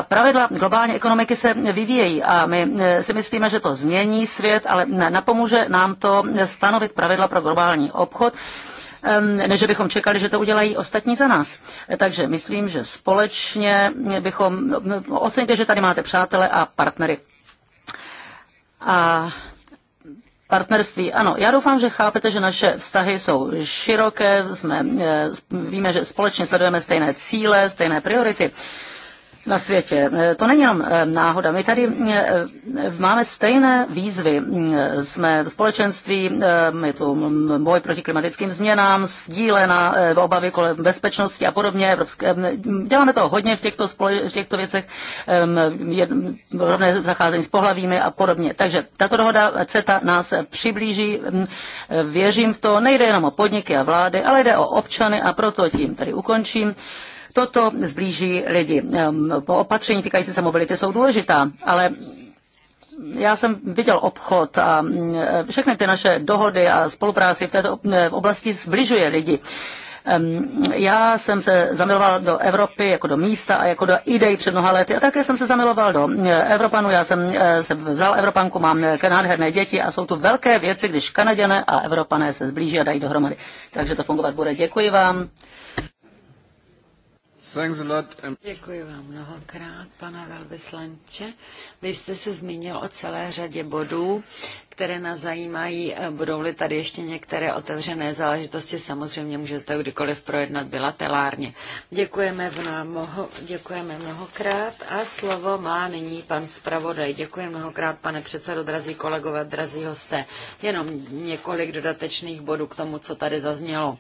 Pravidla globální ekonomiky se vyvíjejí a my eh, si myslíme, že to změní svět, ale napomůže nám to stanovit pravidla pro globální obchod než bychom čekali, že to udělají ostatní za nás. Takže myslím, že společně bychom, oceňte, že tady máte přátele a partnery a partnerství. Ano, já doufám, že chápete, že naše vztahy jsou široké, jsme, eh, víme, že společně sledujeme stejné cíle, stejné priority na světě. Eh, to není jenom eh, náhoda. My tady eh, máme stejné výzvy. Jsme v společenství, je tu mm, boj proti klimatickým změnám, sdílená obavy kolem bezpečnosti a podobně. děláme to hodně v těchto, spole, v těchto věcech, rovné zacházení s pohlavími a podobně. Takže tato dohoda CETA nás přiblíží. Mm, věřím v to, nejde jenom o podniky a vlády, ale jde o občany a proto tím tady ukončím. Toto zblíží lidi. Ehm, po opatření týkající se mobility jsou důležitá, ale já jsem viděl obchod a mm, všechny ty naše dohody a spolupráci v této eh, oblasti zbližuje lidi. Ehm, já jsem se zamiloval do Evropy jako do místa a jako do idei před mnoha lety a také jsem se zamiloval do eh, Evropanu. Já jsem eh, se vzal Evropanku, mám nádherné děti a jsou tu velké věci, když Kanaděné a Evropané se zblíží a dají dohromady. Takže to fungovat bude. Děkuji vám. Um, Děkuji vám mnohokrát, pane velvyslanče. Vy jste se zmínil o celé řadě bodů, které nás zajímají. Budou-li tady ještě některé otevřené záležitosti, samozřejmě můžete kdykoliv projednat bilaterálně. Děkujeme, mnoho, děkujeme mnohokrát a slovo má nyní pan zpravodaj. Děkuji mnohokrát, pane předsedo, drazí kolegové, drazí hosté. Jenom několik dodatečných bodů k tomu, co tady zaznělo.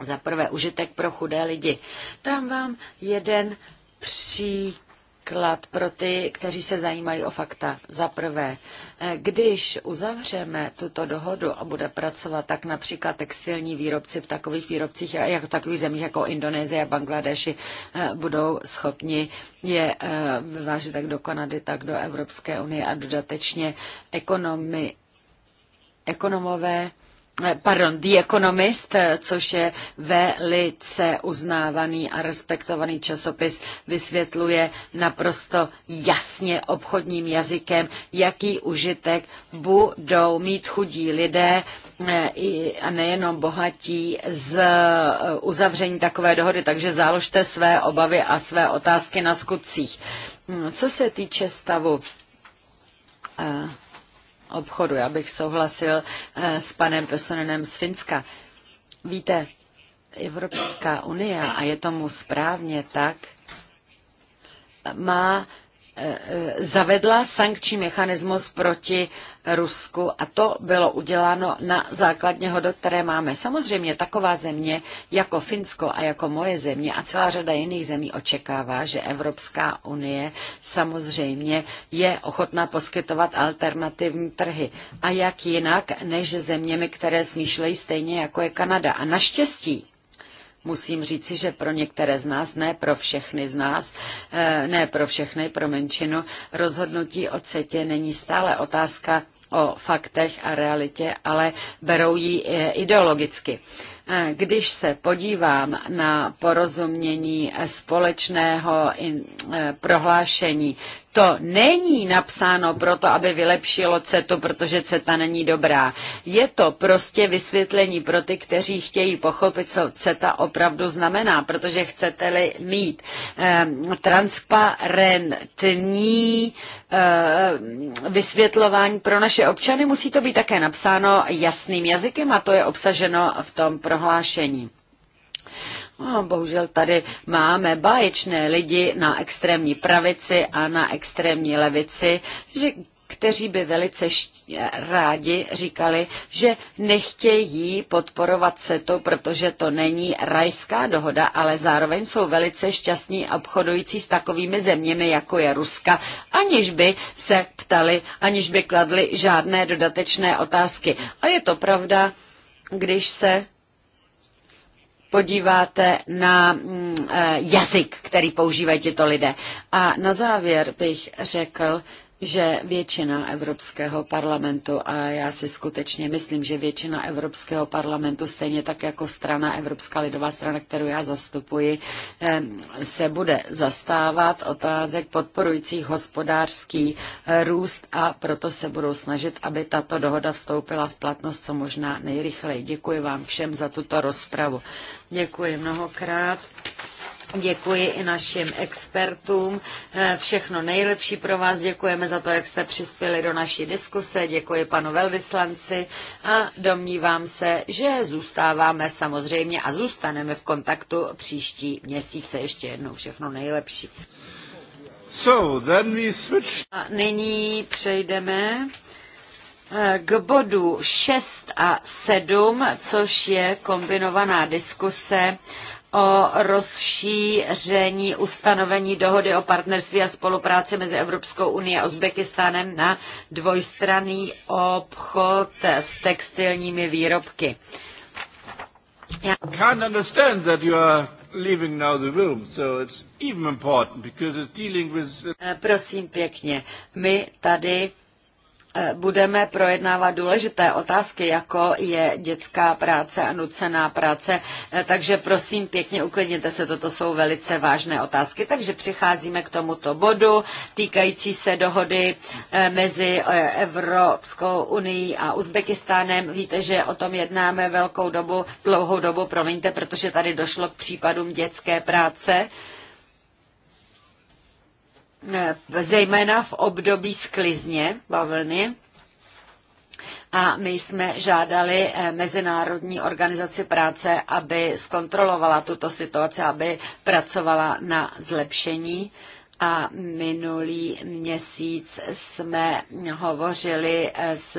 Za prvé, užitek pro chudé lidi. Dám vám jeden příklad pro ty, kteří se zajímají o fakta. Za prvé, eh, když uzavřeme tuto dohodu a bude pracovat tak například textilní výrobci v takových výrobcích, jak v takových zemích jako Indonésie a Bangladeši, eh, budou schopni je eh, vyvážet tak do Kanady, tak do Evropské unie a dodatečně ekonomi, ekonomové Eh, pardon, The Economist, eh, což je velice uznávaný a respektovaný časopis, vysvětluje naprosto jasně obchodním jazykem, jaký užitek budou mít chudí lidé eh, a nejenom bohatí z uzavření takové dohody, takže záložte své obavy a své otázky na skutcích. Hm, co se týče stavu obchodu. Já bych souhlasil eh, s panem Pesonenem z Finska. Víte, Evropská unie, a je tomu správně tak, má zavedla sankční mechanismus proti Rusku a to bylo uděláno na základně hodot, které máme. Samozřejmě taková země jako Finsko a jako moje země a celá řada jiných zemí očekává, že Evropská unie samozřejmě je ochotná poskytovat alternativní trhy. A jak jinak, než zeměmi, které smýšlejí stejně jako je Kanada. A naštěstí musím říci, že pro některé z nás, ne pro všechny z nás, eh, ne pro všechny, pro menšinu, rozhodnutí o CETě není stále otázka o faktech a realitě, ale berou ji eh, ideologicky. Když se podívám na porozumění společného eh, prohlášení, to není napsáno proto, aby vylepšilo CETu, protože CETA není dobrá. Je to prostě vysvětlení pro ty, kteří chtějí pochopit, co CETA opravdu znamená, protože chcete-li mít eh, transparentní eh, vysvětlování pro naše občany, musí to být také napsáno jasným jazykem a to je obsaženo v tom prohlášení prohlášení. No, bohužel tady máme báječné lidi na extrémní pravici a na extrémní levici, že, kteří by velice rádi říkali, že nechtějí podporovat se to, protože to není rajská dohoda, ale zároveň jsou velice šťastní obchodující s takovými zeměmi, jako je Ruska, aniž by se ptali, aniž by kladli žádné dodatečné otázky. A je to pravda, když se podíváte na mm, eh, jazyk, který používají tito lidé. A na závěr bych řekl, že většina Evropského parlamentu, a já si skutečně myslím, že většina Evropského parlamentu, stejně tak jako strana Evropská lidová strana, kterou já zastupuji, se bude zastávat otázek podporujících hospodářský eh, růst a proto se budou snažit, aby tato dohoda vstoupila v platnost co možná nejrychleji. Děkuji vám všem za tuto rozpravu. Děkuji mnohokrát. Děkuji i našim expertům. Eh, všechno nejlepší pro vás. Děkujeme za to, jak jste přispěli do naší diskuse. Děkuji panu velvyslanci a domnívám se, že zůstáváme samozřejmě a zůstaneme v kontaktu příští měsíce. Ještě jednou všechno nejlepší. So, then we switch. A nyní přejdeme eh, k bodu 6 a 7, což je kombinovaná diskuse o rozšíření ustanovení dohody o partnerství a spolupráci mezi Evropskou unii a Uzbekistánem na dvojstranný obchod s textilními výrobky. Já... Can't understand that you are leaving now the room, so it's even important because it's dealing with... Uh, eh, prosím pěkně, my tady E, budeme projednávat důležité otázky, jako je dětská práce a nucená práce. E, takže prosím, pěkně uklidněte se, toto jsou velice vážné otázky. Takže přicházíme k tomuto bodu týkající se dohody e, mezi Evropskou unii a Uzbekistánem. Víte, že o tom jednáme velkou dobu, dlouhou dobu, promiňte, protože tady došlo k případům dětské práce zejména v období sklizně bavlny. A my jsme žádali eh, Mezinárodní organizaci práce, aby zkontrolovala tuto situaci, aby pracovala na zlepšení. A minulý měsíc jsme hovořili s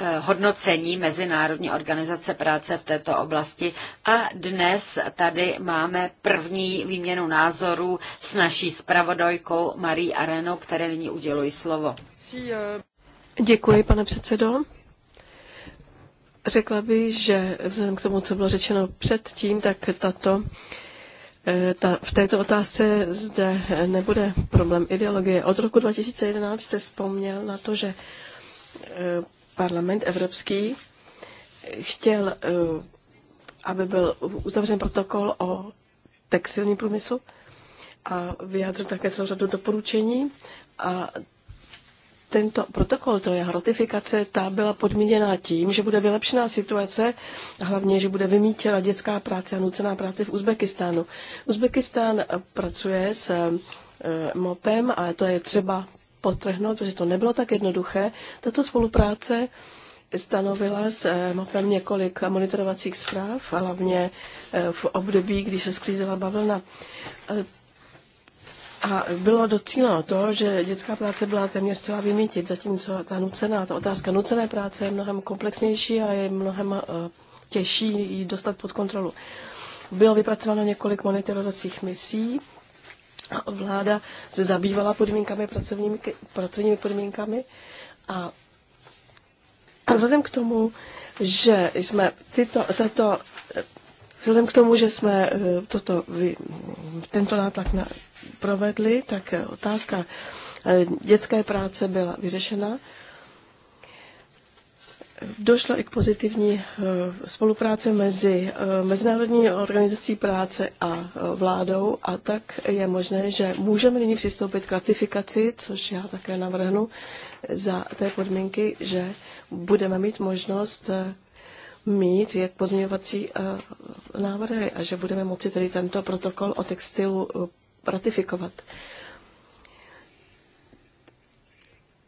Eh, hodnocení Mezinárodní organizace práce v této oblasti a dnes tady máme první výměnu názorů s naší spravodajkou Marí Arenou, které nyní uděluji slovo. Eh, Děkuji, pane předsedo. Řekla bych, že vzhledem k tomu, co bylo řečeno předtím, tak tato eh, ta, v této otázce zde nebude problém ideologie. Od roku 2011 jste vzpomněl na to, že parlament evropský chtěl, eh, aby byl uzavřen protokol o textilní průmyslu a vyjádřil také celou řadu doporučení a tento protokol, to jeho ratifikace, ta byla podmíněná tím, že bude vylepšená situace a hlavně, že bude vymítěna dětská práce a nucená práce v Uzbekistánu. Uzbekistán pracuje s eh, MOPem a to je třeba potrhnout, protože to nebylo tak jednoduché. Tato spolupráce stanovila s eh, MOPem několik monitorovacích zpráv, hlavně eh, v období, kdy se sklízela bavlna. Eh, a bylo docíleno to, že dětská práce byla téměř celá vymítit, zatímco ta nucená, ta otázka nucené práce je mnohem komplexnější a je mnohem těžší ji dostat pod kontrolu. Bylo vypracováno několik monitorovacích misí a vláda se zabývala podmínkami, pracovními, pracovními podmínkami a, a vzhledem k tomu, že jsme tyto, tato, vzhledem k tomu, že jsme eh, toto, tento nátlak na, provedli, tak otázka eh, dětské práce byla vyřešena Došlo i k pozitivní eh, spolupráci mezi eh, Mezinárodní organizací práce a eh, vládou a tak je možné, že můžeme nyní přistoupit k ratifikaci, což já také navrhnu, za té podmínky, že budeme mít možnost mít jak pozměňovací návrhy a že budeme moci tedy tento protokol o textilu ratifikovat.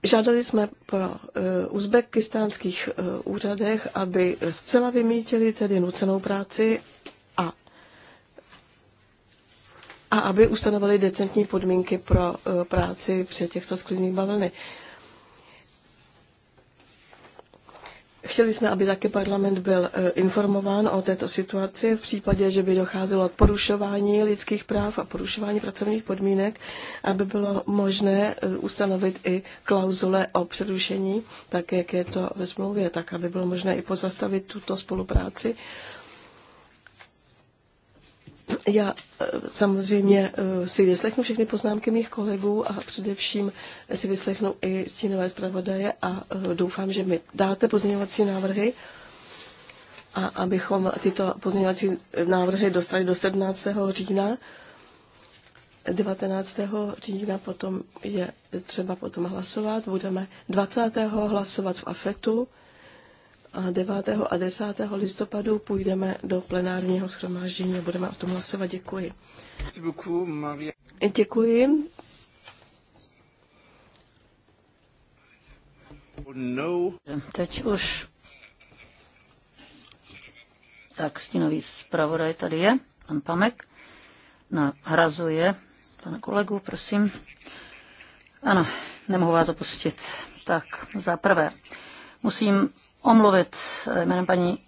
Žádali jsme po eh, uzbekistánských eh, úřadech, aby zcela vymítili tedy nucenou práci a, a aby ustanovili decentní podmínky pro eh, práci při těchto sklizních bavlny. Chtěli jsme, aby také parlament byl e, informován o této situaci v případě, že by docházelo k porušování lidských práv a porušování pracovních podmínek, aby bylo možné e, ustanovit i klauzule o přerušení, tak jak je to ve smlouvě, tak aby bylo možné i pozastavit tuto spolupráci já eh, samozřejmě eh, si vyslechnu všechny poznámky mých kolegů a především si vyslechnu i stínové zpravodaje a eh, doufám, že mi dáte pozměňovací návrhy a abychom tyto pozměňovací návrhy dostali do 17. října. 19. října potom je třeba potom hlasovat. Budeme 20. hlasovat v AFETu a 9. a 10. listopadu půjdeme do plenárního schromáždění a budeme o tom hlasovat. Děkuji. Děkuji. Oh, no. Teď už tak stínový zpravodaj tady je, pan Pamek, nahrazuje pana kolegu, prosím. Ano, nemohu vás opustit. Tak za prvé, musím omluvit eh, jménem paní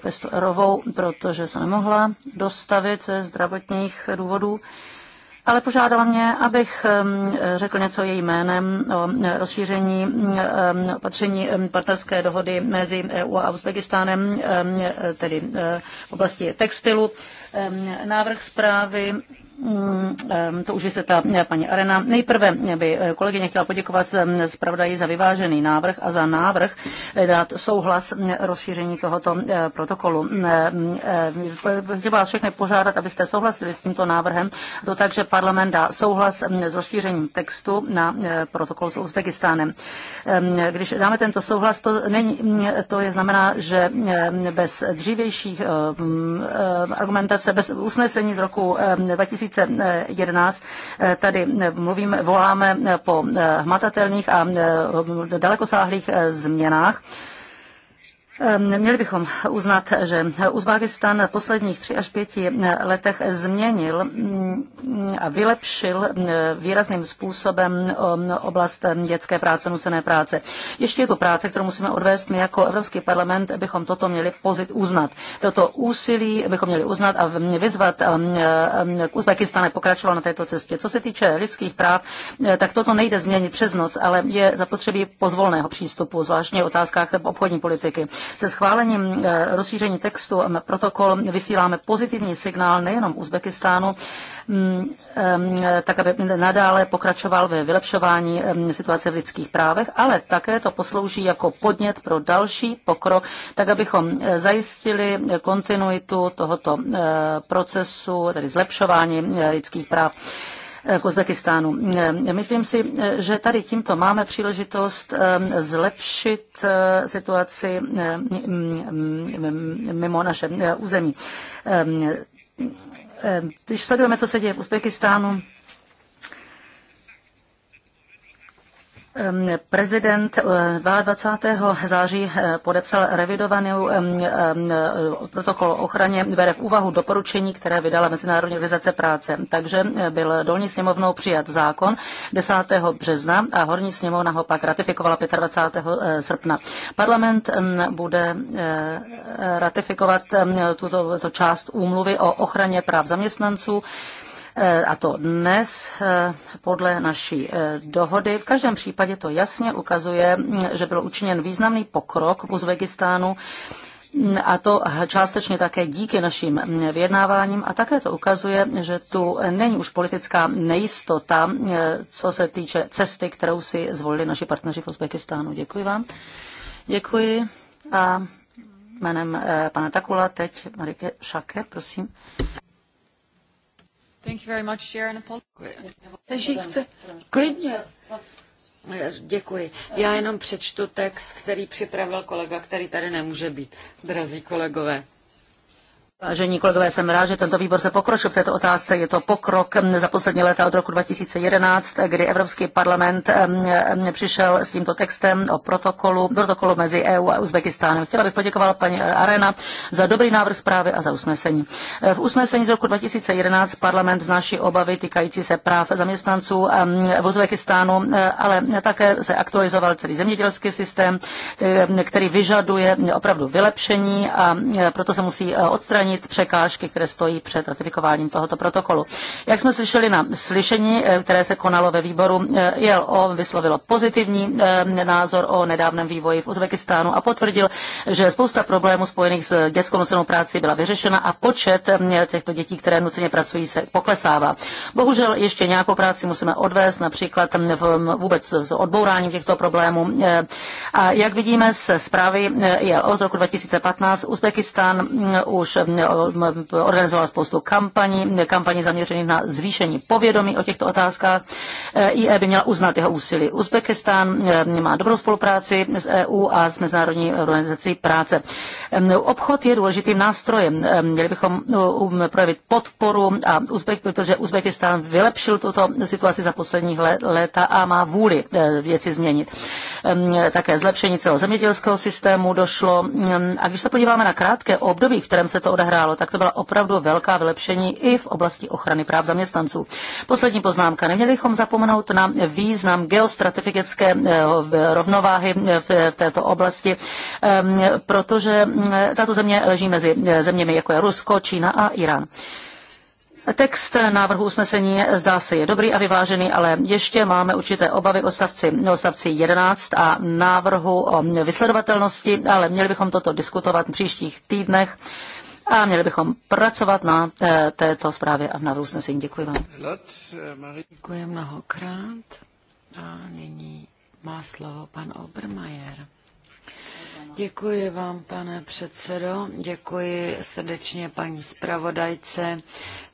Kvestlerovou, eh, protože se nemohla dostavit ze zdravotních důvodů, ale požádala mě, abych řekl něco její jménem o eh, rozšíření opatření partnerské dohody mezi EU a Uzbekistánem, tedy v oblasti textilu. Návrh zprávy Mm, to už vysvětla eh, paní Arena. Nejprve by eh, kolegyně chtěla poděkovat eh, zpravodaji za vyvážený návrh a za návrh dát souhlas rozšíření tohoto protokolu. Mm, mm, chtěla vás všechny požádat, abyste souhlasili s tímto návrhem, to tak, že parlament dá souhlas s rozšířením textu na protokol s Uzbekistánem. Když dáme tento souhlas, to, není, to je znamená, že bez dřívějších argumentace, bez usnesení z roku 2000, 2011 tady mluvím, voláme po hmatatelných a dalekosáhlých změnách Ehm, měli bychom uznat, že Uzbekistán v posledních tři až pěti letech změnil mm, a vylepšil mm, výrazným způsobem mm, oblast dětské práce, nucené práce. Ještě je to práce, kterou musíme odvést. My jako Evropský parlament bychom toto měli pozit uznat. Toto úsilí bychom měli uznat a vyzvat Uzbekistane pokračoval na této cestě. Co se týče lidských práv, eh, tak toto nejde změnit přes noc, ale je zapotřebí pozvolného přístupu, zvláštně v otázkách obchodní politiky. Se schválením eh, rozšíření textu a protokol vysíláme pozitivní signál nejenom Uzbekistánu, mm, eh, mm, tak aby nadále pokračoval ve vylepšování eh, mm, situace v lidských právech, ale také to poslouží jako podnět pro další pokrok, tak abychom zajistili kontinuitu tohoto procesu, tedy zlepšování lidských práv. Eh, k Uzbekistánu. Eh, myslím si, eh, že tady tímto máme příležitost zlepšit situaci mimo naše území. Když sledujeme, co se děje v Uzbekistánu, Prezident 22. Eh, září eh, podepsal revidovanou eh, protokol o ochraně, bere v úvahu doporučení, které vydala Mezinárodní organizace práce. Takže byl dolní sněmovnou přijat zákon 10. března a horní sněmovna ho pak ratifikovala 25. srpna. Parlament bude ratifikovat tuto, tuto část úmluvy o ochraně práv zaměstnanců Eh, a to dnes eh, podle naší eh, dohody. V každém případě to jasně ukazuje, mm, že byl učiněn významný pokrok v Uzbekistánu mm, a to částečně také díky našim mm, vyjednáváním a také to ukazuje, že tu není už politická nejistota, co se týče cesty, kterou si zvolili naši partneři v Uzbekistánu. Děkuji vám. Děkuji a jménem pana Takula teď Marike Šake, prosím. Takže chce klidně. Děkuji. Já jenom přečtu text, který připravil kolega, který tady nemůže být. Drazí kolegové. Vážení kolegové, jsem rád, že tento výbor se pokročil v této otázce. Je to pokrok za poslední léta od roku 2011, kdy Evropský parlament přišel s tímto textem o protokolu, protokolu mezi EU a Uzbekistánem. Chtěla bych poděkovat paní Arena za dobrý návrh zprávy a za usnesení. V usnesení z roku 2011 parlament vznáší obavy týkající se práv zaměstnanců v Uzbekistánu, ale také se aktualizoval celý zemědělský systém, který vyžaduje opravdu vylepšení a proto se musí eh, odstranit odstranit překážky, které stojí před ratifikováním tohoto protokolu. Jak jsme slyšeli na slyšení, eh, které se konalo ve výboru ILO, eh, vyslovilo pozitivní eh, názor o nedávném vývoji v Uzbekistánu a potvrdil, že spousta problémů spojených s dětskou nucenou práci byla vyřešena a počet těchto dětí, které nuceně pracují, se poklesává. Bohužel ještě nějakou práci musíme odvést, například hm, vůbec s odbouráním těchto problémů. A jak vidíme z zprávy ILO z roku 2015, Uzbekistán hm, už hm, Eh, organizovala spoustu kampaní, kampaní zaměřených na zvýšení povědomí o těchto otázkách. Eh, IE by měla uznat jeho úsilí. Uzbekistán eh, má dobrou spolupráci s EU a s Mezinárodní organizací práce. Obchod je důležitým nástrojem. Měli bychom um, projevit podporu, a Uzbek, protože Uzbekistán vylepšil tuto situaci za posledních léta a má vůli věci změnit. Také zlepšení celého zemědělského systému došlo. A když se podíváme na krátké období, v kterém se to odehrálo, tak to byla opravdu velká vylepšení i v oblasti ochrany práv zaměstnanců. Poslední poznámka. Neměli bychom zapomenout na význam geostratifické eh, rovnováhy eh, v této oblasti, ehm, protože eh, tato země leží mezi zeměmi jako je Rusko, Čína a Irán. Text návrhu usnesení zdá se je dobrý a vyvážený, ale ještě máme určité obavy o stavci, o stavci 11 a návrhu o vysledovatelnosti, ale měli bychom toto diskutovat v příštích týdnech a měli bychom pracovat na eh, této zprávě a na usnesení. Děkuji vám. Děkuji mnohokrát a nyní má slovo pan Obermajer. Děkuji vám, pane předsedo. Děkuji srdečně paní zpravodajce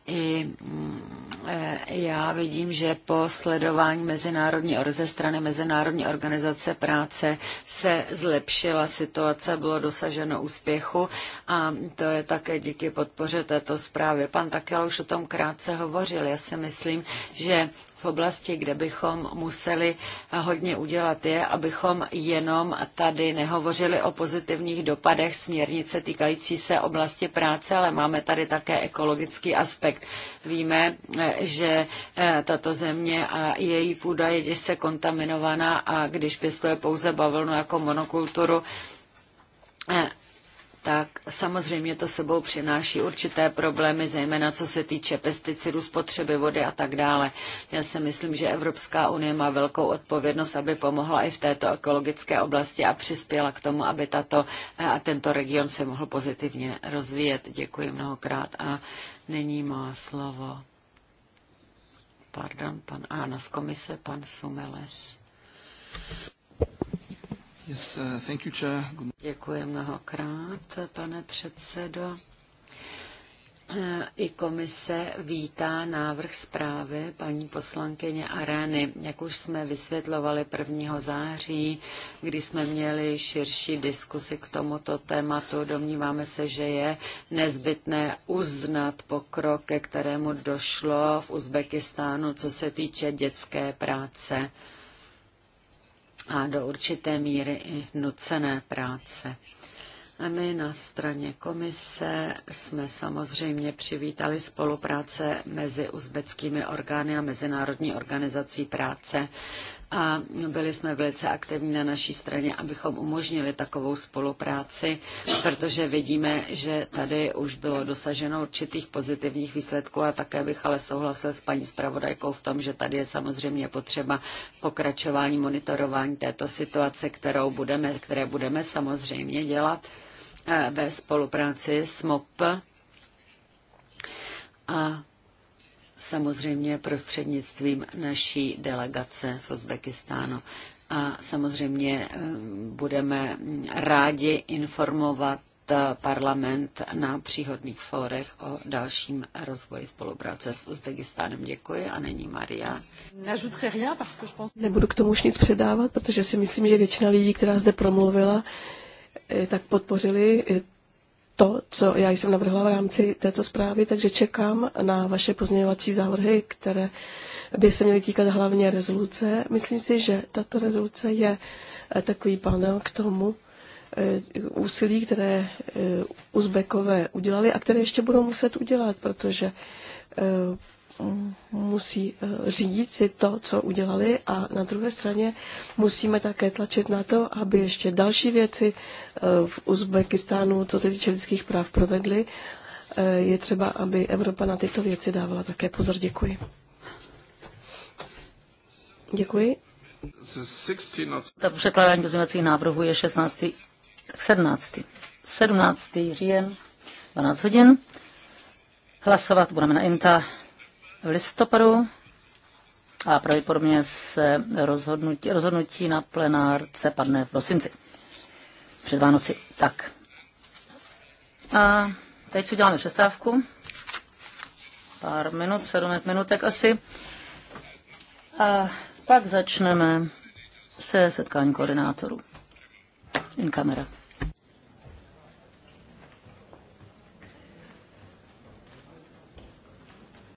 i mm, Eh, já vidím, že po sledování mezinárodní or ze strany Mezinárodní organizace práce se zlepšila situace, bylo dosaženo úspěchu a to je také díky podpoře této zprávy. Pan Takel už o tom krátce hovořil. Já si myslím, že v oblasti, kde bychom museli hodně udělat, je, abychom jenom tady nehovořili o pozitivních dopadech směrnice týkající se oblasti práce, ale máme tady také ekologický aspekt. Víme, eh, že eh, tato země a její půda je těžce kontaminovaná a když pěstuje pouze bavlnu jako monokulturu, eh, tak samozřejmě to sebou přináší určité problémy, zejména co se týče pesticidů, spotřeby vody a tak dále. Já si myslím, že Evropská unie má velkou odpovědnost, aby pomohla i v této ekologické oblasti a přispěla k tomu, aby tato, eh, a tento region se mohl pozitivně rozvíjet. Děkuji mnohokrát a není má slovo pardon, pan z komise, pan Sumeles. Yes, uh, thank you, chair. Děkuji mnohokrát, pane předsedo. Eh, I komise vítá návrh zprávy paní poslankyně Arény. Jak už jsme vysvětlovali 1. září, kdy jsme měli širší diskusi k tomuto tématu, domníváme se, že je nezbytné uznat pokrok, ke kterému došlo v Uzbekistánu, co se týče dětské práce a do určité míry i nucené práce. My na straně komise jsme samozřejmě přivítali spolupráce mezi uzbeckými orgány a Mezinárodní organizací práce a byli jsme velice aktivní na naší straně, abychom umožnili takovou spolupráci, protože vidíme, že tady už bylo dosaženo určitých pozitivních výsledků a také bych ale souhlasil s paní zpravodajkou v tom, že tady je samozřejmě potřeba pokračování monitorování této situace, kterou budeme, které budeme samozřejmě dělat Eh, ve spolupráci s MOP a samozřejmě prostřednictvím naší delegace v Uzbekistánu. A samozřejmě eh, budeme rádi informovat eh, parlament na příhodných fórech o dalším rozvoji spolupráce s Uzbekistánem. Děkuji a není Maria. Nebudu k tomu už nic předávat, protože si myslím, že většina lidí, která zde promluvila, Eh, tak podpořili eh, to, co já jsem navrhla v rámci této zprávy, takže čekám na vaše pozměňovací závrhy, které by se měly týkat hlavně rezoluce. Myslím si, že tato rezoluce je eh, takový panel k tomu úsilí, které Uzbekové udělali a které ještě budou muset udělat, protože musí eh, řídit si to, co udělali a na druhé straně musíme také tlačit na to, aby ještě další věci eh, v Uzbekistánu, co se týče lidských práv, provedli. Eh, je třeba, aby Evropa na tyto věci dávala také pozor. Děkuji. Děkuji. Ta překládání pozměňovacích návrhů je 16. 17. 17. říjen, 12 hodin. Hlasovat budeme na INTA v listopadu a pravděpodobně se rozhodnutí, rozhodnutí na plenárce padne v prosinci. Před Vánoci. Tak. A teď si uděláme přestávku. Pár minut, sedm minutek asi. A pak začneme se setkání koordinátorů. In kamera.